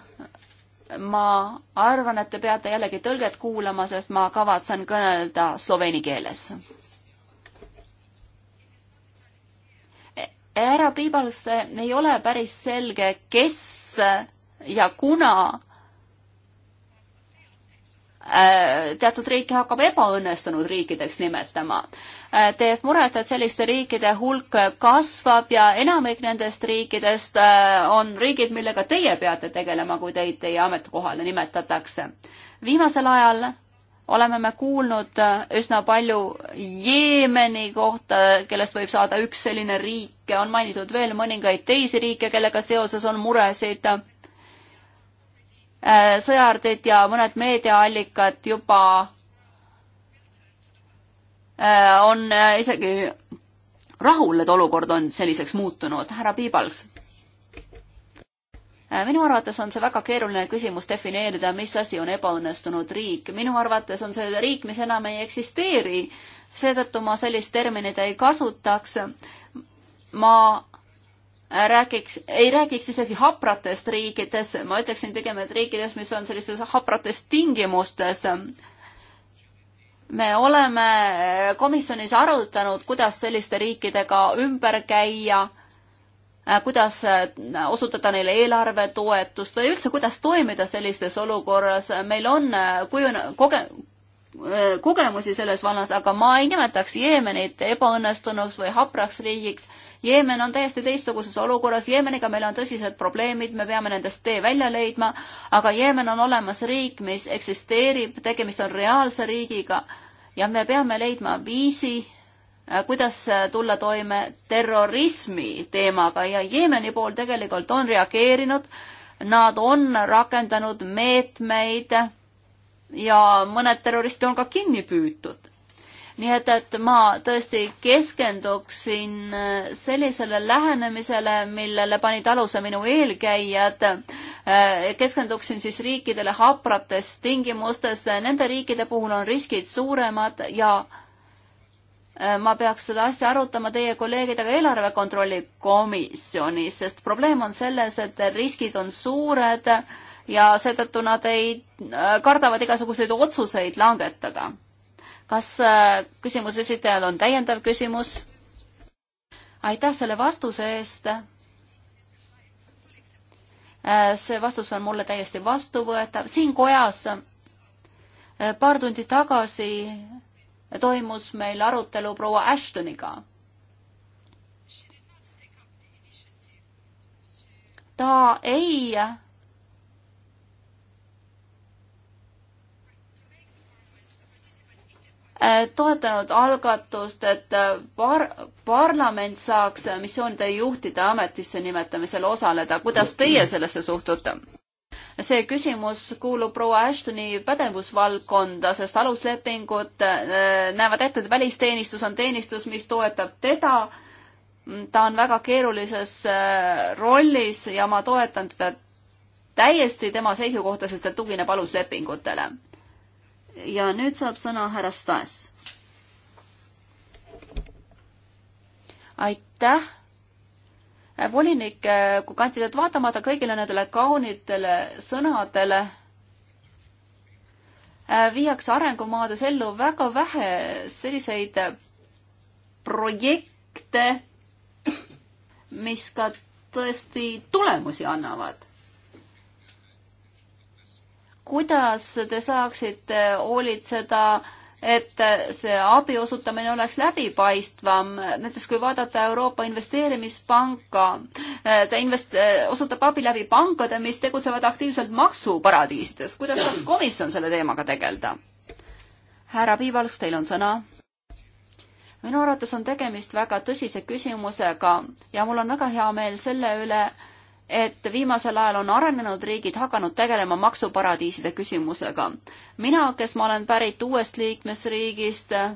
ma arvan, et te peate jällegi tõlget kuulama, sest ma kavatsen kõnelda sloveeni keeles e, härra Piibals ei ole päris selge, kes ja kuna Äh, teatud riike hakkab ebaõnnestunud riikideks nimetama. Äh, teeb muret, et selliste riikide hulk kasvab ja enamik nendest riikidest äh, on riigid, millega teie peate tegelema, kui teid teie ametikohale nimetatakse. viimasel ajal oleme me kuulnud üsna palju Jeemeni kohta, kellest võib saada üks selline riik, on mainitud veel mõningaid teisi riike, kellega seoses on muresid Äh, sõjaardid ja mõned meediaallikad juba äh, on äh, isegi rahul, et olukord on selliseks muutunud. härra Piibalks. minu arvates on see väga keeruline küsimus defineerida, mis asi on ebaõnnestunud riik. minu arvates on see riik, mis enam ei eksisteeri. seetõttu ma sellist terminit ei kasutaks. ma räägiks, ei räägiks isegi hapratest riikides, ma ütleksin pigem, et riikides, mis on sellistes haprates tingimustes. me oleme komisjonis arutanud, kuidas selliste riikidega ümber käia, kuidas osutada neile eelarvetoetust või üldse, kuidas toimida sellises olukorras. meil on kujune-, koge-, Äh, kogemusi selles vallas, aga ma ei nimetaks Jeemenit ebaõnnestunuks või hapraks riigiks. Jeemen on täiesti teistsuguses olukorras, Jeemeniga meil on tõsised probleemid, me peame nendest tee välja leidma, aga Jeemen on olemas riik, mis eksisteerib, tegemist on reaalse riigiga ja me peame leidma viisi, äh, kuidas äh, tulla toime terrorismi teemaga ja Jeemeni pool tegelikult on reageerinud, nad on rakendanud meetmeid ja mõned terroristid on ka kinni püütud nii et, et ma tõesti keskenduksin sellisele lähenemisele, millele panid aluse minu eelkäijad. Äh, keskenduksin siis riikidele haprates tingimustes, nende riikide puhul on riskid suuremad ja äh, ma peaks seda asja arutama teie kolleegidega eelarve kontrolli komisjonis, sest probleem on selles, et riskid on suured ja seetõttu nad ei, äh, kardavad igasuguseid otsuseid langetada. kas äh, küsimuse esitajal on täiendav küsimus? aitäh selle vastuse eest. Äh, see vastus on mulle täiesti vastuvõetav. siin kojas paar tundi tagasi toimus meil arutelu proua Ashtoniga. ta ei Äh, toetanud algatust, et äh, par-, parlament saaks missioonide juhtide ametisse nimetamisel osaleda. kuidas teie sellesse suhtute? see küsimus kuulub proua Ashtoni pädevusvaldkonda, sest aluslepingud äh, näevad ette, et välisteenistus on teenistus, mis toetab teda. ta on väga keerulises rollis ja ma toetan teda täiesti tema seisukohta, sest ta tugineb aluslepingutele ja nüüd saab sõna härra Stas. aitäh, äh, volinik, äh, kui kandidaat, vaatamata kõigile nendele kaunitele sõnadele, äh, viiakse arengumaades ellu väga vähe selliseid projekte, mis ka tõesti tulemusi annavad kuidas te saaksite hoolitseda, et see abi osutamine oleks läbipaistvam, näiteks kui vaadata Euroopa Investeerimispanka, ta invest-, osutab abi läbi pankade, mis tegutsevad aktiivselt maksuparadiisides, kuidas saaks komisjon selle teemaga tegeleda? härra Piivalks, teil on sõna minu arvates on tegemist väga tõsise küsimusega ja mul on väga hea meel selle üle, et viimasel ajal on arenenud riigid hakanud tegelema maksuparadiiside küsimusega. mina, kes ma olen pärit uuest liikmesriigist äh,,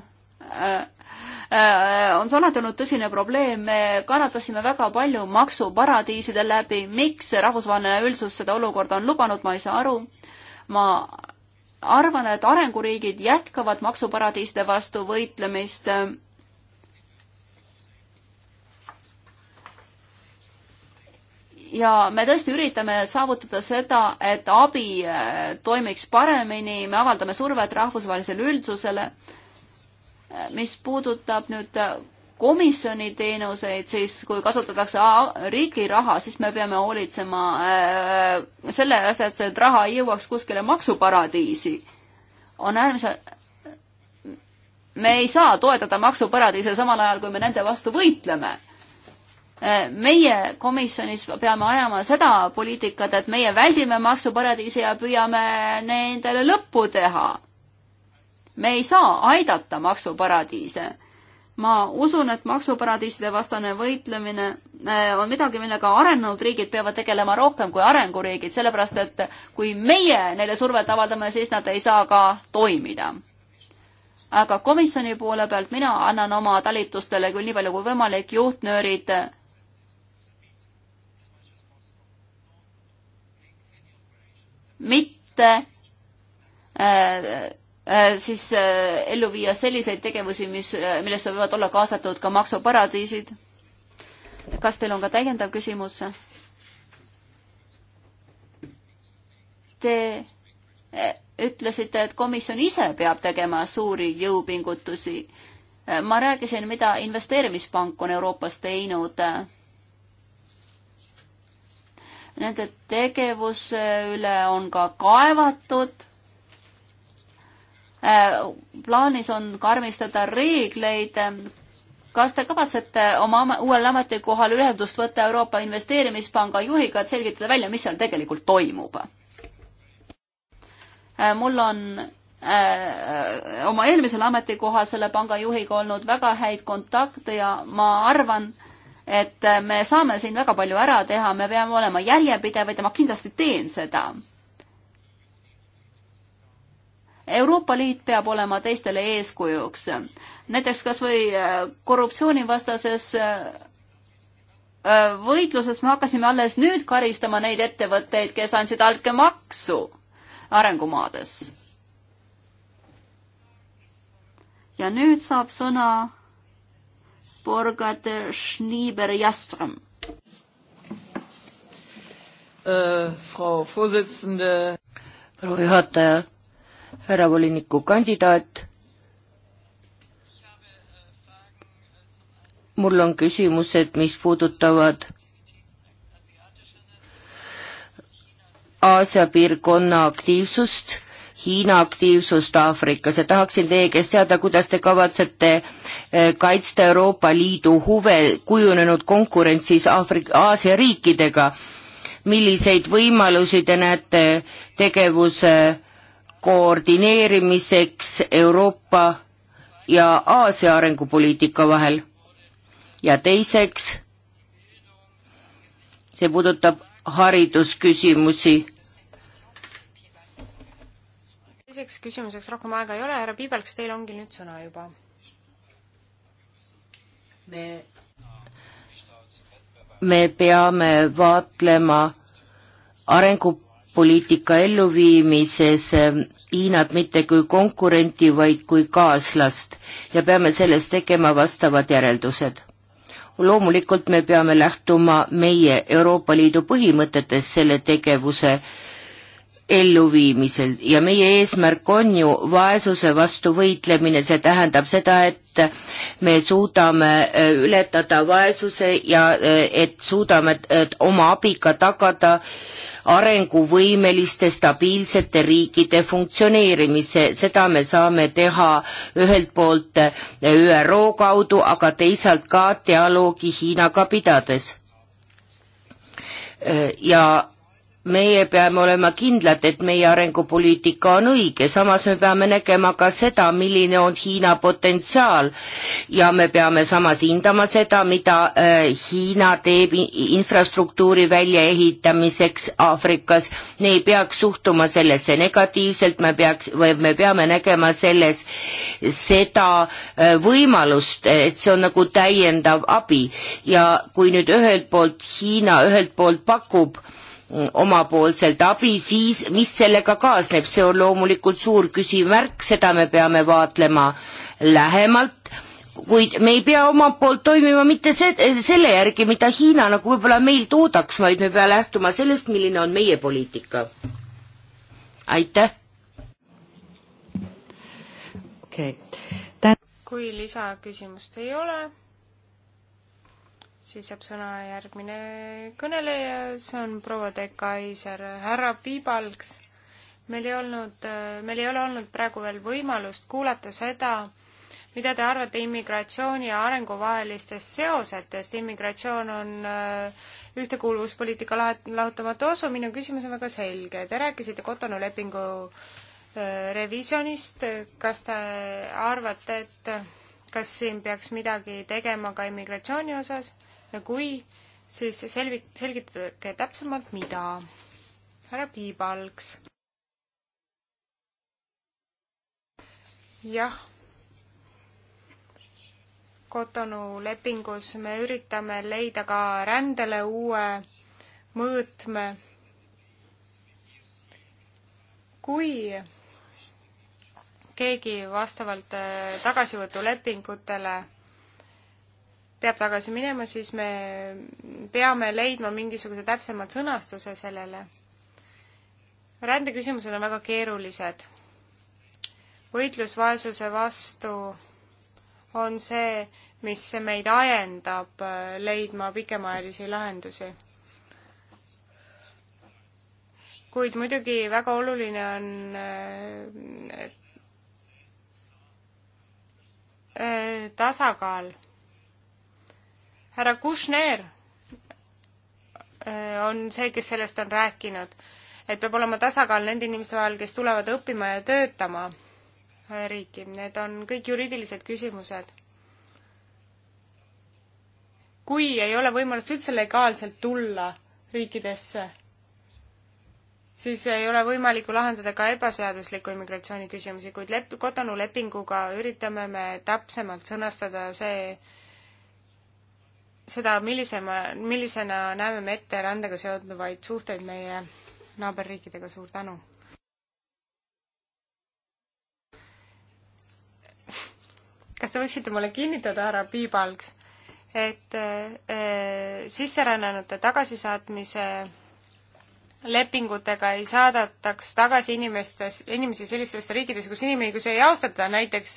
äh, on see alati olnud tõsine probleem, me kannatasime väga palju maksuparadiiside läbi, miks rahvusvaheline üldsus seda olukorda on lubanud, ma ei saa aru. ma arvan, et arenguriigid jätkavad maksuparadiiside vastu võitlemist äh, ja me tõesti üritame saavutada seda, et abi äh, toimiks paremini, me avaldame survet rahvusvahelisele üldsusele. Äh, mis puudutab nüüd äh, komisjoni teenuseid, siis kui kasutatakse riigi raha, siis me peame hoolitsema selle eest, et see raha ei jõuaks kuskile maksuparadiisi. on äärmiselt me ei saa toetada maksuparadiise samal ajal, kui me nende vastu võitleme meie komisjonis peame ajama seda poliitikat, et meie väldime maksuparadiise ja püüame nendele lõppu teha. me ei saa aidata maksuparadiise. ma usun, et maksuparadiiside vastane võitlemine eh, on midagi, millega arenenud riigid peavad tegelema rohkem kui arenguriigid, sellepärast et kui meie neile survet avaldame, siis nad ei saa ka toimida aga komisjoni poole pealt mina annan oma talitustele küll nii palju kui võimalik juhtnöörid mitte äh, äh, siis äh, ellu viia selliseid tegevusi, mis, millesse võivad olla kaasatud ka maksuparadiisid. kas teil on ka täiendav küsimus? Te ütlesite, et komisjon ise peab tegema suuri jõupingutusi. ma rääkisin, mida investeerimispank on Euroopas teinud Nende tegevuse üle on ka kaevatud. Äh, plaanis on karmistada reegleid. kas te kavatsete oma uuel ametikohal ühendust võtta Euroopa Investeerimispanga juhiga, et selgitada välja, mis seal tegelikult toimub? Äh, mul on äh, oma eelmisel ametikohal selle panga juhiga olnud väga häid kontakte ja ma arvan, et me saame siin väga palju ära teha, me peame olema järjepidevad ja ma kindlasti teen seda. Euroopa Liit peab olema teistele eeskujuks, näiteks kas või äh, korruptsioonivastases äh, võitluses me hakkasime alles nüüd karistama neid ettevõtteid, kes andsid altkäemaksu arengumaades. ja nüüd saab sõna Borgart Schnieber-Jastram. Äh, Frau Vorsitzende. proua juhataja, härra volinikukandidaat. mul on küsimused, mis puudutavad Aasia piirkonna aktiivsust Hiina aktiivsust Aafrikas ja tahaksin teie käest teada, kuidas te kavatsete eh, kaitsta Euroopa Liidu huve kujunenud konkurentsis Aafrika, Aasia riikidega. milliseid võimalusi te näete tegevuse koordineerimiseks Euroopa ja Aasia arengupoliitika vahel? ja teiseks, see puudutab haridusküsimusi teiseks küsimuseks rohkem aega ei ole, härra Piibelks, teil ongi nüüd sõna juba. me, me peame vaatlema arengupoliitika elluviimises ähm, Hiinat mitte kui konkurenti, vaid kui kaaslast ja peame sellest tegema vastavad järeldused loomulikult me peame lähtuma meie Euroopa Liidu põhimõtetest selle tegevuse elluviimisel ja meie eesmärk on ju vaesuse vastu võitlemine, see tähendab seda, et me suudame äh, ületada vaesuse ja äh, et suudame et oma abiga tagada arenguvõimeliste stabiilsete riikide funktsioneerimise, seda me saame teha ühelt poolt äh, ÜRO kaudu, aga teisalt ka dialoogi Hiinaga pidades. ja meie peame olema kindlad, et meie arengupoliitika on õige, samas me peame nägema ka seda, milline on Hiina potentsiaal ja me peame samas hindama seda, mida äh, Hiina teeb infrastruktuuri väljaehitamiseks Aafrikas. me ei peaks suhtuma sellesse negatiivselt, me peaks, või me peame nägema selles seda äh, võimalust, et see on nagu täiendav abi ja kui nüüd ühelt poolt Hiina ühelt poolt pakub omapoolselt abi, siis mis sellega kaasneb, see on loomulikult suur küsimärk, seda me peame vaatlema lähemalt, kuid me ei pea omalt poolt toimima mitte se selle järgi, mida Hiina nagu võib-olla meilt oodaks, vaid me peame lähtuma sellest, milline on meie poliitika. aitäh okay.. kui lisaküsimust ei ole siis saab sõna järgmine kõneleja, see on proua de Kaiser, härra Piibalks. meil ei olnud, äh, meil ei ole olnud praegu veel võimalust kuulata seda, mida te arvate immigratsiooni ja arengu vahelistest seosetest, immigratsioon on äh, ühtekuuluvuspoliitika lahutamatu osa, minu küsimus on väga selge, te rääkisite Cotonou lepingu äh, revisjonist, kas te arvate, et kas siin peaks midagi tegema ka immigratsiooni osas? ja kui, siis selvi-, selgitage täpsemalt, mida. härra Piibalks. jah. Kotonu lepingus me üritame leida ka rändele uue mõõtme. kui keegi vastavalt äh, tagasivõtulepingutele peab tagasi minema, siis me peame leidma mingisuguse täpsemad sõnastuse sellele. rändeküsimused on väga keerulised. võitlus vaesuse vastu on see, mis meid ajendab äh, leidma pikemaajalisi lahendusi. kuid muidugi väga oluline on äh, äh, tasakaal härra Kushner äh, on see, kes sellest on rääkinud, et peab olema tasakaal nende inimeste vahel, kes tulevad õppima ja töötama riiki, need on kõik juriidilised küsimused. kui ei ole võimalust üldse legaalselt tulla riikidesse, siis ei ole võimalik ju lahendada ka ebaseadusliku immigratsiooni küsimusi, kuid lep-, Kotonu lepinguga üritame me täpsemalt sõnastada see, seda, millise, millisena näeme me ette rändega seonduvaid suhteid meie naaberriikidega, suur tänu! kas te võiksite mulle kinnitada, härra Piibalgs, et äh, sisserännanute tagasisaatmise lepingutega ei saadetaks tagasi inimestes, inimesi sellistesse riikidesse, kus inimõigusi ei austata, näiteks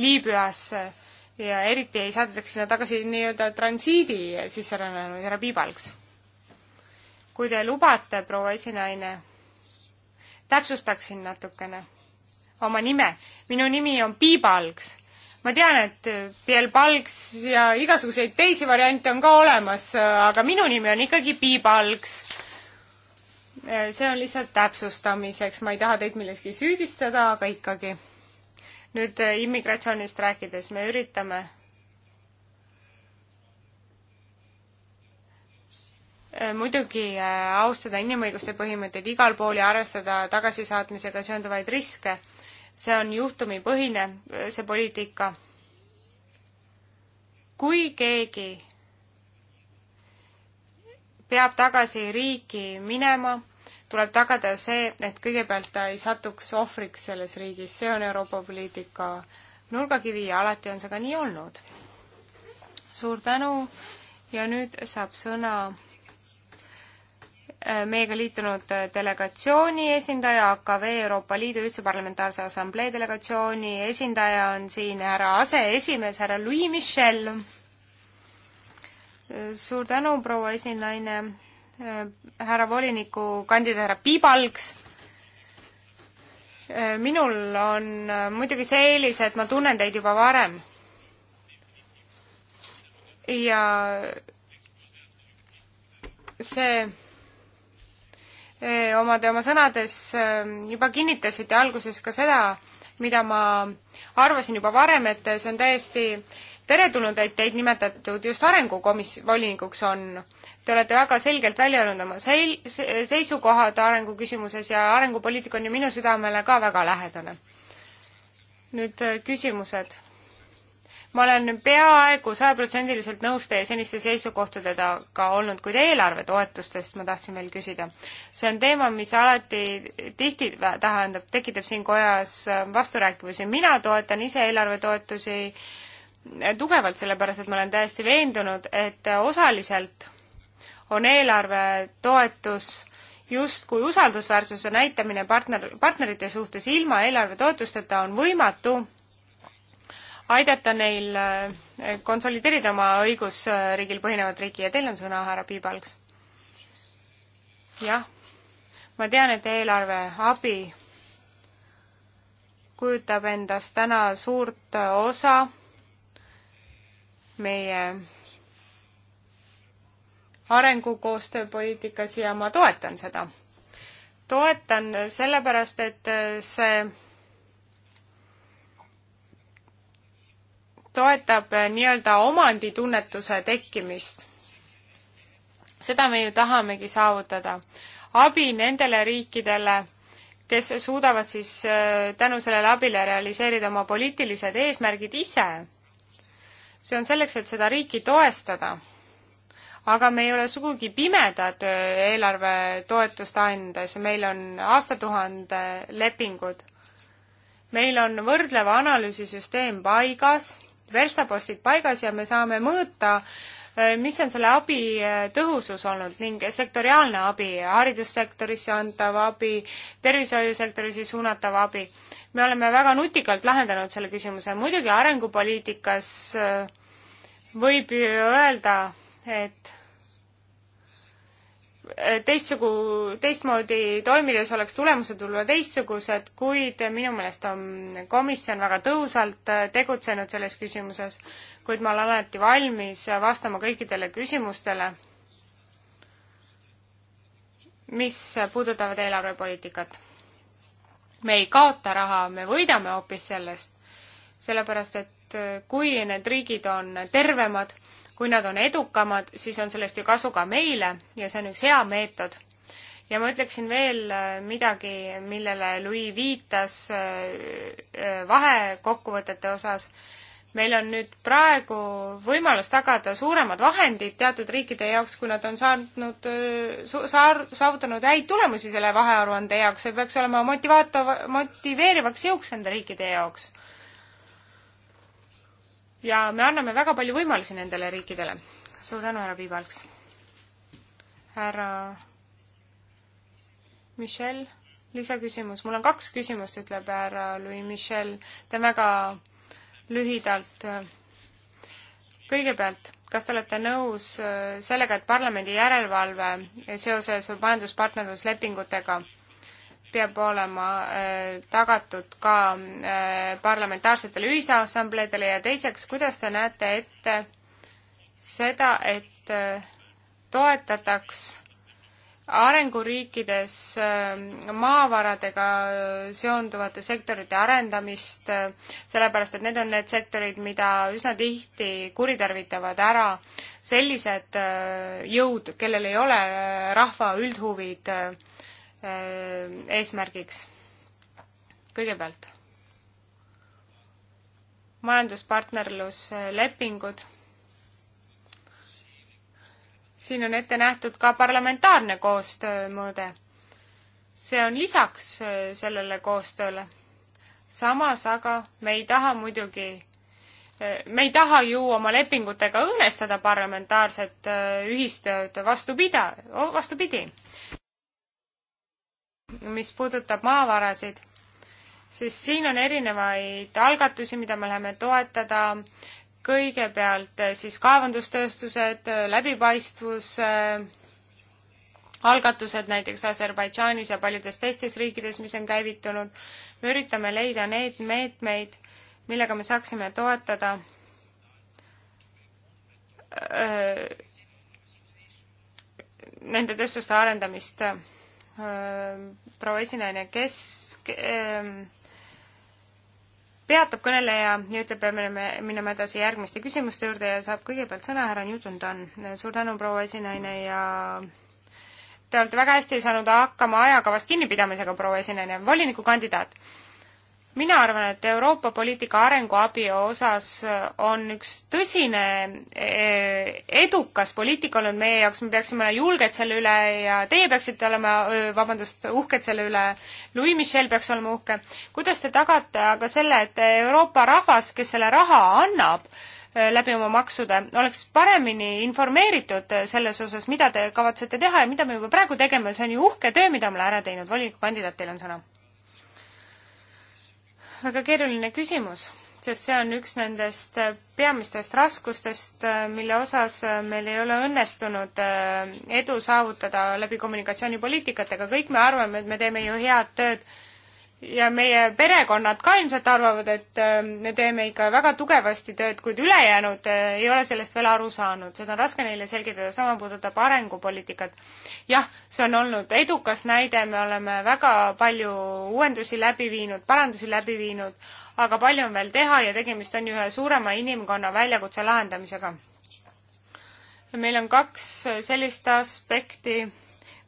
Liibüasse äh,, ja eriti ei saadetaks sinna tagasi nii-öelda transiidi sisserännanuid, härra Piibalks. kui te lubate, proua esinaine, täpsustaksin natukene oma nime. minu nimi on Piibalks. ma tean, et Pielbalks ja igasuguseid teisi variante on ka olemas, aga minu nimi on ikkagi Piibalks. see on lihtsalt täpsustamiseks, ma ei taha teid milleski süüdistada, aga ikkagi nüüd äh, immigratsioonist rääkides, me üritame äh, muidugi äh, austada inimõiguste põhimõtteid igal pool ja arvestada tagasisaatmisega seonduvaid riske. see on juhtumipõhine, see poliitika. kui keegi peab tagasi riiki minema, tuleb tagada see, et kõigepealt ta ei satuks ohvriks selles riigis, see on Euroopa poliitika nurgakivi ja alati on see ka nii olnud. suur tänu ja nüüd saab sõna äh, meiega liitunud äh, delegatsiooni esindaja, AKV Euroopa Liidu Ühtse Parlamentaarse Assamblee delegatsiooni esindaja on siin härra aseesimees, härra Louis Michel. Äh, suur tänu, proua esinaine Äh, härra voliniku kandidaat härra Piibalgs. Äh, minul on äh, muidugi see eelis, et ma tunnen teid juba varem. ja see oma, te oma sõnades juba kinnitasite alguses ka seda, mida ma arvasin juba varem, et see on täiesti teretulnud, et teid nimetatud just arengukomis-, volinikuks on. Te olete väga selgelt välja öelnud oma seil-, seisukohad arenguküsimuses ja arengupoliitika on ju minu südamele ka väga lähedane. nüüd äh, küsimused. ma olen peaaegu sajaprotsendiliselt nõus teie seniste seisukohtadega olnud, kuid eelarvetoetustest ma tahtsin veel küsida. see on teema, mis alati tihti tähendab, tekitab siin kojas äh, vasturääkivusi. mina toetan ise eelarvetoetusi äh, tugevalt, sellepärast et ma olen täiesti veendunud, et osaliselt on eelarve toetus justkui usaldusväärsuse näitamine partner, partnerite suhtes ilma eelarve toetusteta on võimatu, aidata neil äh, konsolideerida oma õigusriigil põhinevat riiki ja teil on sõna, härra Piibalgs. jah, ma tean, et eelarve abi kujutab endast täna suurt osa meie arengukoostööpoliitikas ja ma toetan seda. toetan sellepärast, et see toetab nii-öelda omanditunnetuse tekkimist. seda me ju tahamegi saavutada. abi nendele riikidele, kes suudavad siis äh, tänu sellele abile realiseerida oma poliitilised eesmärgid ise see on selleks, et seda riiki toestada. aga me ei ole sugugi pimedad äh, eelarvetoetust andes, meil on aastatuhande lepingud. meil on võrdleva analüüsisüsteem paigas, verstapostid paigas ja me saame mõõta, äh, mis on selle abi äh, tõhusus olnud ning sektoriaalne abi, haridussektorisse antav abi, tervishoiusektorisse suunatav abi me oleme väga nutikalt lahendanud selle küsimuse. muidugi arengupoliitikas äh, võib ju öelda, et teistsugu, teistmoodi toimides oleks tulemused võib-olla teistsugused, kuid minu meelest on komisjon väga tõhusalt äh, tegutsenud selles küsimuses, kuid ma olen alati valmis vastama kõikidele küsimustele, mis puudutavad eelarvepoliitikat me ei kaota raha, me võidame hoopis sellest. sellepärast, et äh, kui need riigid on tervemad, kui nad on edukamad, siis on sellest ju kasu ka meile ja see on üks hea meetod. ja ma ütleksin veel äh, midagi, millele Louis viitas äh, vahekokkuvõtete osas meil on nüüd praegu võimalus tagada suuremad vahendid teatud riikide jaoks, kui nad on saanud, saar-, saavutanud häid tulemusi selle vahearuande jaoks, see peaks olema motivaatav, motiveerivaks jõuks nende riikide jaoks. ja me anname väga palju võimalusi nendele riikidele. suur tänu, härra Piibalks. härra Michel, lisaküsimus, mul on kaks küsimust, ütleb härra Louis Michel, ta on väga lühidalt. kõigepealt, kas te olete nõus äh, sellega, et parlamendi järelevalve seoses majanduspartnerluslepingutega peab olema äh, tagatud ka äh, parlamentaarsetele ühisassambleedele ja teiseks, kuidas te näete ette seda, et toetataks arenguriikides ähm, maavaradega äh, seonduvate sektorite arendamist, äh, sellepärast et need on need sektorid, mida üsna tihti kuritarvitavad ära sellised äh, jõud, kellel ei ole rahva üldhuvid eesmärgiks. kõigepealt majanduspartnerluslepingud siin on ette nähtud ka parlamentaarne koostöö mõõde. see on lisaks äh, sellele koostööle. samas aga me ei taha muidugi äh, me ei taha ju oma lepingutega õõnestada parlamentaarset äh, ühistööd, vastupida, vastupidi. mis puudutab maavarasid, siis siin on erinevaid algatusi, mida me läheme toetada kõigepealt eh, siis kaevandustööstused, eh, läbipaistvus, eh, algatused näiteks Aserbaidžaanis ja paljudes teistes riikides, mis on käivitunud. me üritame leida need meetmeid, millega me saaksime toetada öö, nende tööstuste arendamist. proua esinaine, kes öö, peatab kõneleja ja ütleb, et me minema edasi järgmiste küsimuste juurde ja saab kõigepealt sõna härra Newton-Dunn. suur tänu, proua esinaine ja te olete väga hästi saanud hakkama ajakavast kinnipidamisega, proua esinaine, volinikukandidaat mina arvan, et Euroopa poliitika arenguabi osas äh, on üks tõsine äh, edukas poliitika olnud meie jaoks, me peaksime olema julged selle üle ja teie peaksite olema, vabandust, uhked selle üle, Louis Michel peaks olema uhke. kuidas te tagate aga selle, et Euroopa rahvas, kes selle raha annab, äh, läbi oma maksude, oleks paremini informeeritud selles osas, mida te kavatsete teha ja mida me juba praegu tegeme, see on ju uhke töö, mida me oleme ära teinud, volikogu kandidaat, teil on sõna väga keeruline küsimus, sest see on üks nendest äh, peamistest raskustest, äh, mille osas äh, meil ei ole õnnestunud edu saavutada läbi kommunikatsioonipoliitikatega. kõik me arvame, et me teeme ju head tööd ja meie perekonnad ka ilmselt arvavad, et ähm, me teeme ikka väga tugevasti tööd, kuid ülejäänud äh, ei ole sellest veel aru saanud, seda on raske neile selgitada, sama puudutab arengupoliitikat. jah, see on olnud edukas näide, me oleme väga palju uuendusi läbi viinud, parandusi läbi viinud, aga palju on veel teha ja tegemist on ühe suurema inimkonna väljakutse lahendamisega. meil on kaks sellist aspekti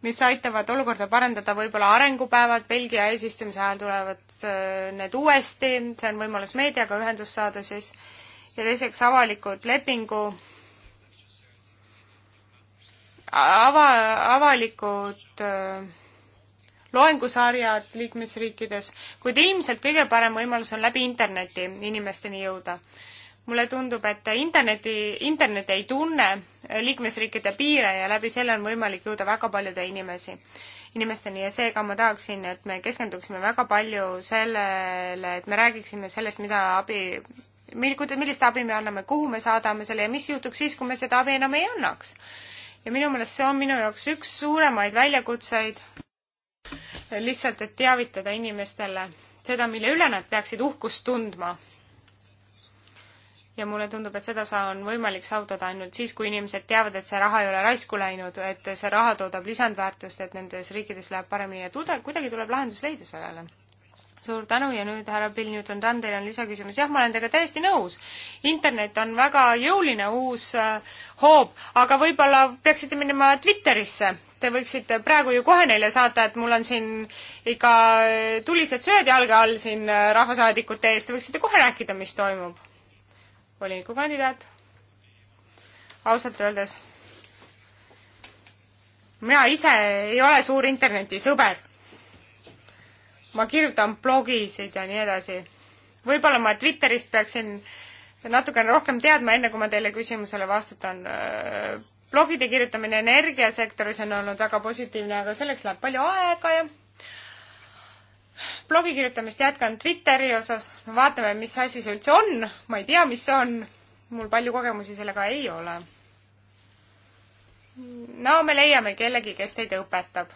mis aitavad olukorda parandada, võib-olla arengupäevad Belgia eesistumise ajal tulevad äh, need uuesti, see on võimalus meediaga ühendust saada siis, ja teiseks avalikud lepingu ava, avalikud äh, loengusarjad liikmesriikides, kuid ilmselt kõige parem võimalus on läbi interneti inimesteni jõuda mulle tundub, et interneti, internet ei tunne liikmesriikide piire ja läbi selle on võimalik jõuda väga paljude inimesi, inimesteni ja seega ma tahaksin, et me keskenduksime väga palju sellele, et me räägiksime sellest, mida abi, mil-, millist abi me anname, kuhu me saadame selle ja mis juhtuks siis, kui me seda abi enam ei annaks. ja minu meelest see on minu jaoks üks suuremaid väljakutseid, lihtsalt, et teavitada inimestele seda, mille üle nad peaksid uhkust tundma ja mulle tundub, et seda saa-, on võimalik saavutada ainult siis, kui inimesed teavad, et see raha ei ole raisku läinud, et see raha toodab lisandväärtust, et nendes riikides läheb paremini ja tuda-, kuidagi tuleb lahendus leida sellele. suur tänu ja nüüd härra Bill Newton-Dunn, teil on lisaküsimus. jah, ma olen teiega täiesti nõus. internet on väga jõuline uus äh, hoob, aga võib-olla peaksite minema Twitterisse. Te võiksite praegu ju kohe neile saata, et mul on siin ikka äh, tulised sööd jalge all siin äh, rahvasaadikute ees, te võiksite kohe rääkida, mis toimub volinikukandidaat, ausalt öeldes mina ise ei ole suur internetisõber. ma kirjutan blogisid ja nii edasi. võib-olla ma Twitterist peaksin natukene rohkem teadma, enne kui ma teile küsimusele vastutan. Äh, blogide kirjutamine energiasektoris on olnud väga positiivne, aga selleks läheb palju aega ja blogi kirjutamist jätkan Twitteri osas, vaatame, mis asi see üldse on, ma ei tea, mis see on, mul palju kogemusi sellega ei ole. no me leiame kellegi, kes teid õpetab.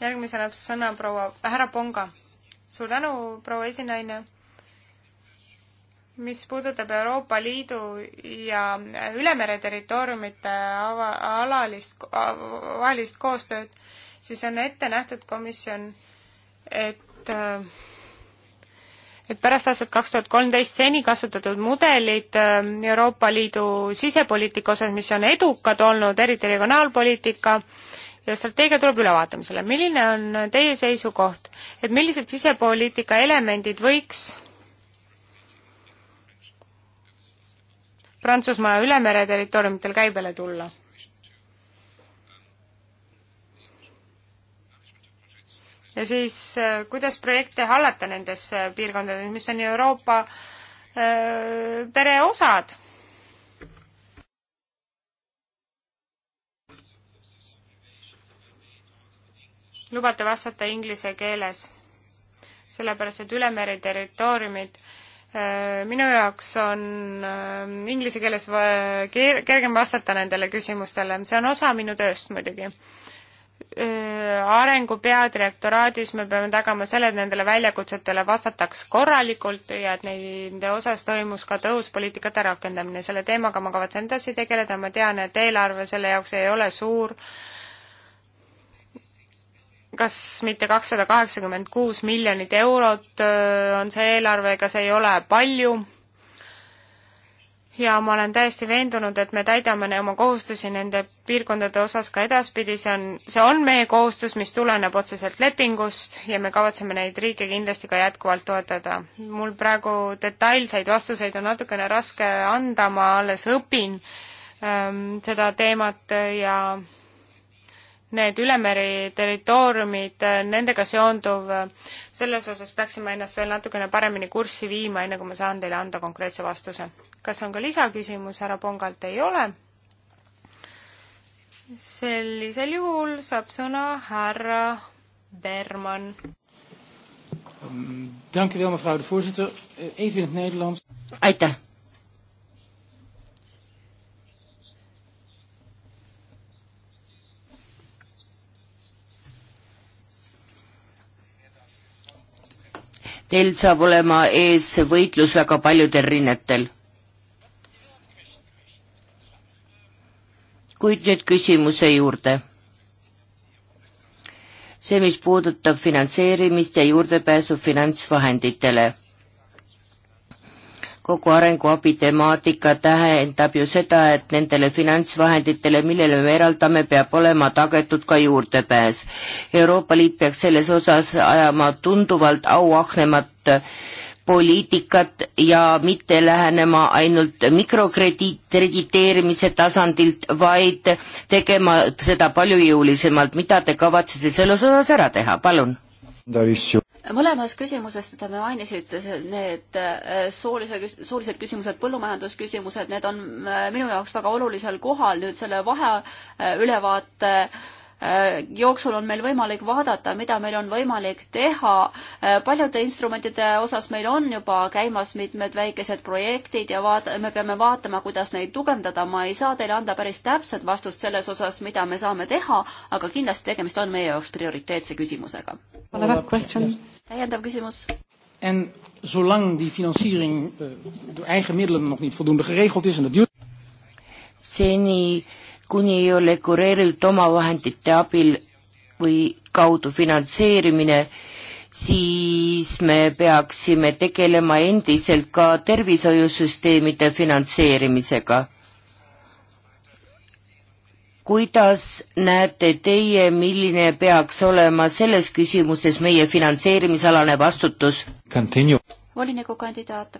järgmisena sõna proua, härra Ponga. suur tänu, proua esinaine mis puudutab Euroopa Liidu ja ülemere territooriumite ava, alalist, vahelist koostööd, siis on ette nähtud komisjon, et et pärast aastat kaks tuhat kolmteist seni kasutatud mudelid ähm, Euroopa Liidu sisepoliitika osas, mis on edukad olnud, eriti regionaalpoliitika, ja strateegia tuleb ülevaatamisele. milline on teie seisukoht, et millised sisepoliitika elemendid võiks Prantsusmaa ülemere territooriumitel käibele tulla. ja siis, äh, kuidas projekte hallata nendes äh, piirkondades, mis on Euroopa öö, äh, pere osad lubate vastata inglise keeles, sellepärast et Ülemere territooriumid Äh, minu jaoks on äh, inglise keeles kergem vastata nendele küsimustele, see on osa minu tööst muidugi. Äh, arengu peadirektoraadis me peame tagama selle, et nendele väljakutsetele vastataks korralikult ja et nende osas toimus ka tõhus poliitikate rakendamine. selle teemaga ma kavatsen edasi tegeleda, ma tean, et eelarve selle jaoks ei ole suur äh, kas mitte kakssada kaheksakümmend kuus miljonit eurot on see eelarve, ega see ei ole palju. ja ma olen täiesti veendunud, et me täidame oma kohustusi nende piirkondade osas ka edaspidi, see on, see on meie kohustus, mis tuleneb otseselt lepingust ja me kavatseme neid riike kindlasti ka jätkuvalt toetada. mul praegu detailseid vastuseid on natukene raske anda, ma alles õpin ähm, seda teemat ja need Ülemeri territooriumid, nendega seonduv, selles osas peaksime ennast veel natukene paremini kurssi viima, enne kui ma saan teile anda konkreetse vastuse. kas on ka lisaküsimus härra Pongalt? ei ole. sellisel juhul saab sõna härra Berman. Eh, aitäh Teil saab olema ees võitlus väga paljudel rinnetel. kuid nüüd küsimuse juurde. see, mis puudutab finantseerimist ja juurdepääsu finantsvahenditele kogu arenguabi temaatika tähendab ju seda, et nendele finantsvahenditele, millele me eraldame, peab olema tagatud ka juurdepääs. Euroopa Liit peaks selles osas ajama tunduvalt auahnemat poliitikat ja mitte lähenema ainult mikrokrediit, krediteerimise tasandilt, vaid tegema seda palju jõulisemalt. mida te kavatsete selles osas ära teha, palun? mõlemas küsimuses, seda me mainisite, need äh, soolise, soolised küsimused, põllumajandusküsimused, need on äh, minu jaoks väga olulisel kohal nüüd selle vaheülevaate äh, jooksul on meil võimalik vaadata, mida meil on võimalik teha. paljude instrumentide osas meil on juba käimas mitmed väikesed projektid ja vaata, me peame vaatama, kuidas neid tugevdada. ma ei saa teile anda päris täpset vastust selles osas, mida me saame teha, aga kindlasti tegemist on meie jaoks prioriteetse küsimusega täiendav küsimus. En zolang die financiering uh, door eigen middelen nog niet voldoende geregeld is en dat duurt. seni, kuni ei ole kureeritud omavahendite abil või kaudu finantseerimine, siis me peaksime tegelema endiselt ka tervishoiusüsteemide finantseerimisega kuidas näete teie, milline peaks olema selles küsimuses meie finantseerimisalane vastutus? voliniku kandidaat,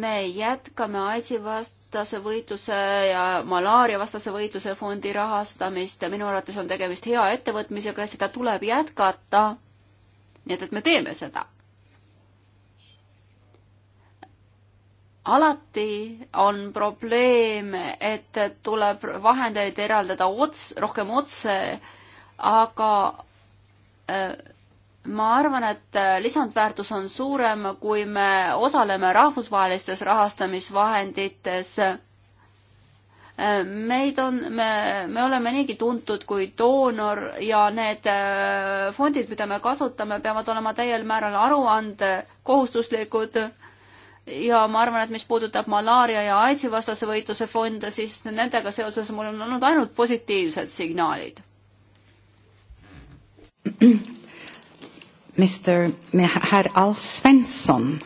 me jätkame AIDSi vastase võitluse ja malaaria vastase võitluse fondi rahastamist ja minu arvates on tegemist hea ettevõtmisega ja seda tuleb jätkata. nii et, et me teeme seda alati on probleem, et tuleb vahendeid eraldada ots, rohkem otse, aga äh, ma arvan, et äh, lisandväärtus on suurem, kui me osaleme rahvusvahelistes rahastamisvahendites. Äh, meid on, me, me oleme niigi tuntud kui doonor ja need fondid, mida me kasutame, peavad olema täiel määral aruandekohustuslikud ja ma arvan, et mis puudutab malaaria ja AIDSi vastase võitluse fonde, siis nendega seoses mul on olnud ainult positiivsed signaalid. Mr, härr Alf Svensson.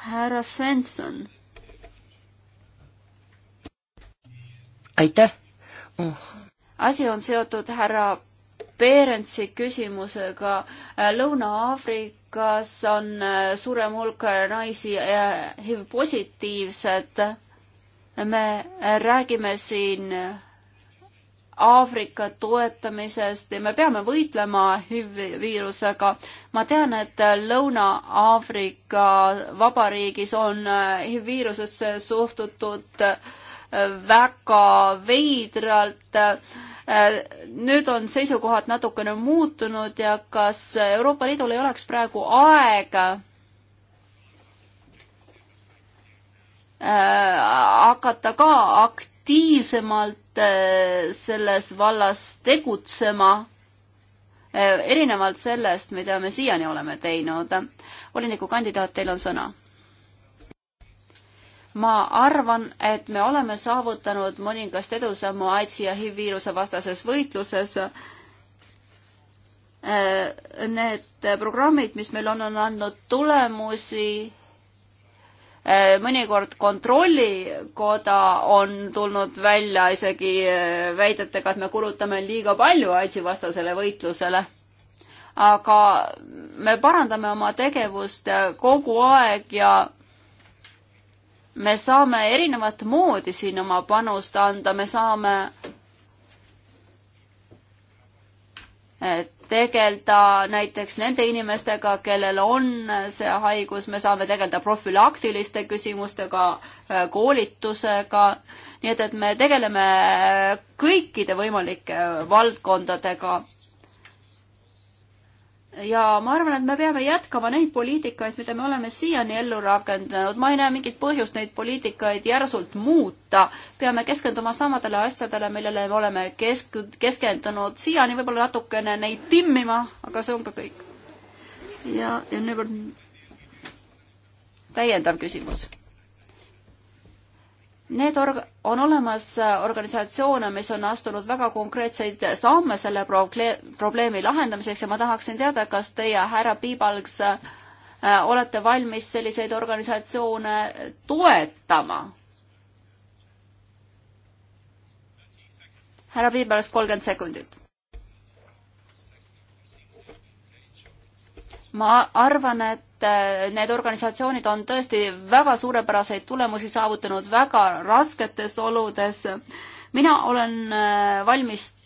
härra Svensson. aitäh oh.. asi on seotud härra Berendsi küsimusega. Äh, Lõuna-Aafrikas on äh, suurem hulk naisi äh, HIV-positiivsed. me räägime siin Aafrika toetamisest ja me peame võitlema HIV-viirusega. ma tean, et Lõuna-Aafrika Vabariigis on HIV-viirusesse suhtutud väga veidralt Äh, nüüd on seisukohad natukene muutunud ja kas Euroopa Liidul ei oleks praegu aega äh, hakata ka aktiivsemalt äh, selles vallas tegutsema, erinevalt sellest, mida me siiani oleme teinud. volinikukandidaat, teil on sõna ma arvan, et me oleme saavutanud mõningast edusammu AIDSi ja HIV viiruse vastases võitluses. Äh, need programmid, mis meil on, on andnud tulemusi. Äh, mõnikord Kontrollikoda on tulnud välja isegi äh, väidetega, et me kulutame liiga palju AIDSi vastasele võitlusele aga me parandame oma tegevust kogu aeg ja me saame erinevat moodi siin oma panust anda, me saame eh, tegeleda näiteks nende inimestega, kellel on eh, see haigus, me saame tegeleda profülaktiliste küsimustega, eh, koolitusega, nii et, et me tegeleme kõikide võimalike valdkondadega ja ma arvan, et me peame jätkama neid poliitikaid, mida me oleme siiani ellu rakendanud. ma ei näe mingit põhjust neid poliitikaid järsult muuta. peame keskenduma samadele asjadele, millele me oleme kesk-, keskendunud siiani, võib-olla natukene neid timmima, aga see on ka kõik. ja, ja nüüd on täiendav küsimus Need org-, on olemas äh, organisatsioone, mis on astunud väga konkreetseid samme selle proble-, probleemi lahendamiseks ja ma tahaksin teada, kas teie, härra Piibalgs, äh, olete valmis selliseid organisatsioone toetama? härra Piibalgs, kolmkümmend sekundit ma arvan, et äh, need organisatsioonid on tõesti väga suurepäraseid tulemusi saavutanud väga rasketes oludes. mina olen äh, valmis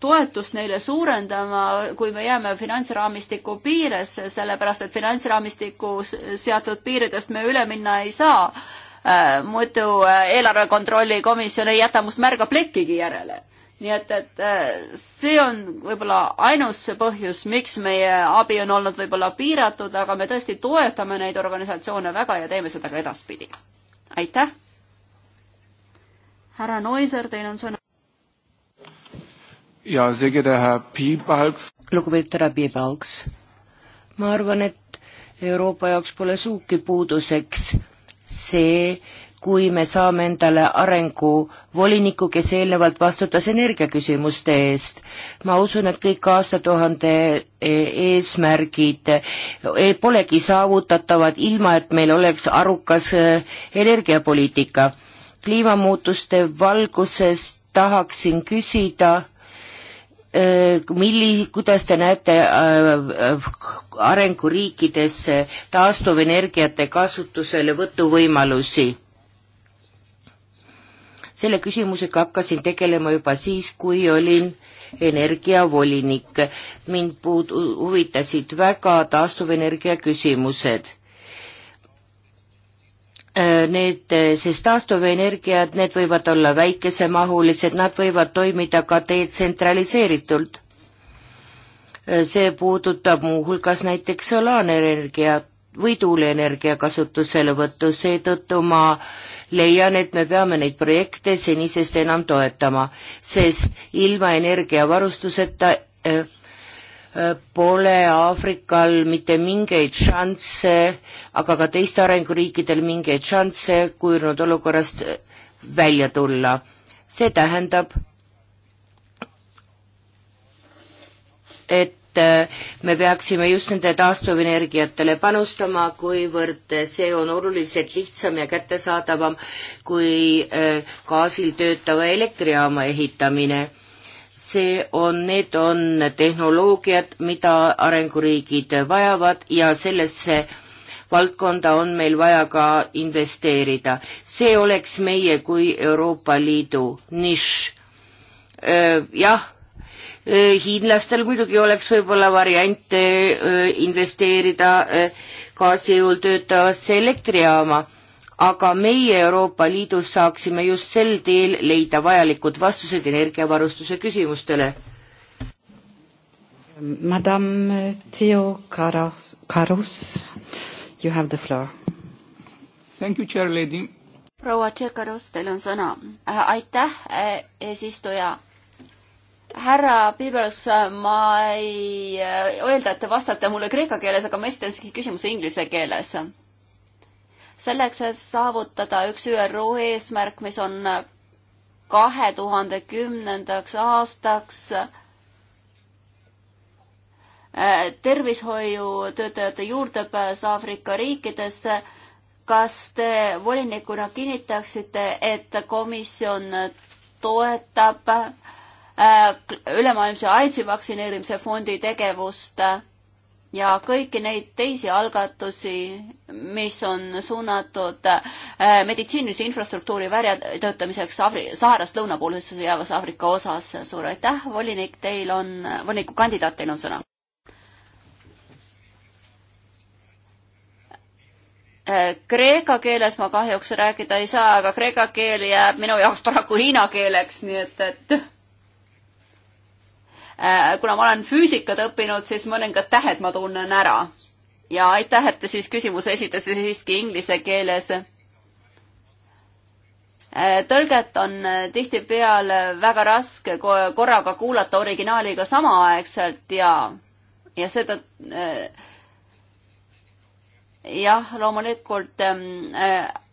toetust neile suurendama, kui me jääme finantsraamistiku piiresse, sellepärast et finantsraamistiku seatud piiridest me üle minna ei saa. Äh, muidu eelarve kontrolli komisjon ei jäta must märga plekkigi järele nii et, et äh, see on võib-olla ainus põhjus, miks meie abi on olnud võib-olla piiratud, aga me tõesti toetame neid organisatsioone väga ja teeme seda ka edaspidi. aitäh! härra Noiser, teil on sõna. ja seega teha Piibalks. lugupeetud härra Piibalks, ma arvan, et Euroopa jaoks pole sugugi puuduseks see, kui me saame endale arenguvoliniku, kes eelnevalt vastutas energiaküsimuste eest. ma usun, et kõik aastatuhande e, eesmärgid e, polegi saavutatavad, ilma et meil oleks arukas e, energiapoliitika. kliimamuutuste valguses tahaksin küsida, milli-, kuidas te näete äh, arenguriikides taastuvenergiate kasutuselevõtu võimalusi? selle küsimusega hakkasin tegelema juba siis, kui olin energiavolinik. mind puud-, huvitasid väga taastuvenergia küsimused äh, Need, äh, sest taastuvenergiad, need võivad olla väikesemahulised, nad võivad toimida ka detsentraliseeritult. Äh, see puudutab muuhulgas näiteks solaarenergiat või tuuleenergia kasutuselevõttu, seetõttu ma leian, et me peame neid projekte senisest enam toetama, sest ilma energiavarustuseta äh, äh pole Aafrikal mitte mingeid šansse, aga ka teiste arenguriikidel mingeid šansse kujunenud olukorrast äh, välja tulla. see tähendab, et Äh, me peaksime just nende taastuvenergiatele panustama, kuivõrd äh, see on oluliselt lihtsam ja kättesaadavam kui äh, gaasil töötava elektrijaama ehitamine. see on, need on tehnoloogiad, mida arenguriigid vajavad ja sellesse valdkonda on meil vaja ka investeerida. see oleks meie kui Euroopa Liidu nišš. jah Äh, hiinlastel muidugi oleks võib-olla variante äh, investeerida äh, gaasijõul töötavasse elektrijaama, aga meie Euroopa Liidus saaksime just sel teel leida vajalikud vastused energiavarustuse küsimustele. Madame Theo Karus, Karus, you have the floor. Thank you, chair lady. proua Tšekarus, teil on sõna. aitäh, eesistuja härra Peebles, ma ei äh, öelda, et te vastate mulle kreeka keeles, aga ma esitan siiski küsimuse inglise keeles. selleks, et saavutada üks ÜRO eesmärk, mis on kahe tuhande kümnendaks aastaks äh, tervishoiutöötajate juurdepääs Aafrika riikidesse. kas te volinikuna kinnitaksite, et komisjon toetab Äh, ülemaailmse AIDSi vaktsineerimise fondi tegevust ja kõiki neid teisi algatusi, mis on suunatud äh, meditsiinilise infrastruktuuri väljatöötamiseks Afri-, Saharast lõunapoolsesse jäävas Aafrika osas. suur aitäh, volinik, teil on, volinikukandidaat, teil on sõna. Äh, kreeka keeles ma kahjuks rääkida ei saa, aga kreeka keel jääb minu jaoks paraku hiina keeleks, nii et, et Äh, kuna ma olen füüsikat õppinud, siis mõningad tähed ma tunnen ära. ja aitäh, et te siis küsimuse esitasite siiski inglise keeles. Äh, tõlget on äh, tihtipeale väga raske korraga kuulata originaaliga samaaegselt ja, ja seda jah, loomulikult ähm,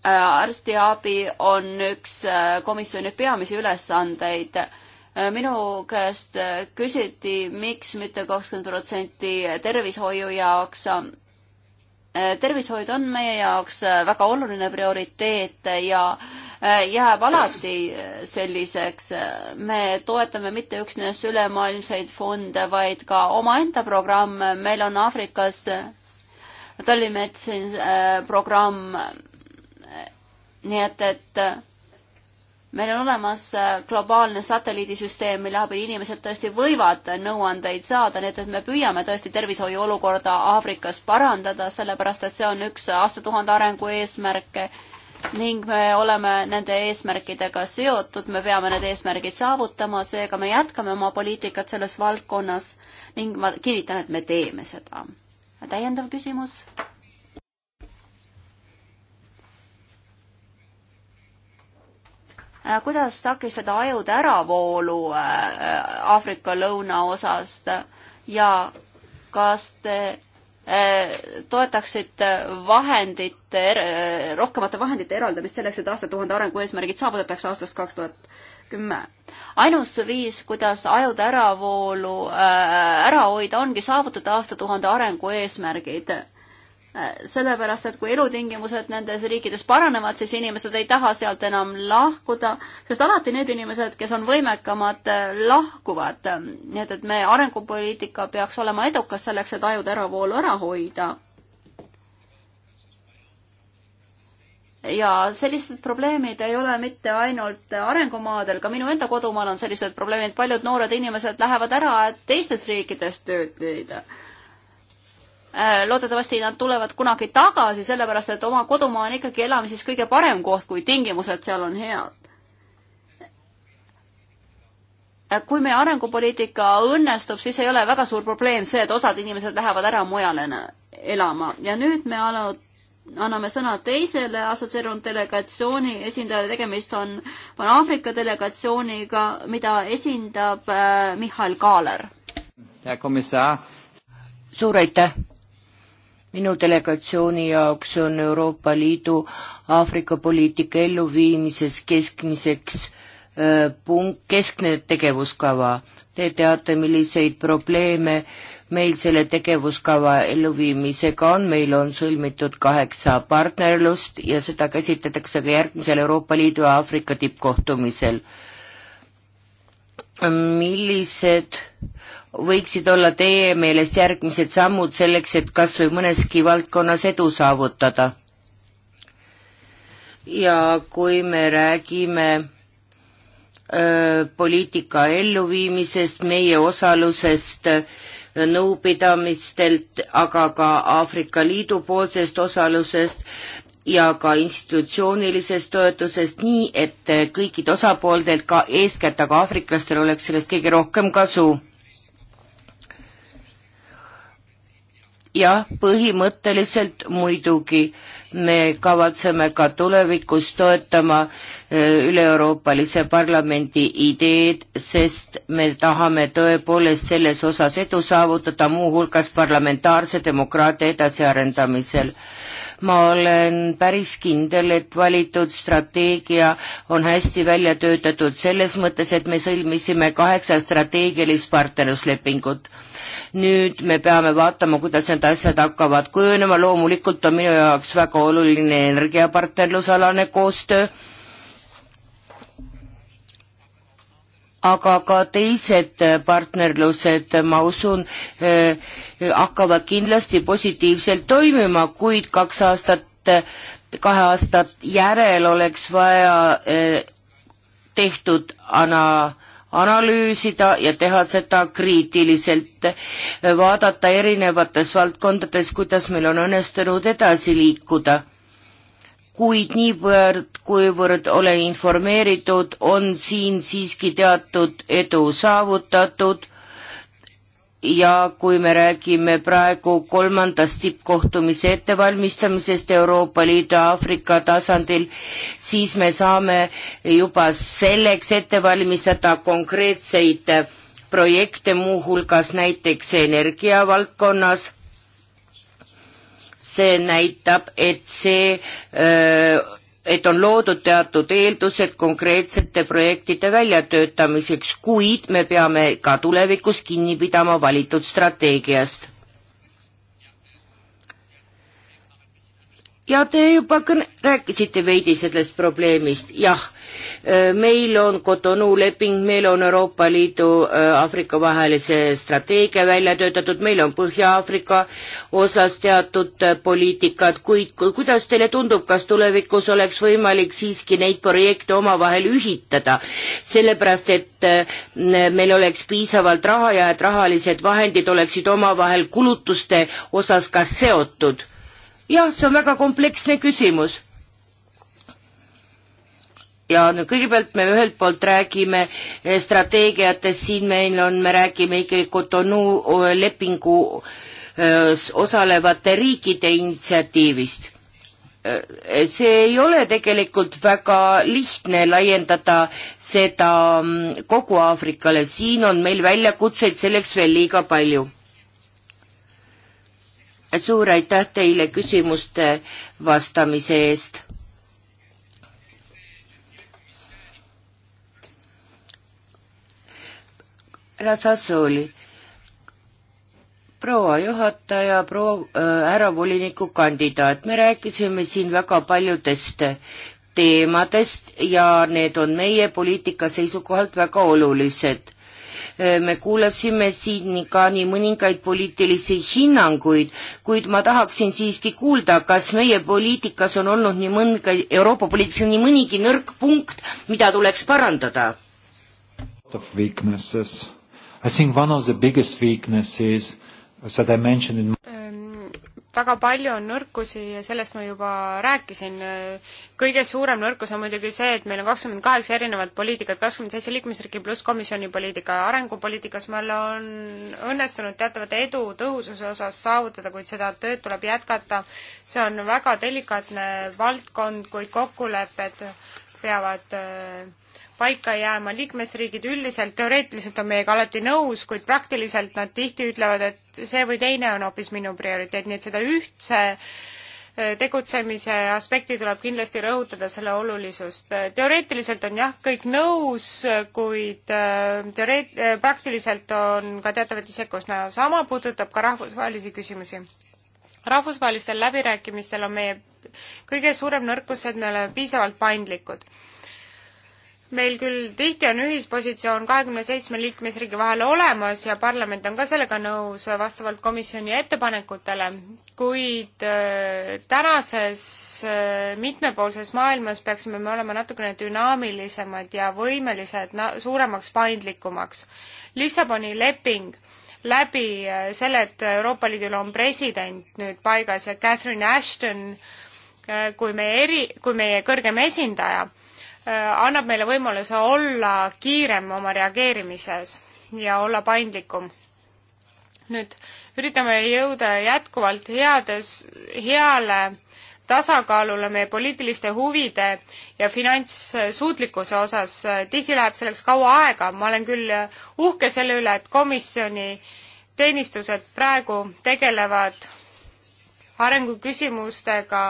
arstiabi on üks komisjoni peamisi ülesandeid minu käest küsiti, miks mitte kakskümmend protsenti tervishoiu jaoks. tervishoid on meie jaoks väga oluline prioriteet ja äh, jääb alati selliseks. me toetame mitte üksnes ülemaailmseid fonde, vaid ka omaenda programme. meil on Aafrikas Tallimetsi äh, programm. nii et, et meil on olemas äh, globaalne satelliidisüsteem, mille abil inimesed tõesti võivad nõuandeid saada, nii et, et me püüame tõesti tervishoiu olukorda Aafrikas parandada, sellepärast et see on üks aastatuhande arengu eesmärke ning me oleme nende eesmärkidega seotud, me peame need eesmärgid saavutama, seega me jätkame oma poliitikat selles valdkonnas ning ma kinnitan, et me teeme seda. täiendav küsimus? Äh, kuidas takistada ajude äravoolu äh, Aafrika lõunaosast ja kas te äh, toetaksid vahendite, er-, rohkemate vahendite eraldamist selleks, et aastatuhande arengu eesmärgid saavutatakse aastast kaks tuhat kümme. ainus viis, kuidas ajude äravoolu ära hoida, ongi saavutada aastatuhande arengu eesmärgid sellepärast, et kui elutingimused nendes riikides paranevad, siis inimesed ei taha sealt enam lahkuda, sest alati need inimesed, kes on võimekamad, lahkuvad. nii et, et meie arengupoliitika peaks olema edukas selleks, et ajude äravoolu ära hoida. ja sellised probleemid ei ole mitte ainult arengumaadel, ka minu enda kodumaal on sellised probleemid, paljud noored inimesed lähevad ära, et teistes riikides tööd leida Äh, loodetavasti nad tulevad kunagi tagasi, sellepärast et oma kodumaa on ikkagi elamises kõige parem koht, kui tingimused seal on head. Äh, kui meie arengupoliitika õnnestub, siis ei ole väga suur probleem see, et osad inimesed lähevad ära mujale elama ja nüüd me alu-, anname sõna teisele assotsieerunud delegatsiooni esindajale, tegemist on Pan-Aafrika delegatsiooniga, mida esindab äh, Mihhail Kaaler. hea komissar. suur aitäh minu delegatsiooni jaoks on Euroopa Liidu Aafrika poliitika elluviimises keskmiseks äh, punkt, keskne tegevuskava. Te teate, milliseid probleeme meil selle tegevuskava elluviimisega on, meil on sõlmitud kaheksa partnerlust ja seda käsitletakse ka järgmisel Euroopa Liidu ja Aafrika tippkohtumisel. millised võiksid olla teie meelest järgmised sammud selleks, et kas või mõneski valdkonnas edu saavutada? ja kui me räägime öö, poliitika elluviimisest, meie osalusest, nõupidamistelt, aga ka Aafrika Liidu poolsest osalusest, ja ka institutsioonilisest toetusest, nii et kõikid osapooltelt ka eeskätt aga aafriklastel oleks sellest kõige rohkem kasu. jah, põhimõtteliselt muidugi me kavatseme ka tulevikus toetama äh, üle-euroopalise parlamendi ideed, sest me tahame tõepoolest selles osas edu saavutada, muuhulgas parlamentaarse demokraatia edasiarendamisel ma olen päris kindel, et valitud strateegia on hästi välja töötatud selles mõttes, et me sõlmisime kaheksa strateegilist partnerluslepingut. nüüd me peame vaatama, kuidas need asjad hakkavad kujunema, loomulikult on minu jaoks väga oluline energiapartnerlusalane koostöö aga ka teised äh, partnerlused, ma usun, äh, hakkavad kindlasti positiivselt toimima, kuid kaks aastat, äh, kahe aastat järel oleks vaja tehtud ana-, analüüsida ja teha seda kriitiliselt, vaadata erinevates valdkondades, kuidas meil on õnnestunud edasi liikuda kuid niivõrd, kuivõrd olen informeeritud, on siin siiski teatud edu saavutatud ja kui me räägime praegu kolmandast tippkohtumise ettevalmistamisest Euroopa Liidu ja Aafrika tasandil, siis me saame juba selleks ette valmistada konkreetseid projekte, muuhulgas näiteks energiavaldkonnas see näitab, et see, äh, et on loodud teatud eeldused konkreetsete projektide väljatöötamiseks, kuid me peame ka tulevikus kinni pidama valitud strateegiast ja te juba kõne, rääkisite veidi sellest probleemist, jah, e, meil on Cotonou leping, meil on Euroopa Liidu e, Aafrika vahelise strateegia välja töötatud, meil on Põhja-Aafrika osas teatud e, poliitikad, kuid kuidas teile tundub, kas tulevikus oleks võimalik siiski neid projekte omavahel ühitada, sellepärast et meil oleks piisavalt raha ja et rahalised vahendid oleksid omavahel kulutuste osas ka seotud? jah, see on väga kompleksne küsimus. ja no kõigepealt me ühelt poolt räägime eh, strateegiatest, siin meil on, me räägime ikkagi Cotonou eh, lepingu eh, osalevate riikide initsiatiivist see ei ole tegelikult väga lihtne laiendada seda mm, kogu Aafrikale, siin on meil väljakutseid selleks veel liiga palju suur aitäh teile küsimuste vastamise eest. härra Sassooli, proua juhataja, proua äh, härra volinikukandidaat, me rääkisime siin väga paljudest teemadest ja need on meie poliitika seisukohalt väga olulised me kuulasime siin ka nii mõningaid poliitilisi hinnanguid, kuid ma tahaksin siiski kuulda, kas meie poliitikas on olnud nii mõnda, Euroopa poliitikas nii mõnigi nõrk punkt, mida tuleks parandada? of weaknesses. I think one of the biggest weaknesses that I mentioned in väga palju on nõrkusi ja sellest ma juba rääkisin. kõige suurem nõrkus on muidugi see, et meil on kakskümmend kaheksa erinevat poliitikat, kakskümmend seitse liikmesriiki pluss komisjoni poliitika. arengupoliitikas meil on õnnestunud teatavat edu tõhususe osas saavutada, kuid seda tööd tuleb jätkata. see on väga delikaatne valdkond, kuid kokkulepped peavad äh, paika jääma, liikmesriigid üldiselt teoreetiliselt on meiega alati nõus, kuid praktiliselt nad tihti ütlevad, et see või teine on hoopis minu prioriteet, nii et seda ühtse äh, tegutsemise aspekti tuleb kindlasti rõhutada, selle olulisust. Äh, teoreetiliselt on jah, kõik nõus, kuid äh, teoreet-, praktiliselt on ka teatavat isekust näha, sama puudutab ka rahvusvahelisi küsimusi. rahvusvahelistel läbirääkimistel on meie kõige suurem nõrkus see, et me oleme piisavalt paindlikud meil küll tihti on ühispositsioon kahekümne seitsme liikmesriigi vahel olemas ja parlament on ka sellega nõus vastavalt komisjoni ettepanekutele, kuid äh, tänases äh, mitmepoolses maailmas peaksime me olema natukene dünaamilisemad ja võimelised suuremaks paindlikumaks. Lissaboni leping läbi äh, selle, et Euroopa Liidul on president nüüd paigas ja Catherine Ashton kui meie eri, kui meie kõrgem esindaja Äh, annab meile võimaluse olla kiirem oma reageerimises ja olla paindlikum. nüüd üritame jõuda jätkuvalt heades, heale tasakaalule meie poliitiliste huvide ja finantssuutlikkuse osas. tihti läheb selleks kaua aega, ma olen küll uhke selle üle, et komisjoni teenistused praegu tegelevad arenguküsimustega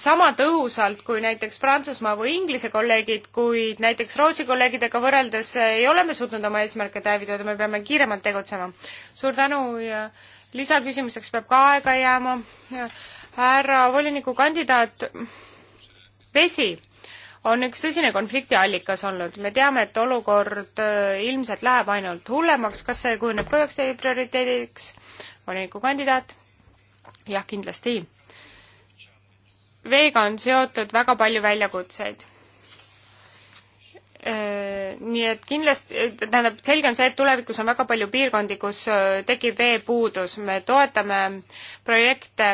sama tõhusalt kui näiteks Prantsusmaa või Inglise kolleegid, kuid näiteks Rootsi kolleegidega võrreldes ei ole me suutnud oma eesmärke täivitada, me peame kiiremalt tegutsema. suur tänu ja lisaküsimuseks peab ka aega jääma. härra volinikukandidaat, vesi on üks tõsine konflikti allikas olnud. me teame, et olukord äh, ilmselt läheb ainult hullemaks. kas see kujuneb ka üheks teie prioriteediks, volinikukandidaat? jah, kindlasti veega on seotud väga palju väljakutseid. Nii et kindlasti, tähendab, selge on see, et tulevikus on väga palju piirkondi, kus tekib veepuudus. me toetame projekte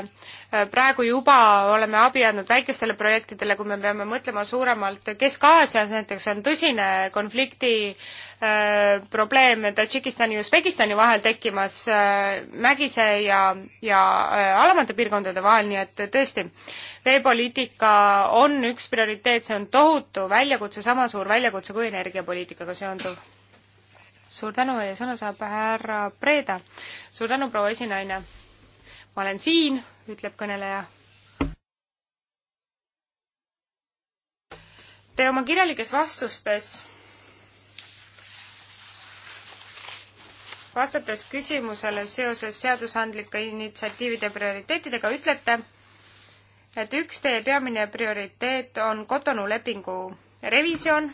Äh, praegu juba oleme abi andnud väikestele projektidele, kui me peame mõtlema suuremalt, Kesk-Aasias näiteks on tõsine konflikti äh, probleem Tadžikistani ja Usbekistani vahel tekkimas äh, mägise ja, ja äh, alamate piirkondade vahel, nii et tõesti, veepoliitika on üks prioriteet, see on tohutu väljakutse, sama suur väljakutse kui energiapoliitikaga seonduv suur tänu ja sõna saab härra Preeda. suur tänu, proua esinaine. ma olen siin ütleb kõneleja. Te oma kirjalikes vastustes, vastates küsimusele seoses seadusandlike initsiatiivide prioriteetidega, ütlete, et üks teie peamine prioriteet on Kotonu lepingu revisjon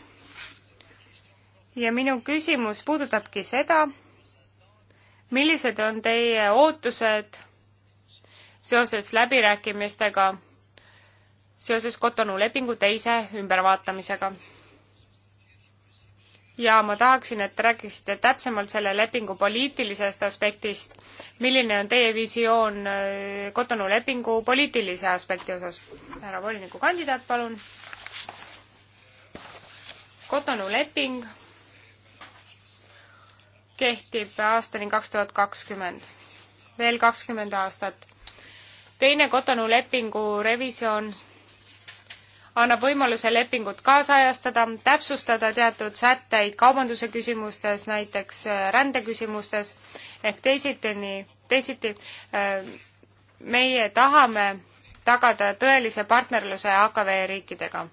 ja minu küsimus puudutabki seda, millised on teie ootused seoses läbirääkimistega seoses Cotonou lepingu teise ümbervaatamisega. ja ma tahaksin, et räägiksite täpsemalt selle lepingu poliitilisest aspektist. milline on teie visioon äh, Cotonou lepingu poliitilise aspekti osas? härra volinikukandidaat, palun. Cotonou leping kehtib aastani kaks tuhat kakskümmend, veel kakskümmend aastat teine Kotonu lepingu revisjon annab võimaluse lepingut kaasajastada, täpsustada teatud sätteid kaubanduse küsimustes, näiteks äh, rändeküsimustes ehk teisitini, teisiti äh, meie tahame tagada tõelise partnerluse AKV riikidega.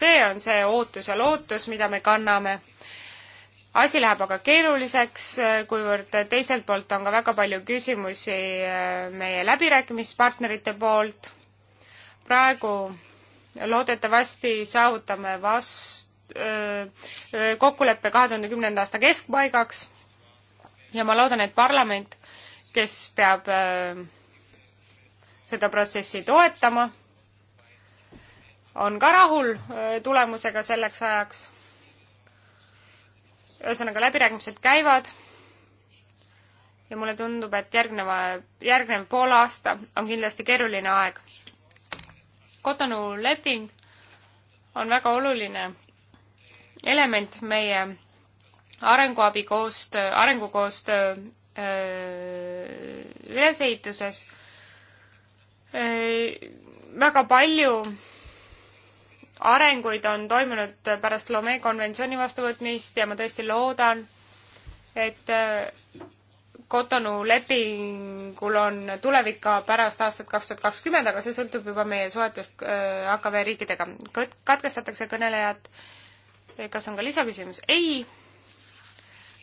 see on see ootus ja lootus, mida me kanname asi läheb aga keeruliseks, kuivõrd teiselt poolt on ka väga palju küsimusi äh, meie läbirääkimispartnerite poolt. praegu loodetavasti saavutame vast-, äh, äh, kokkuleppe kahe tuhande kümnenda aasta keskpaigaks ja ma loodan, et parlament, kes peab öö, seda protsessi toetama, on ka rahul öö, tulemusega selleks ajaks ühesõnaga, läbirääkimised käivad ja mulle tundub, et järgneva, järgnev pool aasta on kindlasti keeruline aeg. Kotonu leping on väga oluline element meie arenguabi koostöö, arengukoostöö ülesehituses. väga palju arenguid on toimunud pärast Lomé konventsiooni vastuvõtmist ja ma tõesti loodan, et äh, Cotonou lepingul on tulevik ka pärast aastat kaks tuhat kakskümmend, aga see sõltub juba meie suhetest äh, AKV riikidega. katkestatakse kõnelejad. kas on ka lisaküsimus? ei.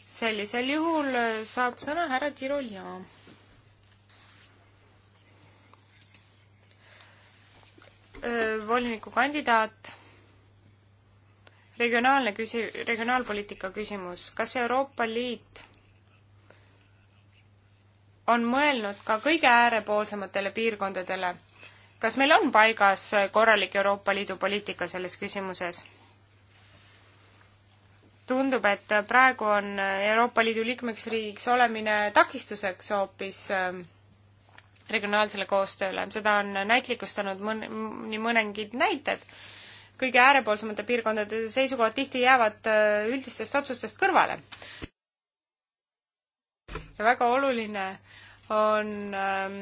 sellisel juhul äh, saab sõna härra Tirol Jaam volinikukandidaat, regionaalne küsi-, regionaalpoliitika küsimus, kas Euroopa Liit on mõelnud ka kõige äärepoolsematele piirkondadele? kas meil on paigas korralik Euroopa Liidu poliitika selles küsimuses? tundub, et praegu on Euroopa Liidu liikmesriigiks olemine takistuseks hoopis äh, regionaalsele koostööle, seda on näitlikustanud mõn-, nii mõningid näited. kõige äärepoolsemate piirkondade seisukohad tihti jäävad äh, üldistest otsustest kõrvale. ja väga oluline on ähm,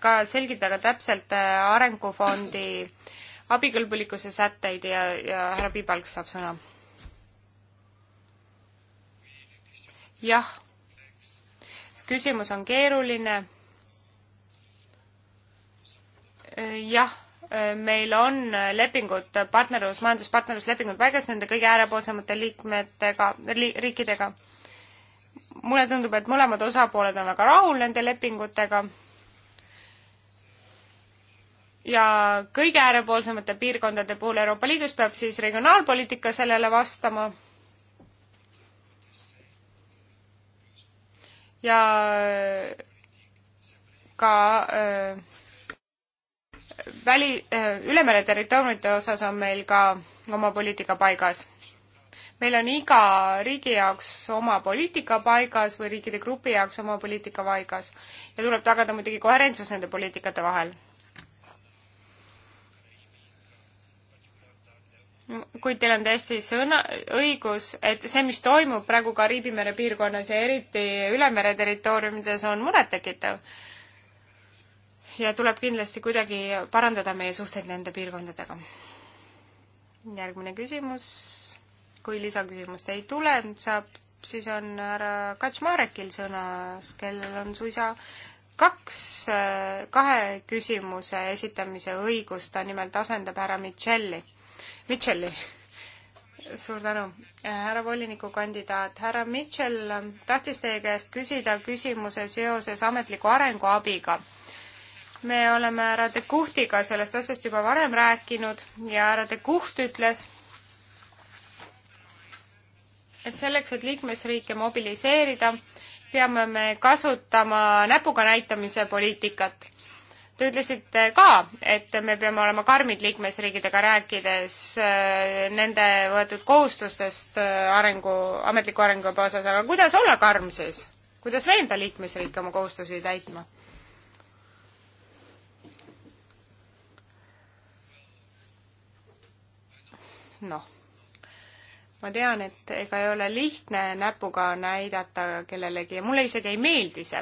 ka selgitada täpselt äh, Arengufondi abikõlbulikkuse sätteid ja, ja härra Pibalk saab sõna. jah, küsimus on keeruline jah, meil on lepingud, partnerlus, majanduspartnerluslepingud paigas nende kõige äärepoolsemate liikmetega li,, riikidega. mulle tundub, et mõlemad osapooled on väga rahul nende lepingutega. ja kõige äärepoolsemate piirkondade puhul Euroopa Liidus peab siis regionaalpoliitika sellele vastama. ja ka öö, äh, väli, äh, ülemere territooriumite osas on meil ka oma poliitika paigas. meil on iga riigi jaoks oma poliitika paigas või riikide grupi jaoks oma poliitika paigas ja tuleb tagada muidugi koherentsus nende poliitikate vahel. kuid teil on täiesti sõna, õigus, et see, mis toimub praegu Kariibi mere piirkonnas ja eriti ülemere territooriumides, on murettekitav ja tuleb kindlasti kuidagi parandada meie suhteid nende piirkondadega. järgmine küsimus, kui lisaküsimust ei tule, saab, siis on härra Kaczmarekil sõna, kellel on suisa kaks, äh, kahe küsimuse esitamise õigust, ta nimelt asendab härra Michelli, Michelli. suur tänu. Äh, härra volinikukandidaat, härra Mitchell äh, tahtis teie käest küsida küsimuse seoses ametliku arenguabiga me oleme härra de Kuhtiga sellest asjast juba varem rääkinud ja härra de Kuht ütles, et selleks, et liikmesriike mobiliseerida, peame me kasutama näpuga näitamise poliitikat. Te ütlesite ka, et me peame olema karmid liikmesriigidega, rääkides äh, nende võetud kohustustest äh, arengu, ametliku arenguõppe osas, aga kuidas olla karm siis? kuidas veenda liikmesriike oma kohustusi täitma? noh, ma tean, et ega ei ole lihtne näpuga näidata kellelegi ja mulle isegi ei meeldi see.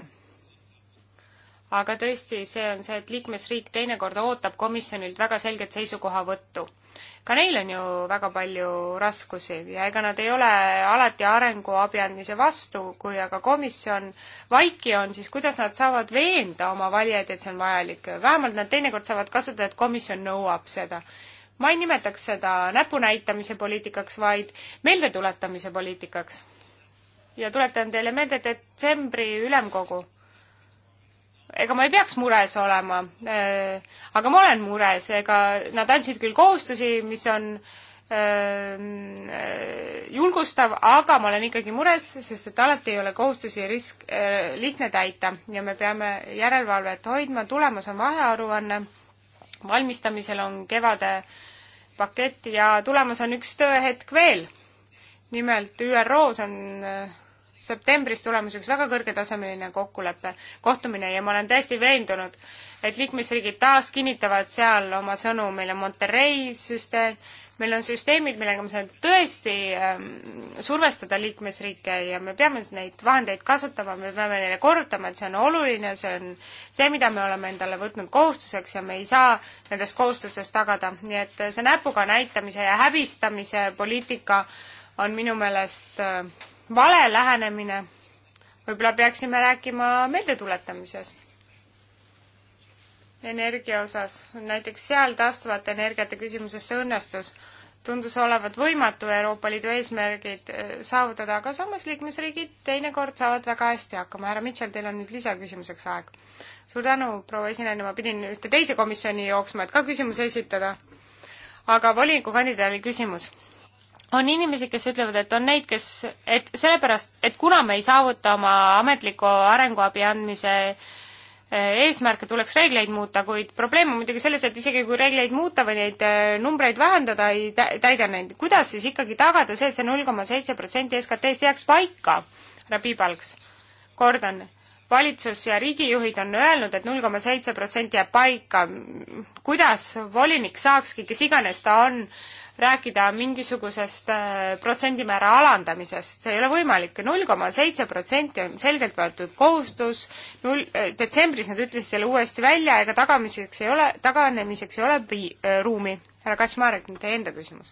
aga tõesti, see on see, et liikmesriik teinekord ootab komisjonilt väga selget seisukohavõttu. ka neil on ju väga palju raskusi ja ega nad ei ole alati arenguabi andmise vastu, kui aga komisjon vaiki on, siis kuidas nad saavad veenda oma valijaid, et see on vajalik. vähemalt nad teinekord saavad kasutada, et komisjon nõuab seda ma ei nimetaks seda näpunäitamise poliitikaks, vaid meeldetuletamise poliitikaks. ja tuletan teile meelde detsembri ülemkogu. ega ma ei peaks mures olema, äh, aga ma olen mures, ega nad andsid küll kohustusi, mis on ähm, äh, julgustav, aga ma olen ikkagi mures, sest et alati ei ole kohustusi risk, äh, lihtne täita ja me peame järelevalvet hoidma, tulemas on vahearuanne, valmistamisel on kevade äh, pakett ja tulemas on üks tõehetk veel. nimelt ÜRO-s on äh, septembris tulemas üks väga kõrgetasemeline kokkulepe, kohtumine ja ma olen täiesti veendunud, et liikmesriigid taas kinnitavad seal oma sõnu, meil on Monterrey süsteem, meil on süsteemid, millega me saame tõesti ähm, survestada liikmesriike ja me peame neid vahendeid kasutama, me peame neile korrutama, et see on oluline, see on see, mida me oleme endale võtnud kohustuseks ja me ei saa nendest kohustustest tagada. nii et äh, see näpuga näitamise ja häbistamise poliitika on minu meelest äh, vale lähenemine. võib-olla peaksime rääkima meeldetuletamisest energia osas, näiteks seal taastuvate energiate küsimuses see õnnestus, tundus olevat võimatu Euroopa Liidu eesmärgid eh, saavutada, aga samas liikmesriigid teinekord saavad väga hästi hakkama. härra Mitchell, teil on nüüd lisaküsimuseks aeg. suur tänu, proua esineja, ma pidin ühte teise komisjoni jooksma, et ka küsimuse esitada. aga voliniku kandidaadi küsimus on inimesi, kes ütlevad, et on neid, kes, et sellepärast, et kuna me ei saavuta oma ametliku arenguabi andmise äh, eesmärke, tuleks reegleid muuta, kuid probleem on muidugi selles, et isegi kui reegleid muuta või neid äh, numbreid vähendada, ei täida neid. kuidas siis ikkagi tagada see, et see null koma seitse protsenti SKT-st jääks paika, härra Piibalks? kordan, valitsus ja riigijuhid on öelnud et, et null koma seitse protsenti jääb paika. kuidas volinik saakski, kes iganes ta on, rääkida mingisugusest äh, protsendimäära alandamisest, see ei ole võimalik, null koma seitse protsenti on selgelt võetud kohustus, null, äh, detsembris nad ütlesid selle uuesti välja, ega tagamiseks ei ole, taganemiseks ei ole pii-, äh, ruumi. härra Kaczmarek, nüüd teie enda küsimus.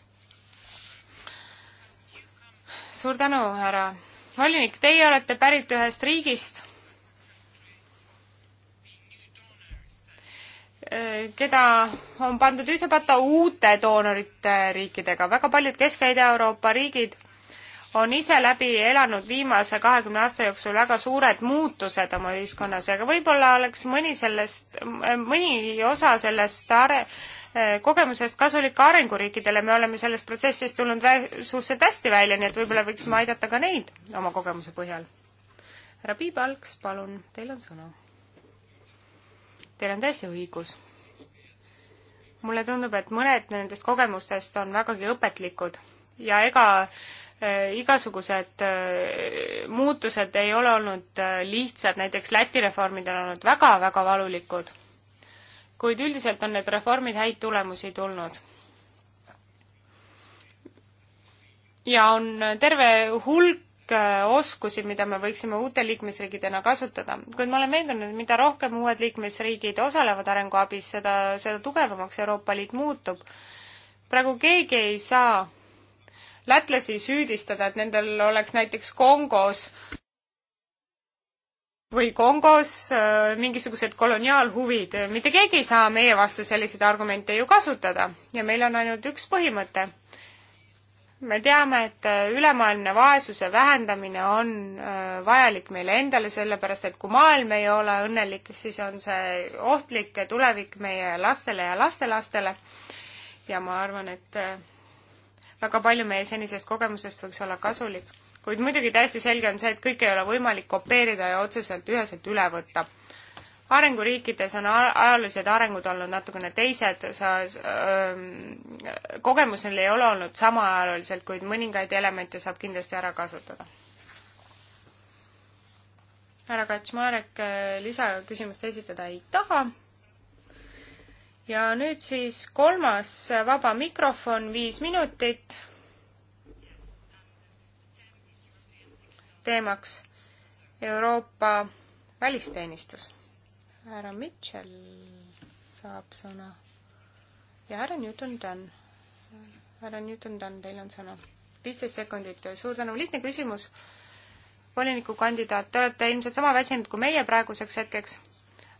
suur tänu, härra volinik, teie olete pärit ühest riigist Äh, keda on pandud ühte patta uute doonorite riikidega. väga paljud Kesk- ja Ida-Euroopa riigid on ise läbi elanud viimase kahekümne aasta jooksul väga suured muutused oma ühiskonnas ja ka võib-olla oleks mõni sellest, mõni osa sellest are-, äh, kogemusest kasulik ka arenguriikidele, me oleme sellest protsessist tulnud vä-, suhteliselt hästi välja, nii et võib-olla võiksime aidata ka neid oma kogemuse põhjal. härra Piibalks, palun, teil on sõna Teil on täiesti õigus. mulle tundub, et mõned nendest kogemustest on vägagi õpetlikud ja ega eh, igasugused eh, muutused ei ole olnud eh, lihtsad, näiteks Läti reformid on olnud väga-väga valulikud. kuid üldiselt on need reformid häid tulemusi tulnud. ja on terve hulk Äh, oskusi, mida me võiksime uute liikmesriigidena kasutada. kuid ma olen veendunud, mida rohkem uued liikmesriigid osalevad arenguabis, seda, seda tugevamaks Euroopa Liit muutub. praegu keegi ei saa lätlasi süüdistada, et nendel oleks näiteks Kongos või Kongos äh, mingisugused koloniaalhuvid. mitte keegi ei saa meie vastu selliseid argumente ju kasutada ja meil on ainult üks põhimõte me teame, et äh, ülemaailmne vaesuse vähendamine on äh, vajalik meile endale, sellepärast et kui maailm ei ole õnnelik, siis on see ohtlik tulevik meie lastele ja lastelastele. ja ma arvan, et äh, väga palju meie senisest kogemusest võiks olla kasulik. kuid muidugi täiesti selge on see, et kõike ei ole võimalik kopeerida ja otseselt üheselt üle võtta arenguriikides on ajalised arengud olnud natukene teised, sa ähm,, kogemus neil ei ole olnud samaajaliselt, kuid mõningaid elemente saab kindlasti ära kasutada. härra Kaczmarek äh, lisaküsimust esitada ei taha. ja nüüd siis kolmas vaba mikrofon, viis minutit. teemaks Euroopa välisteenistus härra Mitchell saab sõna ja härra Newton-Dunn. härra Newton-Dunn, teil on sõna. viisteist sekundit, suur tänu, lihtne küsimus. volinikukandidaat, te olete ilmselt sama väsinud kui meie praeguseks hetkeks.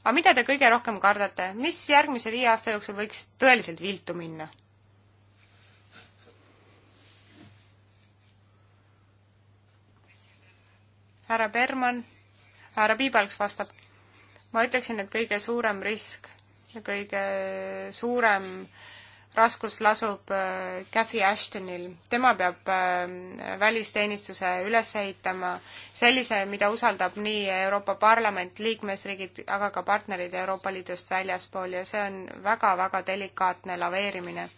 aga mida te kõige rohkem kardate, mis järgmise viie aasta jooksul võiks tõeliselt viltu minna? härra Berman, härra Piibalks vastab ma ütleksin, et kõige suurem risk ja kõige suurem raskus lasub äh, Cathy Ashtonil. tema peab äh, välisteenistuse üles ehitama sellise, mida usaldab nii Euroopa Parlament, liikmesriigid, aga ka partnerid Euroopa Liidust väljaspool ja see on väga-väga delikaatne laveerimine.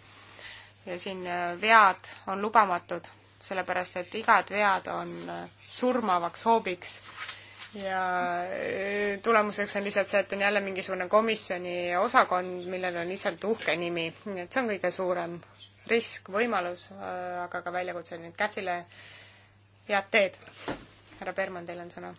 ja siin äh, vead on lubamatud, sellepärast et igad vead on surmavaks hoobiks ja äh, tulemuseks on lihtsalt see, et on jälle mingisugune komisjoni osakond, millel on lihtsalt uhke nimi, nii et see on kõige suurem risk, võimalus, äh, aga ka väljakutse, nii et Käthile head teed. härra Berman, teil on sõna.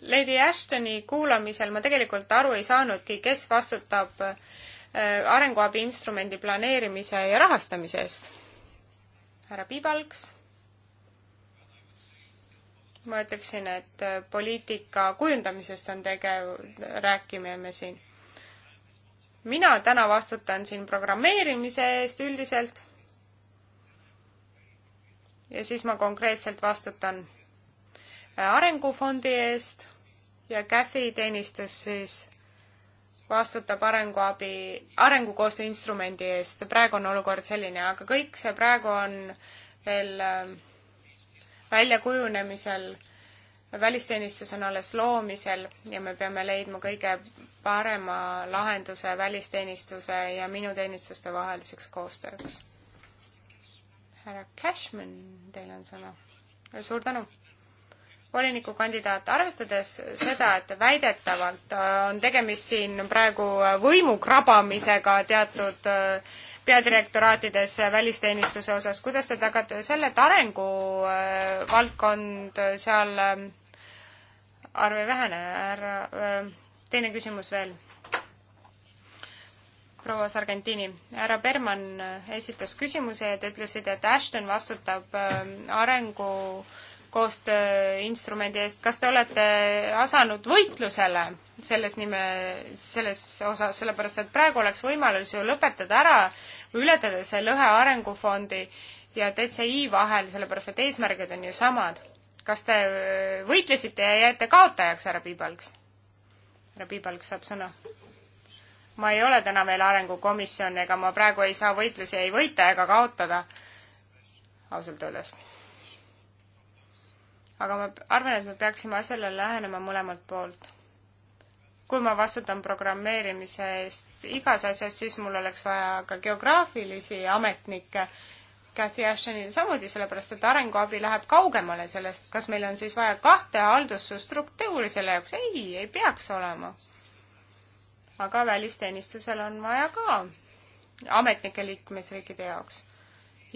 Lady Ashtoni kuulamisel ma tegelikult aru ei saanudki, kes vastutab äh, arenguabi instrumendi planeerimise ja rahastamise eest. härra Piibalks ma ütleksin, et äh, poliitika kujundamisest on tege-, rääkime me siin. mina täna vastutan siin programmeerimise eest üldiselt ja siis ma konkreetselt vastutan äh, arengufondi eest ja Cathy teenistus siis vastutab arenguabi, arengukoostöö instrumendi eest. praegu on olukord selline, aga kõik see praegu on veel äh, väljakujunemisel, välisteenistus on alles loomisel ja me peame leidma kõige parema lahenduse välisteenistuse ja minu teenistuste vaheliseks koostööks. härra Cashman, teil on sõna. suur tänu! volinikukandidaat, arvestades seda, et väidetavalt äh, on tegemist siin praegu võimu krabamisega teatud äh, peadirektoraatides välisteenistuse osas, kuidas te tagate selle, et arenguvaldkond äh, äh, seal äh, arv ei vähene, härra, teine küsimus veel. proua Sargentini, härra Berman esitas küsimuse ja te ütlesite, et Ashton vastutab arengu koostöö instrumendi eest, kas te olete asunud võitlusele selles nime, selles osas, sellepärast et praegu oleks võimalus ju lõpetada ära ületada see lõhe Arengufondi ja DCI vahel, sellepärast et eesmärgid on ju samad. kas te äh, võitlesite ja jäite kaotajaks, härra Piibalks? härra Piibalks saab sõna. ma ei ole täna veel arengukomisjon ega ma praegu ei saa võitlusi ei võita ega kaotada, ausalt öeldes. aga ma arvan, et me peaksime asjale lähenema mõlemalt poolt kui ma vastutan programmeerimise eest igas asjas, siis mul oleks vaja ka geograafilisi ametnikke Cathy Ashtonil samuti, sellepärast et arenguabi läheb kaugemale sellest, kas meil on siis vaja kahte haldusstruktuuri selle jaoks, ei, ei peaks olema. aga välisteenistusel on vaja ka ametnike liikmesriikide jaoks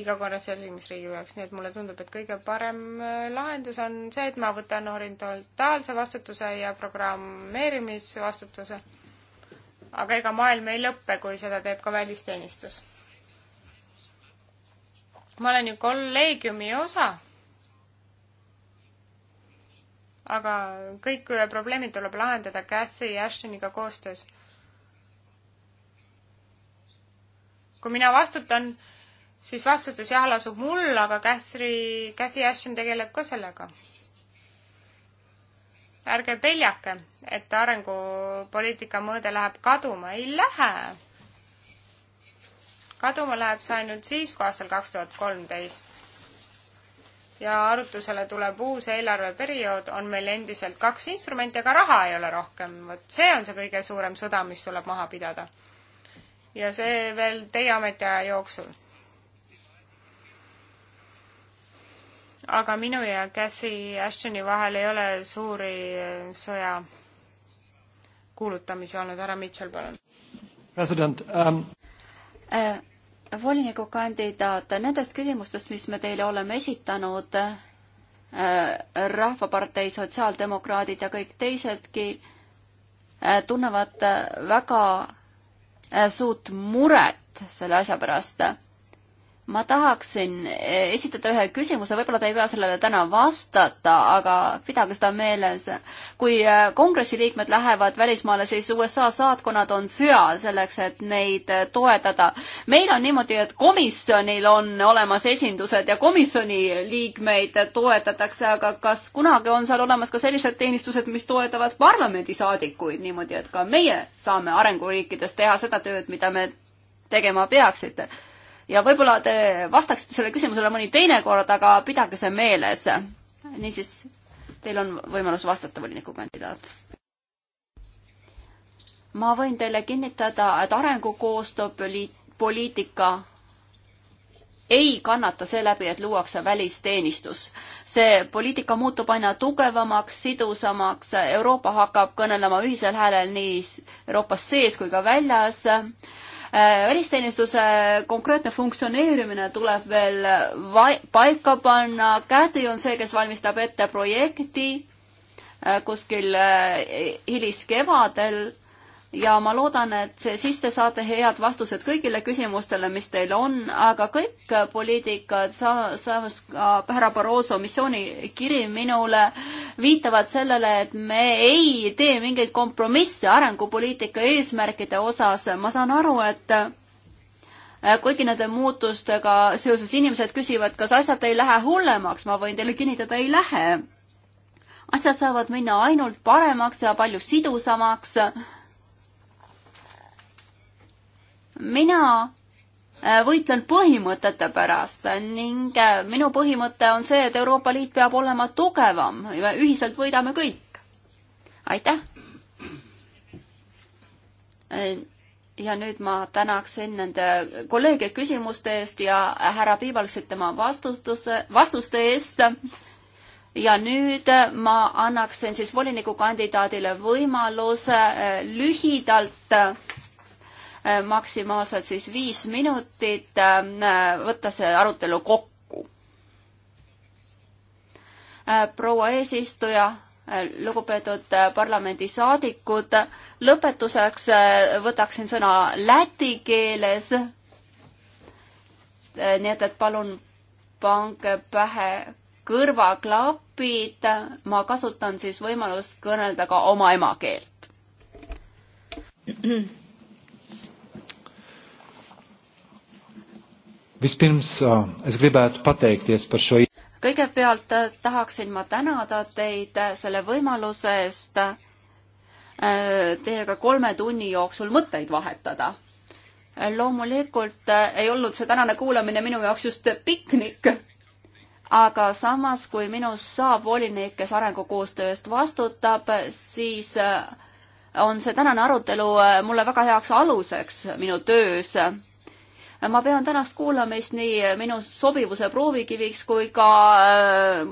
igakorrase liikmesriigi jaoks, nii et mulle tundub, et kõige parem äh, lahendus on see, et ma võtan horisontaalse vastutuse ja programmeerimisvastutuse. aga ega maailm ei lõppe, kui seda teeb ka välisteenistus. ma olen ju kolleegiumi osa aga kõik äh, probleemid tuleb lahendada Cathy Ashtoniga koostöös. kui mina vastutan, siis vastutus jah, lasub mul, aga Cathy, Cathy Ashton tegeleb ka sellega. ärge peljake, et arengupoliitika mõõde läheb kaduma, ei lähe. kaduma läheb see ainult siis, kui aastal kaks tuhat kolmteist ja arutusele tuleb uus eelarveperiood, on meil endiselt kaks instrumenti, aga raha ei ole rohkem. vot see on see kõige suurem sõda, mis tuleb maha pidada. ja see veel teie ametiaja jooksul aga minu ja Cathy Ashtoni vahel ei ole suuri eh, sõja kuulutamisi olnud. härra Mitchell, palun. president um... Äh,. Eh, volinikukandidaat, nendest küsimustest, mis me teile oleme esitanud äh,, Rahvapartei, Sotsiaaldemokraadid ja kõik teisedki äh, tunnevad väga suurt muret selle asja pärast ma tahaksin eh, esitada ühe küsimuse, võib-olla te ei pea sellele täna vastata, aga pidage seda meeles. kui eh, kongressi liikmed lähevad välismaale, siis USA saatkonnad on seal selleks, et neid eh, toetada. meil on niimoodi, et komisjonil on olemas esindused ja komisjoni liikmeid toetatakse, aga kas kunagi on seal olemas ka sellised teenistused, mis toetavad parlamendisaadikuid niimoodi, et ka meie saame arenguriikides teha seda tööd, mida me tegema peaksite ja võib-olla te vastaksite sellele küsimusele mõni teine kord, aga pidage see meeles. niisiis, teil on võimalus vastata, volinikukandidaat. ma võin teile kinnitada, et arengukoostööpoliitika ei kannata seeläbi, et luuakse välisteenistus. see poliitika muutub aina tugevamaks, sidusamaks, Euroopa hakkab kõnelema ühisel häälel nii Euroopas sees kui ka väljas Äh, välisteenistuse konkreetne funktsioneerimine tuleb veel paika panna, Käti on see, kes valmistab ette projekti äh, kuskil äh, hiliskevadel ja ma loodan, et siis te saate head vastused kõigile küsimustele, mis teil on, aga kõik poliitikad, sa-, sa-, härra Barroso missioonikiri minule viitavad sellele, et me ei tee mingeid kompromisse arengupoliitika eesmärkide osas, ma saan aru, et äh, kuigi nende muutustega seoses inimesed küsivad, kas asjad ei lähe hullemaks, ma võin teile kinnitada, ei lähe. asjad saavad minna ainult paremaks ja palju sidusamaks mina äh, võitlen põhimõtete pärast ning äh, minu põhimõte on see, et Euroopa Liit peab olema tugevam ja ühiselt võidame kõik. aitäh! Äh, ja nüüd ma tänaksin nende kolleege küsimuste eest ja härra Piibalksit tema vastustuse, vastuste eest. ja nüüd ma annaksin siis volinikukandidaadile võimaluse lühidalt Äh, maksimaalselt siis viis minutit, äh, võtta see arutelu kokku. Äh, proua eesistuja, lugupeetud parlamendisaadikud, lõpetuseks võtaksin sõna läti keeles. nii et, et palun pange pähe kõrvaklapid, ma kasutan siis võimalust kõnelda ka oma emakeelt. [clears throat] Vispirms eh, es gribētu pateikties par šo. Kõigepealt eh, tahaksin ma tänada teid eh, selle võimaluse eest teiega kolme tunni jooksul mõtteid vahetada. loomulikult ei olnud see tänane kuulamine minu jaoks just piknik, aga samas, kui minust saab volinik, kes arengukoostöö eest vastutab, siis on see tänane arutelu mulle väga heaks aluseks minu töös ma pean tänast kuulamist nii minu sobivuse proovikiviks kui ka äh,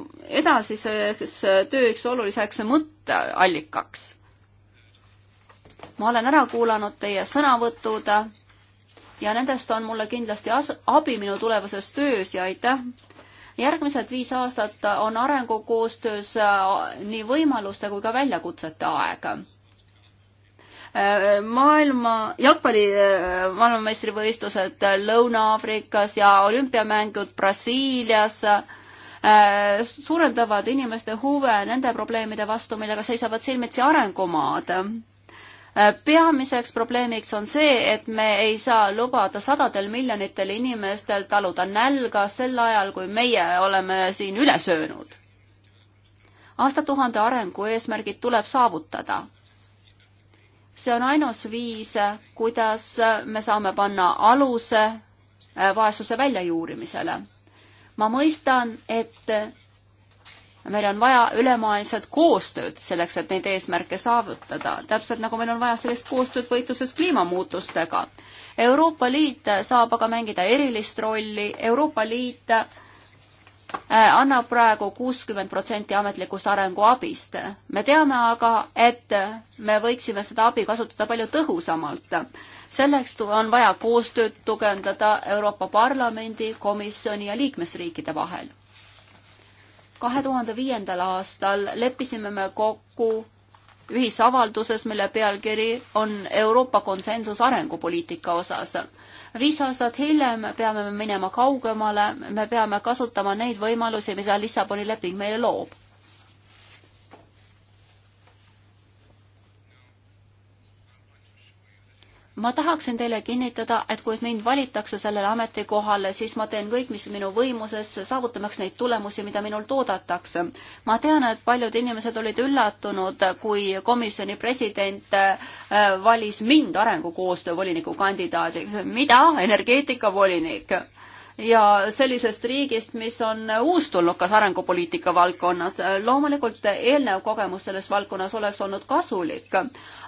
edasiseks tööks oluliseks mõtteallikaks. ma olen ära kuulanud teie sõnavõtud ja nendest on mulle kindlasti abi minu tulevases töös ja aitäh järgmised viis aastat on arengukoostöös äh, nii võimaluste kui ka väljakutsete aeg Äh, maailma, jalgpalli maailmameistrivõistlused Lõuna-Aafrikas ja olümpiamängud Brasiilias äh, suurendavad inimeste huve nende probleemide vastu, millega seisavad silmitsi arengumaad äh, peamiseks probleemiks on see, et me ei saa lubada sadadel miljonitel inimestel taluda nälga sel ajal, kui meie oleme siin üle söönud. aastatuhande arengu eesmärgid tuleb saavutada see on ainus viis, kuidas me saame panna aluse äh, vaesuse väljajuurimisele. ma mõistan, et meil on vaja ülemaailmset koostööd selleks, et neid eesmärke saavutada, täpselt nagu meil on vaja sellist koostööd võitluses kliimamuutustega. Euroopa Liit saab aga mängida erilist rolli, Euroopa Liit Äh, annab praegu kuuskümmend protsenti ametlikust arenguabist. me teame aga, et me võiksime seda abi kasutada palju tõhusamalt. selleks on vaja koostööd tugevdada Euroopa Parlamendi, komisjoni ja liikmesriikide vahel. kahe tuhande viiendal aastal leppisime me kokku ühisavalduses, mille pealkiri on Euroopa konsensus arengupoliitika osas viis aastat hiljem peame me minema kaugemale, me peame kasutama neid võimalusi, mida Lissaboni leping meile loob ma tahaksin teile kinnitada, et kui mind valitakse sellele ametikohale, siis ma teen kõik, mis minu võimuses, saavutamaks neid tulemusi, mida minult oodatakse. ma tean, et paljud inimesed olid üllatunud, kui komisjoni president äh, valis mind arengukoostöö voliniku kandidaadiks. mida, energeetikavolinik? ja sellisest riigist, mis on uustulnukas arengupoliitika valdkonnas. loomulikult eelnev kogemus selles valdkonnas oleks olnud kasulik,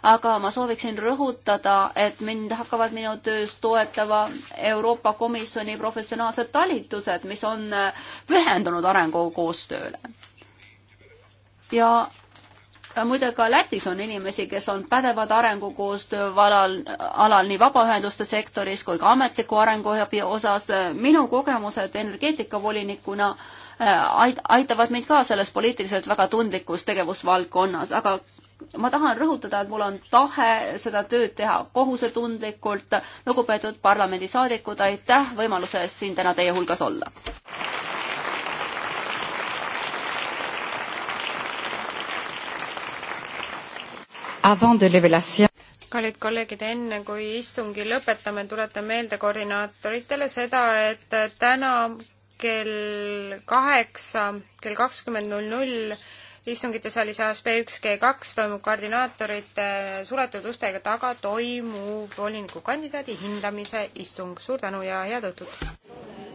aga ma sooviksin rõhutada, et mind hakkavad minu töös toetama Euroopa Komisjoni professionaalsed talitused, mis on pühendunud arengukoostööle. ja Äh, muide, ka Lätis on inimesi, kes on pädevad arengukoostöö valal, alal nii vabaühenduste sektoris kui ka ametliku arenguabi osas. Äh, minu kogemused energeetikavolinikuna äh, aitavad mind ka selles poliitiliselt väga tundlikus tegevusvaldkonnas, aga ma tahan rõhutada, et mul on tahe seda tööd teha kohusetundlikult. lugupeetud parlamendisaadikud, aitäh võimaluse eest siin täna teie hulgas olla! kallid kolleegid, enne kui istungi lõpetame, tuletan meelde koordinaatoritele seda, et täna kell kaheksa, kell kakskümmend null null istungite saalis ASB üks G kaks toimub koordinaatorite suletud ustega taga toimuv volinikukandidaadi hindamise istung. suur tänu ja head õhtut!